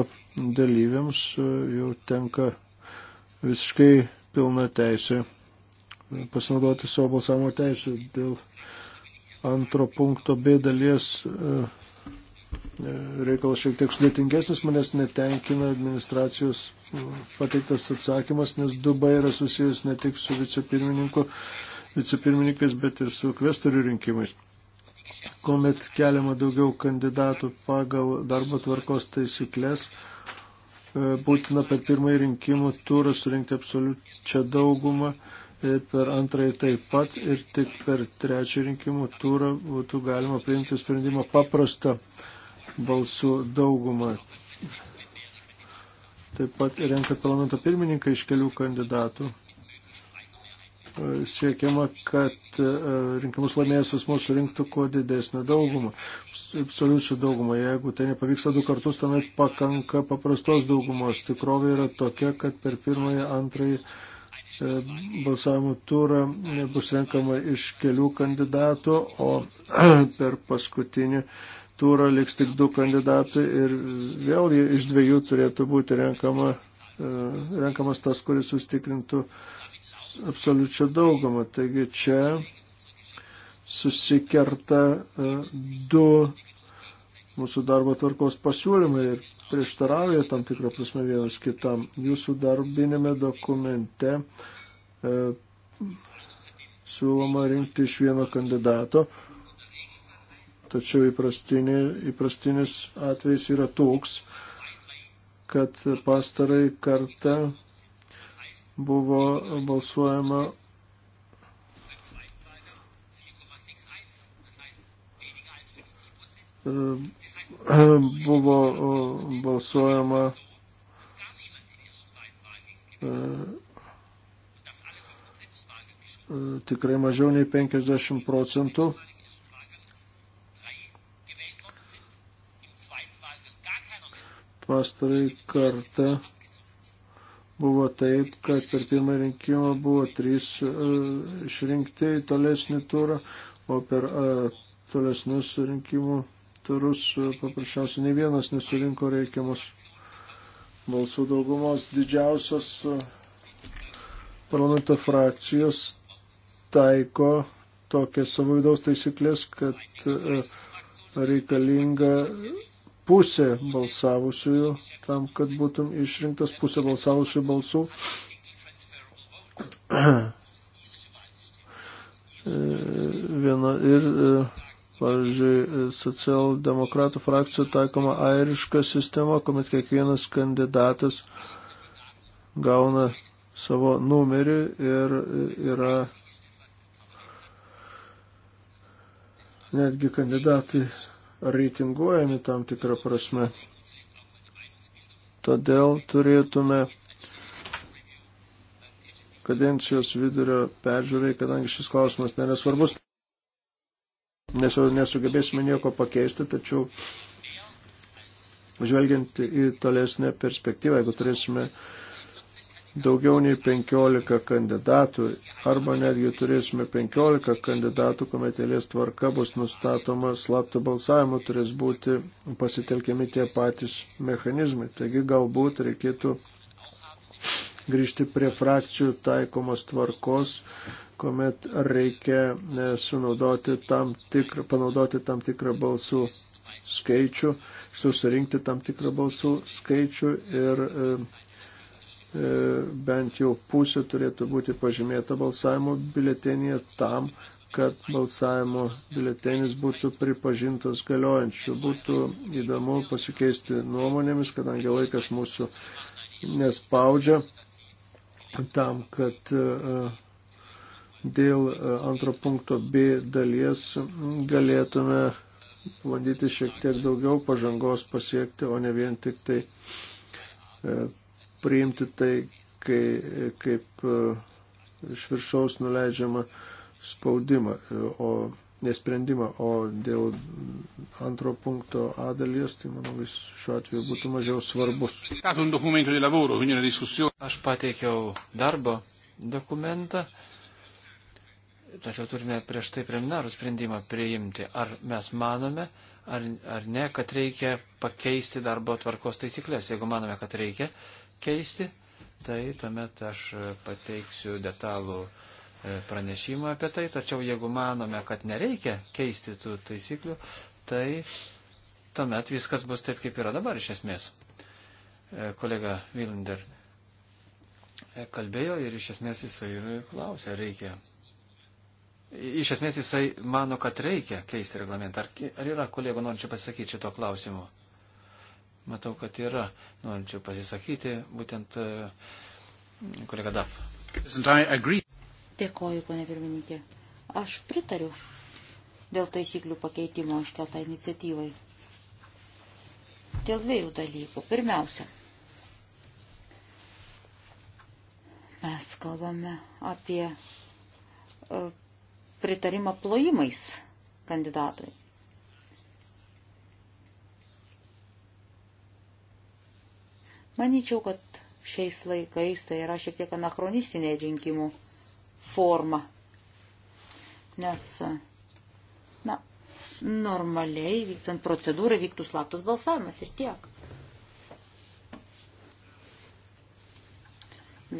[SPEAKER 2] dalyviams e, jau tenka visiškai pilna teisė pasinaudoti savo balsavimo teisę dėl antro punkto B dalies. E, reikalas šiek tiek sudėtingesnis, manęs netenkina administracijos pateiktas atsakymas, nes Dubai yra susijęs ne tik su vicepirmininku, vicepirmininkais, bet ir su kvestorių rinkimais kuomet keliama daugiau kandidatų pagal darbo tvarkos taisyklės, e, būtina per pirmąjį rinkimų turą surinkti absoliučią daugumą, e, per antrąjį taip pat ir tik per trečią rinkimų turą būtų galima priimti sprendimą paprastą balsų daugumą. Taip pat renkant parlamento pirmininką iš kelių kandidatų siekiama, kad e, rinkimus laimėjęs asmuo surinktų kuo didesnę daugumą, absoliučią daugumą. Jeigu tai nepavyksta du kartus, tuomet pakanka paprastos daugumos. Tikrovė yra tokia, kad per pirmąją, antrąjį e, balsavimo turą bus renkama iš kelių kandidatų, o per paskutinį turą liks tik du kandidatai ir vėl iš dviejų turėtų būti renkama, e, renkamas tas, kuris sustikrintų uh, absoliučią daugumą. Taigi čia susikerta e, du mūsų darbo tvarkos pasiūlymai ir prieštarauja tam tikrą prasme vienas kitam. Jūsų darbinėme dokumente e, siūloma rinkti iš vieno kandidato, tačiau įprastinė, įprastinis atvejs yra toks, kad pastarai kartą buvo balsuojama e, buvo e, balsuojama e, tikrai mažiau nei 50 procentų. Pastarai kartą buvo taip, kad per pirmą rinkimą buvo trys e, išrinkti į tolesnį turą, o per e, tolesnius rinkimų turus e, paprasčiausiai ne vienas nesurinko reikiamus balsų daugumos didžiausios parlamento frakcijos taiko tokias savo vidaus taisyklės, kad reikalinga pusė balsavusiųjų tam, kad būtum išrinktas pusė balsavusiųjų balsų. Viena ir, e, pavyzdžiui, socialdemokratų frakcijų taikoma airiška sistema, kuomet kiekvienas kandidatas gauna savo numerį ir yra netgi kandidatai reitinguojami tam tikrą prasme. Todėl turėtume kadencijos vidurio peržiūrai, kadangi šis klausimas nėra svarbus, nes jau nesugebėsime nieko pakeisti, tačiau žvelgiant į tolesnę perspektyvą, jeigu turėsime uh, daugiau nei 15 kandidatų arba netgi turėsime 15 kandidatų, kuomet eilės tvarka bus nustatoma slaptų balsavimų, turės būti pasitelkiami tie patys mechanizmai. Taigi galbūt reikėtų grįžti prie frakcijų taikomos tvarkos, kuomet reikia e, sunaudoti tam tikrą, panaudoti tam tikrą balsų skaičių, susirinkti tam tikrą balsų skaičių ir e, E, bent jau pusė turėtų būti pažymėta balsavimo biletenėje tam, kad balsavimo biletenis būtų pripažintas galiojančiu. Būtų įdomu pasikeisti nuomonėmis, kadangi laikas mūsų nespaudžia tam, kad e, dėl e, antro punkto B dalies galėtume bandyti šiek tiek daugiau pažangos pasiekti, o ne vien tik tai priimti tai kai, kaip e, iš viršaus nuleidžiama spaudimą, e, o nesprendimą, o dėl antro punkto A dalies, tai manau, jis šiuo atveju būtų mažiau svarbus.
[SPEAKER 1] Aš pateikiau darbo dokumentą, tačiau turime prieš tai preliminarų sprendimą priimti. Ar mes manome, ar, ar ne, kad reikia pakeisti darbo tvarkos taisyklės. Jeigu manome, kad reikia, keisti, tai tuomet aš pateiksiu detalų e, pranešimą apie tai, tačiau jeigu manome, kad nereikia keisti tų taisyklių, tai tuomet viskas bus taip, kaip yra dabar iš esmės. E, kolega Vilnder e, kalbėjo ir iš esmės jisai ir klausė, reikia. Iš esmės jisai mano, kad reikia keisti reglamentą. Ar, ar yra kolegų norinčių pasakyti šito klausimu? Matau, kad yra norinčių pasisakyti būtent e, kolega Daf.
[SPEAKER 3] Dėkoju, ponė pirmininkė. Aš pritariu dėl taisyklių pakeitimo iškeltą iniciatyvai. Dėl dviejų dalykų. Pirmiausia, mes kalbame apie e, pritarimą plojimais kandidatui. Manyčiau, kad šiais laikais tai yra šiek tiek anachronistinė rinkimų forma. Nes, na, normaliai vykstant procedūrai vyktų slaptas balsavimas ir tiek.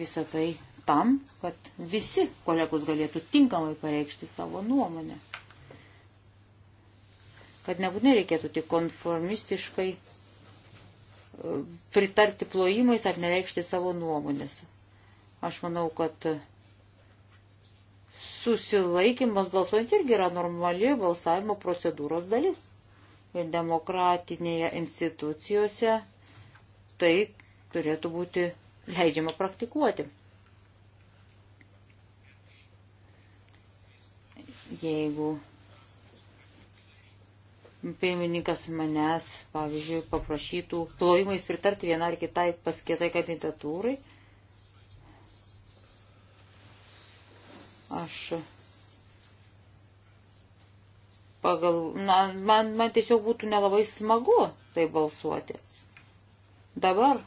[SPEAKER 3] Visą tai tam, kad visi kolegos galėtų tinkamai pareikšti savo nuomonę. Kad nebūtinai reikėtų tik konformistiškai pritarti plojimais ar nereikšti savo nuomonės. Aš manau, kad susilaikimas balsuojant irgi yra normali balsavimo procedūros dalis. Ir demokratinėje institucijose tai turėtų būti leidžiama praktikuoti. Jeigu pirmininkas manęs, pavyzdžiui, paprašytų plojimais pritarti vieną ar kitai paskėtai kandidatūrai, aš pagal, na, man, man tiesiog būtų nelabai smagu tai balsuoti. Dabar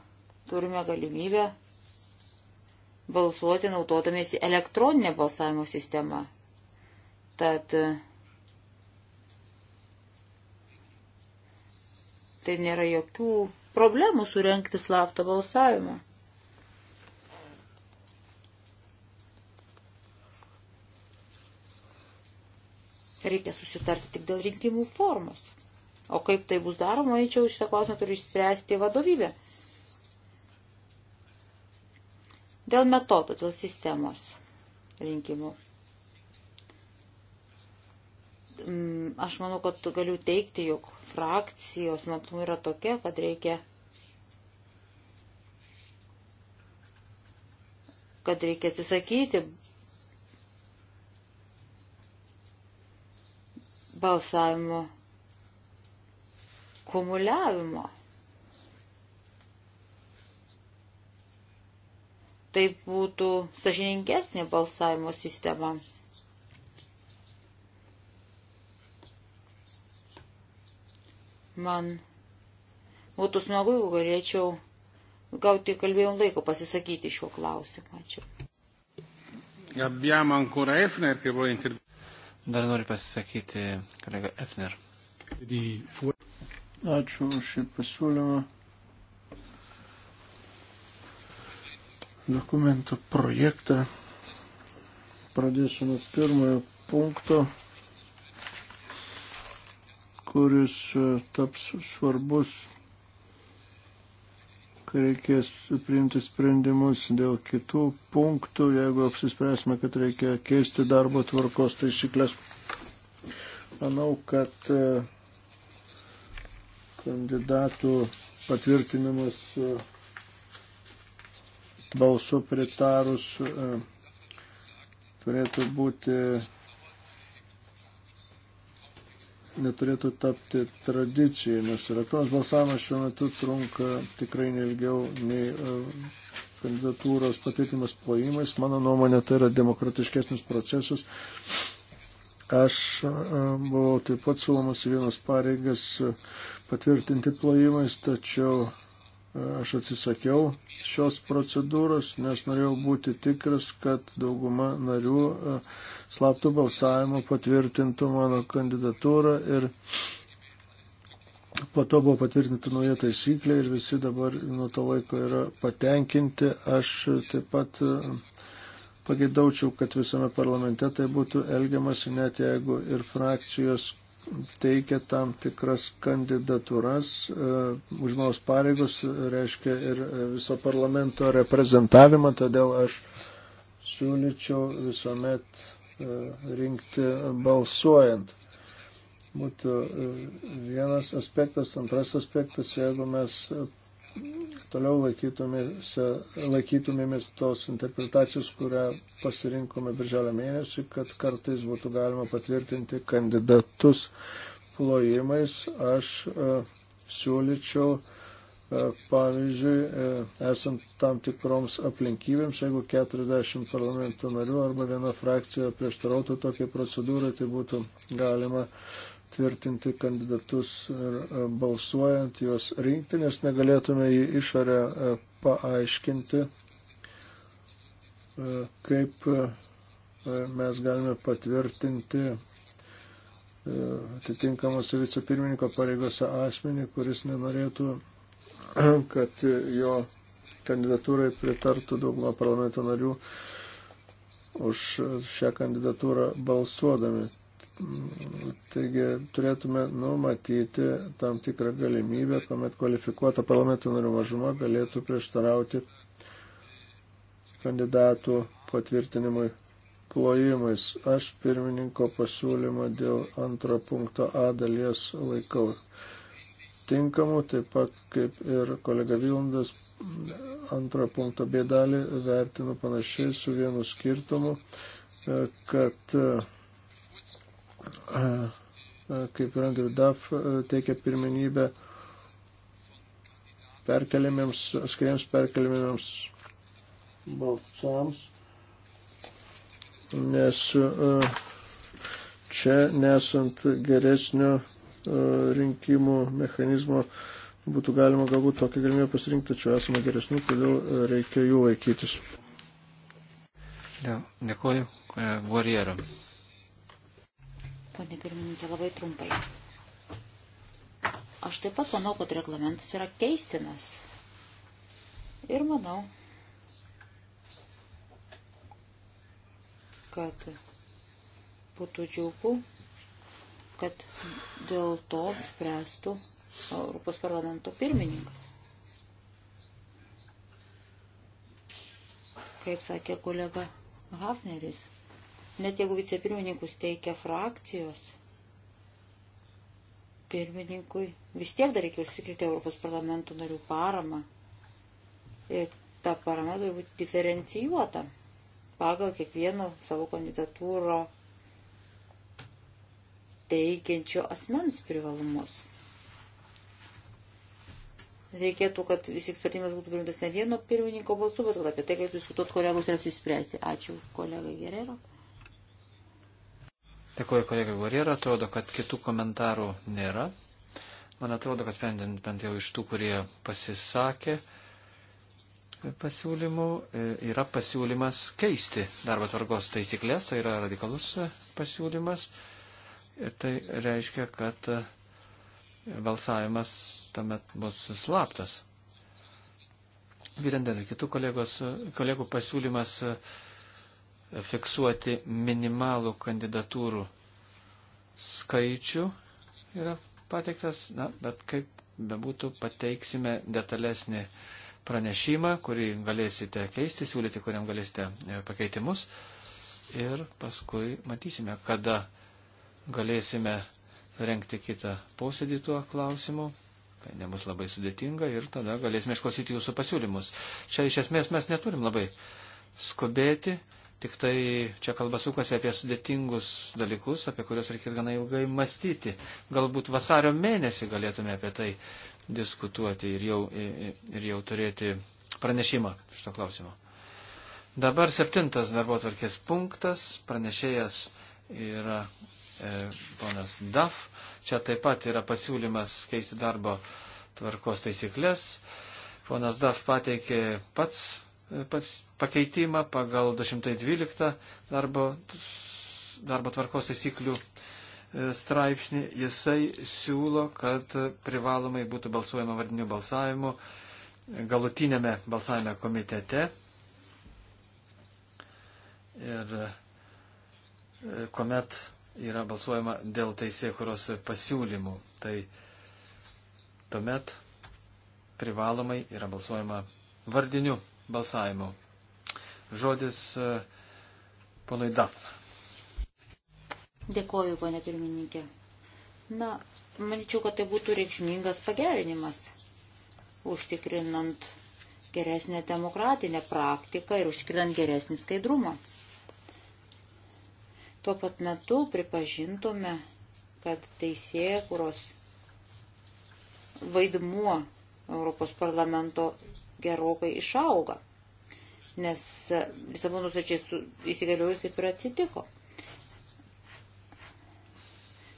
[SPEAKER 3] turime galimybę balsuoti naudodamėsi elektroninę balsavimo sistemą. Tad tai nėra jokių problemų surenkti slaptą balsavimą. Reikia susitarti tik dėl rinkimų formos. O kaip tai bus daroma, manyčiau, šitą klausimą turi išspręsti vadovybė. Dėl metodų, dėl sistemos rinkimų. Mm, aš manau, kad galiu teikti, jog frakcijos matmų yra tokia, kad reikia kad reikia atsisakyti balsavimo kumuliavimo. Tai būtų sažiningesnė balsavimo sistema. Man būtų smagu, jeigu galėčiau gauti kalbėjom laiko pasisakyti šiuo klausimu. Ačiū.
[SPEAKER 2] E
[SPEAKER 1] Dar noriu pasisakyti kolega Efner. Ačiū už šį pasiūlymą.
[SPEAKER 2] Dokumento projektą. Pradėsiu nuo pirmojo punkto kuris e, taps svarbus, kai reikės priimti sprendimus dėl kitų punktų, jeigu apsispręsime, kad reikia keisti darbo tvarkos taisyklės. Manau, kad e, kandidatų patvirtinimas e, balsu pritarus turėtų būti neturėtų tapti tradicijai, nes elektroninis balsavimas šiuo metu trunka tikrai nelgiau nei e, kandidatūros patvirtinimas plojimais. Mano nuomonė, tai yra demokratiškesnis procesas. Aš e, buvau taip pat siūlomas į vienas pareigas patvirtinti plojimais, tačiau aš atsisakiau šios procedūros, nes norėjau būti tikras, kad dauguma narių e, slaptų balsavimų patvirtintų mano kandidatūrą ir po to buvo patvirtinta nauja taisyklė ir visi dabar nuo to laiko yra patenkinti. Aš taip pat e, pagėdaučiau, kad visame parlamente tai būtų elgiamasi, net jeigu ir frakcijos teikia tam tikras kandidatūras, e, užmaus pareigus, reiškia ir viso parlamento reprezentavimą, todėl aš siūlyčiau visuomet e, rinkti balsuojant. Būtų e, vienas aspektas, antras aspektas, jeigu mes toliau laikytumėmės tos interpretacijos, kurią pasirinkome birželio mėnesį, kad kartais būtų galima patvirtinti kandidatus plojimais. Aš e, siūlyčiau, e, pavyzdžiui, e, esant tam tikroms aplinkybėms, jeigu 40 parlamento narių arba viena frakcija prieštarautų tokiai procedūrai, tai būtų galima tvirtinti kandidatus ir e, balsuojant juos rinkti, nes negalėtume į išorę e, paaiškinti, e, kaip mes galime patvirtinti atitinkamas vicepirmininko pareigose asmenį, kuris nenorėtų, kad jo kandidatūrai pritartų daugumą parlamento narių už šią kandidatūrą balsuodami. Taigi turėtume numatyti tam tikrą galimybę, kuomet kvalifikuota parlamento narių mažuma galėtų prieštarauti kandidatų patvirtinimui plojimais. Aš pirmininko pasiūlymą dėl antro punkto A dalies laikau tinkamų, taip pat kaip ir kolega Vilndas antrojo punkto B dalį vertinu panašiai su vienu skirtumu, kad kaip ir Andrew Duff, teikia pirmenybę perkeliamiems, skiriams perkeliamiems balsams, nes čia nesant geresnio rinkimų mechanizmo būtų galima galbūt tokią galimybę pasirinkti, tačiau esame geresnių, todėl reikia jų laikytis.
[SPEAKER 1] Dėkuoju, Vorjero.
[SPEAKER 3] Pone pirmininkė, labai trumpai. Aš taip pat manau, kad reglamentas yra keistinas. Ir manau, kad būtų džiaugu, kad dėl to spręstų Europos parlamento
[SPEAKER 1] pirmininkas.
[SPEAKER 3] Kaip sakė kolega Hafneris, Net jeigu vicepirmininkus teikia frakcijos, pirmininkui vis tiek dar reikia užtikrinti Europos parlamento narių paramą. Ir ta parama turi būti diferencijuota pagal kiekvieno savo kandidatūro teikiančio asmens privalumus. Reikėtų, kad vis tik sprendimas būtų priimtas ne vieno pirmininko balsu, bet kad apie tai, kaip diskutuot kolegos ir apsispręsti. Ačiū kolegai Gerero.
[SPEAKER 1] Dėkuoju kolega Guerrero, atrodo, kad kitų komentarų nėra. Man atrodo, kad sprendint bent jau iš tų, kurie pasisakė pasiūlymų, e, yra pasiūlymas keisti darbo tvarkos taisyklės, tai yra radikalus pasiūlymas. Ir tai reiškia, kad e, balsavimas tuomet bus slaptas. Vyrendant ir kitų kolegos, kolegų pasiūlymas uh, fiksuoti minimalų kandidatūrų skaičių yra pateiktas, na, bet kaip bebūtų, pateiksime detalesnį pranešimą, kurį galėsite keisti, siūlyti, kuriam galėsite e, pakeitimus ir paskui matysime, kada galėsime rengti kitą posėdį tuo klausimu. Tai nebus labai sudėtinga ir tada galėsime išklausyti jūsų pasiūlymus. Čia iš esmės mes neturim labai skubėti Tik tai čia kalba sukasi apie sudėtingus dalykus, apie kuriuos reikės gana ilgai mąstyti. Galbūt vasario mėnesį galėtume apie tai diskutuoti ir jau, ir jau turėti pranešimą šito klausimo. Dabar septintas darbo tvarkės punktas. Pranešėjas yra e, ponas Daf. Čia taip pat yra pasiūlymas keisti darbo tvarkos taisyklės. Ponas Daf pateikė pats pakeitimą pagal 212 darbo, darbo tvarkos taisyklių e, straipsnį. Jisai siūlo, kad privalomai būtų balsuojama vardiniu balsavimu galutinėme balsavime komitete. Ir e, kuomet yra balsuojama dėl teisėkuros pasiūlymų, tai tuomet privalomai yra balsuojama vardiniu balsavimu. Žodis e, ponui Daf.
[SPEAKER 3] Dėkoju, ponė pirmininkė. Na, manyčiau, kad tai būtų reikšmingas pagerinimas, užtikrinant geresnę demokratinę praktiką ir užtikrinant geresnį skaidrumą. Tuo pat metu pripažintume, kad teisėkuros vaidmuo Europos parlamento gerokai išauga, nes Lisabono sučiai įsigaliojus taip ir atsitiko.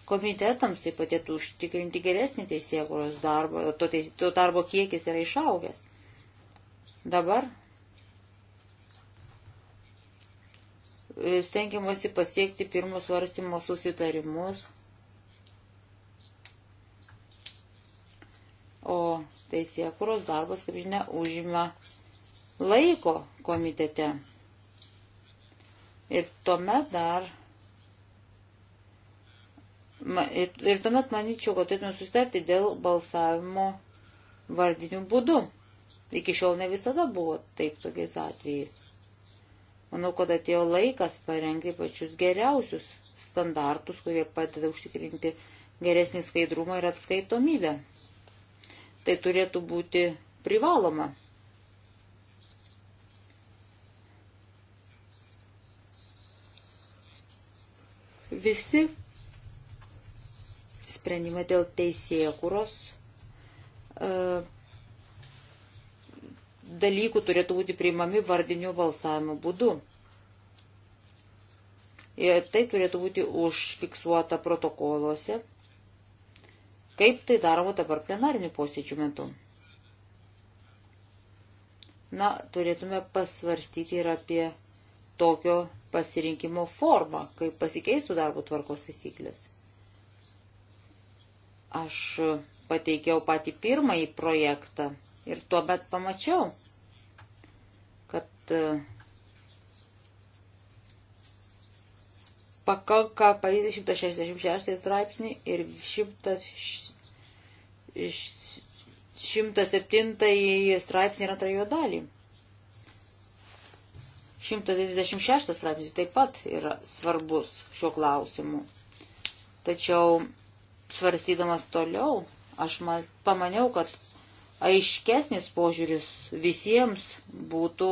[SPEAKER 3] Komitetams taip pat jėtų užtikrinti geresnį teisėkuros darbą, to, teis, to darbo kiekis yra išaugęs. Dabar stengiamasi pasiekti pirmo svarstymo susitarimus o teisėkuros darbas, kaip žinia, užima laiko komitete. Ir tuomet dar. Ir, ir tuomet manyčiau, kad turėtume susitarti dėl balsavimo vardinių būdų. Iki šiol ne visada buvo taip tokiais atvejais. Manau, kad atėjo laikas parengti pačius geriausius standartus, kurie padeda užtikrinti geresnį skaidrumą ir atskaitomybę tai turėtų būti privaloma. Visi sprendimai dėl teisėkuros e, dalykų turėtų būti priimami vardinių balsavimo būdu. Ir tai turėtų būti užfiksuota protokoluose kaip tai daroma dabar plenarinių posėdžių metu. Na, turėtume pasvarstyti ir apie tokio pasirinkimo formą, kaip pasikeistų darbo tvarkos taisyklės. Aš pateikiau patį pirmąjį projektą ir tuomet pamačiau, kad uh, pakanka pavyzdžiui 166 straipsnį ir 107 straipsnį ir antrą jo dalį. 196 straipsnis taip pat yra svarbus šiuo klausimu. Tačiau svarstydamas toliau, aš man, pamaniau, kad aiškesnis požiūris visiems būtų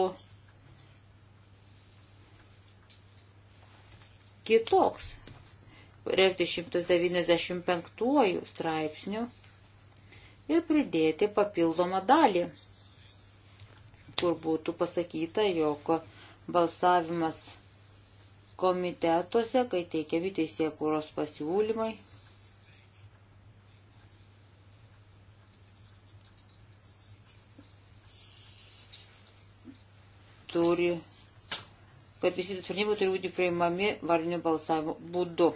[SPEAKER 3] kitoks. Reikti 195 straipsnių ir pridėti papildomą dalį, kur būtų pasakyta, jog balsavimas komitetuose, kai teikiami teisėkūros pasiūlymai, turi kad visi sprendimai turi būti priimami varinių balsavimo būdu.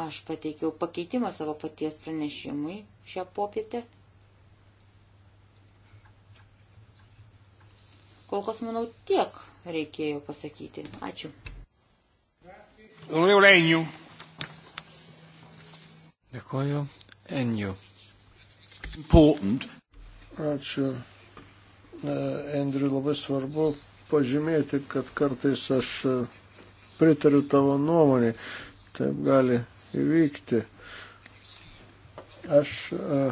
[SPEAKER 3] Aš pateikiau pakeitimą savo paties pranešimui šią popietę. Kol kas, manau, tiek reikėjo pasakyti.
[SPEAKER 1] Ačiū.
[SPEAKER 2] Dėkuoju, Enju. Dėkuoju, Enju. Important. Ačiū. Andriu, labai svarbu pažymėti, kad kartais aš e, pritariu tavo nuomonį. Taip gali įvykti. Aš e,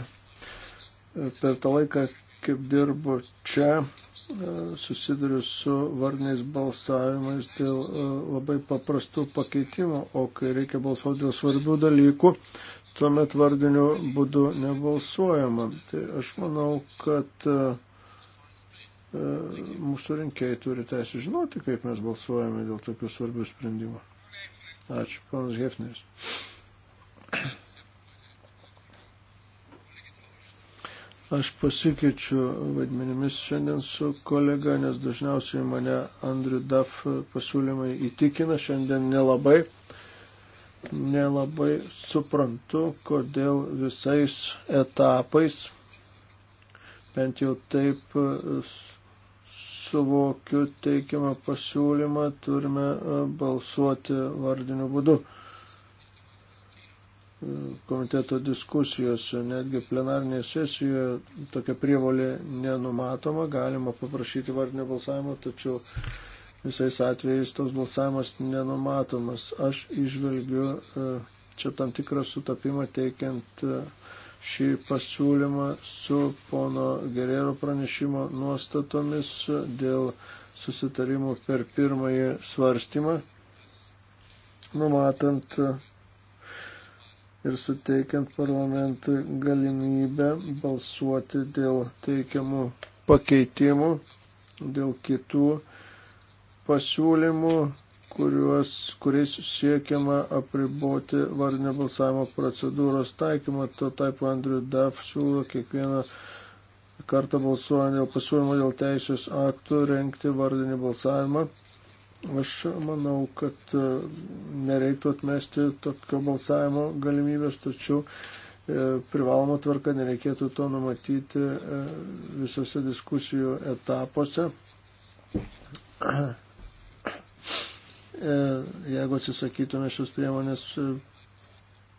[SPEAKER 2] per tą laiką, kaip dirbu čia, e, susiduriu su varniais balsavimais dėl labai paprastų pakeitimų, o kai reikia balsuoti dėl svarbių dalykų, tuomet vardiniu būdu nebalsuojama. Tai aš manau, kad E, mūsų rinkėjai turi teisę žinoti, kaip mes balsuojame dėl tokių svarbių sprendimų. Ačiū, panas Hefneris. Aš pasikeičiu vaidmenimis šiandien su kolega, nes dažniausiai mane Andriu Daf pasiūlymai įtikina, šiandien nelabai. Nelabai suprantu, kodėl visais etapais, bent jau taip suvokiu teikiamą pasiūlymą, turime e, balsuoti vardiniu būdu e, komiteto diskusijose, netgi plenarnėje sesijoje tokia prievolė nenumatoma, galima paprašyti vardinio balsavimo, tačiau visais atvejais toks balsavimas nenumatomas. Aš išvelgiu e, čia tam tikrą sutapimą teikiant uh, šį pasiūlymą su pono Gerero pranešimo nuostatomis dėl susitarimų per pirmąjį svarstymą, numatant ir suteikiant parlamentui galimybę balsuoti dėl teikiamų pakeitimų, dėl kitų pasiūlymų kuriuos, kuriais siekiama apriboti vardinio balsavimo procedūros taikymą. Tuo taipu Andriu Daf siūlo kiekvieną kartą balsuojant dėl pasiūlymo dėl teisės aktų renkti vardinį balsavimą. Aš manau, kad e, nereiktų atmesti tokio balsavimo galimybės, tačiau e, privaloma tvarka nereikėtų to numatyti e, visose diskusijų etapuose E, jeigu atsisakytume šios priemonės e,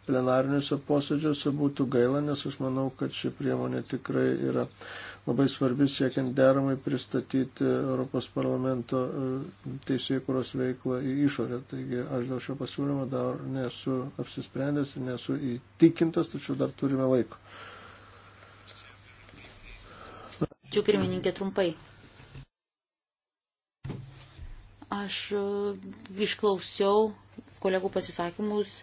[SPEAKER 2] plenariniuose posėdžiuose būtų gaila, nes aš manau, kad ši priemonė tikrai yra labai svarbi siekiant deramai pristatyti Europos parlamento e, teisėkuros veiklą į išorę. Taigi aš dėl šio pasiūlymo dar nesu apsisprendęs ir nesu įtikintas, tačiau dar turime laiko.
[SPEAKER 3] Čia pirmininkė trumpai. Aš e, išklausiau kolegų pasisakymus.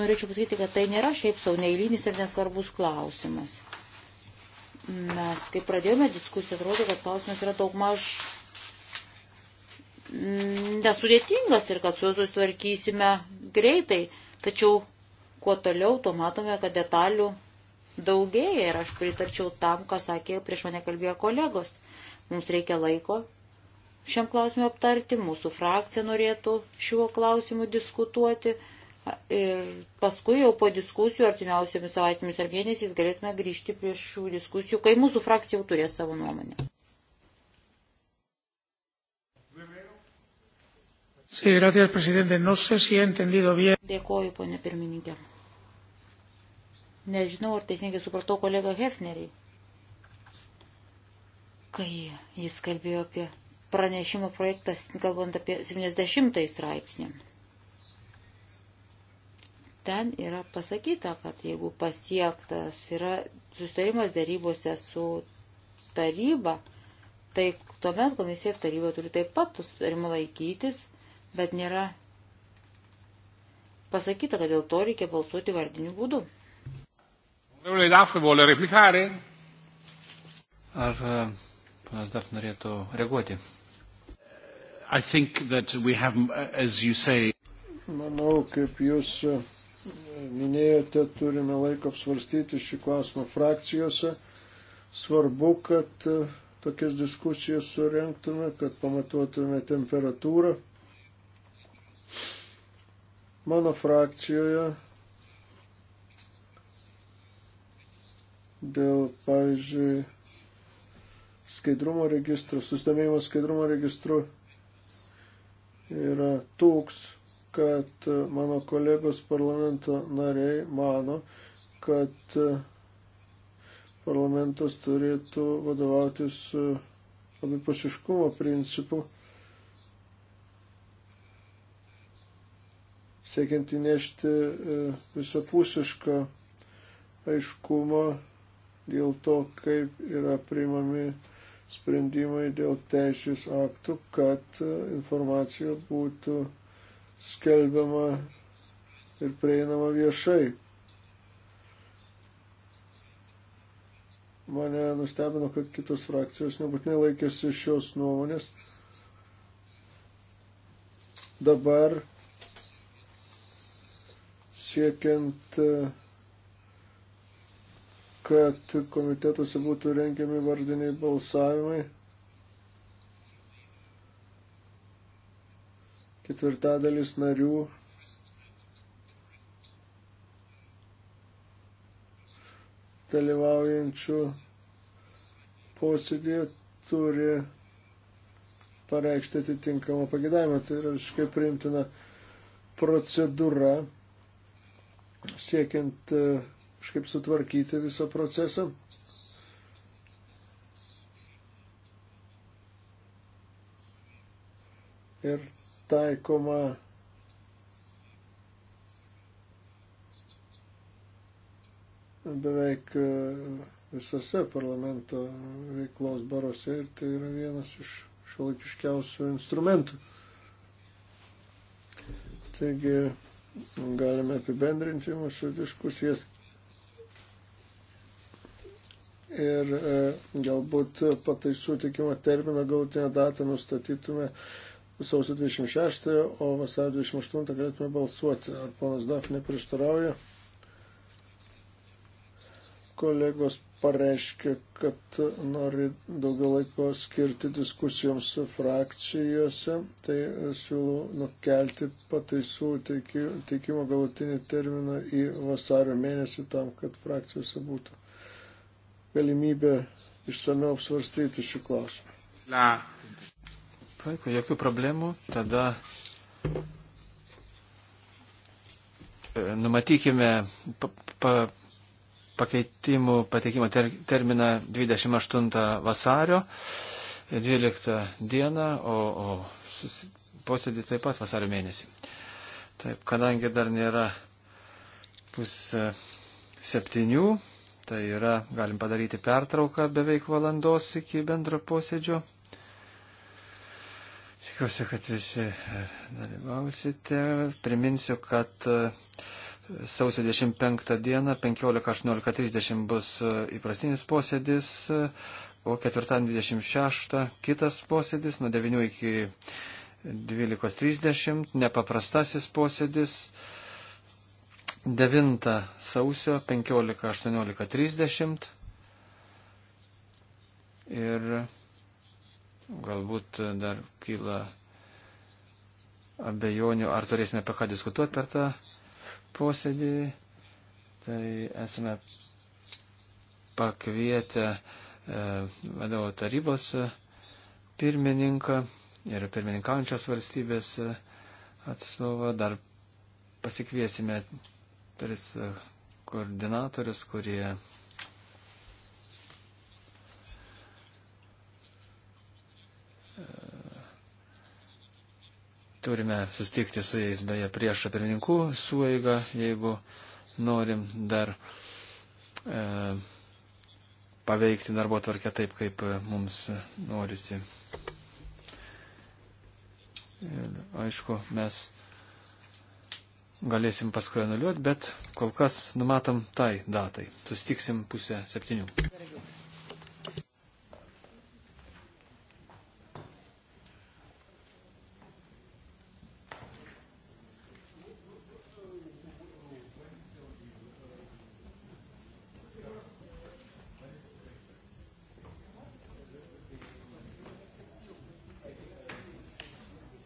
[SPEAKER 3] Norėčiau pasakyti, kad tai nėra šiaip savo neįlynis ir nesvarbus klausimas. Mes, kai pradėjome diskusiją, atrodo, kad klausimas yra daug maž mm, nesudėtingas ir kad su juo susitvarkysime greitai. Tačiau kuo toliau, tuo matome, kad detalių daugėja ir aš pritarčiau tam, ką sakė prieš mane kalbėjo kolegos. Mums reikia laiko šiam klausimui aptarti, mūsų frakcija norėtų šiuo klausimu diskutuoti ir paskui jau po diskusijų artimiausiamis savaitėmis ar mėnesiais galėtume grįžti prie šių diskusijų, kai mūsų frakcija jau turės savo nuomonę. Sí, gracias, presidente. No sé si he entendido bien. Dėkoju, ponė pirmininkė. Nežinau, ar teisingai supratau kolegą Hefnerį, kai jis kalbėjo apie pranešimo projektas, kalbant apie 70 straipsnį. Ten yra pasakyta, kad jeigu pasiektas yra susitarimas darybose su taryba, tai tuomet komisija ir taryba turi taip pat susitarimą laikytis, bet nėra pasakyta, kad dėl to reikia balsuoti vardiniu
[SPEAKER 2] būdu. Ar
[SPEAKER 1] eh, panas Daf norėtų reaguoti? I think that we
[SPEAKER 2] have, uh, as you say, Manau, kaip jūs uh, minėjote, turime laiko apsvarstyti šį klausimą frakcijose. Svarbu, kad uh, tokias diskusijas surenktume, kad pamatuotume temperatūrą. Mano frakcijoje dėl, pavyzdžiui, skaidrumo registro, susidomėjimo skaidrumo registru yra toks, kad mano kolegos parlamento nariai mano, kad e, parlamentas turėtų vadovautis e, abipusiškumo principu, siekiant įnešti e, visapusišką aiškumą dėl to, kaip yra priimami sprendimai dėl teisės aktų, kad e, informacija būtų skelbiama ir prieinama viešai. Mane nustebino, kad kitos frakcijos nebūtinai laikėsi šios nuomonės. Dabar siekiant uh, kad komitetuose būtų rengiami vardiniai balsavimai. Ketvirtadalis narių dalyvaujančių posėdėje turi pareikšti atitinkamą pagėdavimą. Tai yra visiškai priimtina procedūra siekiant uh, kažkaip sutvarkyti visą procesą. Ir taikoma beveik e, visose parlamento veiklos barose ir tai yra vienas iš šiolaikiškiausių instrumentų. Taigi galime apibendrinti mūsų diskusijas ir e, galbūt pataisų tikimo terminą galutinę datą nustatytume sausio 26, o vasario 28 galėtume balsuoti. Ar ponas Dafne prieštarauja? Kolegos pareiškia, kad nori daugiau laiko skirti diskusijoms frakcijose, tai siūlau nukelti pataisų teikimo galutinį terminą į vasario mėnesį tam, kad frakcijose būtų galimybę išsameu apsvarstyti šį klausimą. Na. Puiku, jokių
[SPEAKER 1] problemų. Tada e, numatykime pa, pa, pakeitimų pateikimo ter, terminą 28 vasario 12 dieną, o, o posėdį taip pat vasario mėnesį. Taip, kadangi dar nėra pus e, septynių, Tai yra, galim padaryti pertrauką beveik valandos iki bendro posėdžio. Tikiuosi, kad visi e, dalyvausite. Priminsiu, kad e, sausio 25 dieną 15.18.30 bus e, įprastinis posėdis, o ketvirtadienį 26 kitas posėdis nuo 9 iki 12.30, nepaprastasis posėdis. 9 sausio 15.18.30 ir galbūt dar kyla abejonių, ar turėsime apie ką diskutuoti per tą posėdį. Tai esame pakvietę e, vadovo tarybos e, pirmininką ir pirmininkaujančios valstybės e, atstovą. Dar pasikviesime tris e, koordinatorius, kurie e, turime sustikti su jais, beje, prieš pirmininkų suėgą, jeigu norim dar e, paveikti darbo tvarkę taip, kaip mums norisi. Ir, aišku, mes galėsim paskui anuliuoti, bet kol kas numatom tai datai. Sustiksim pusę septynių.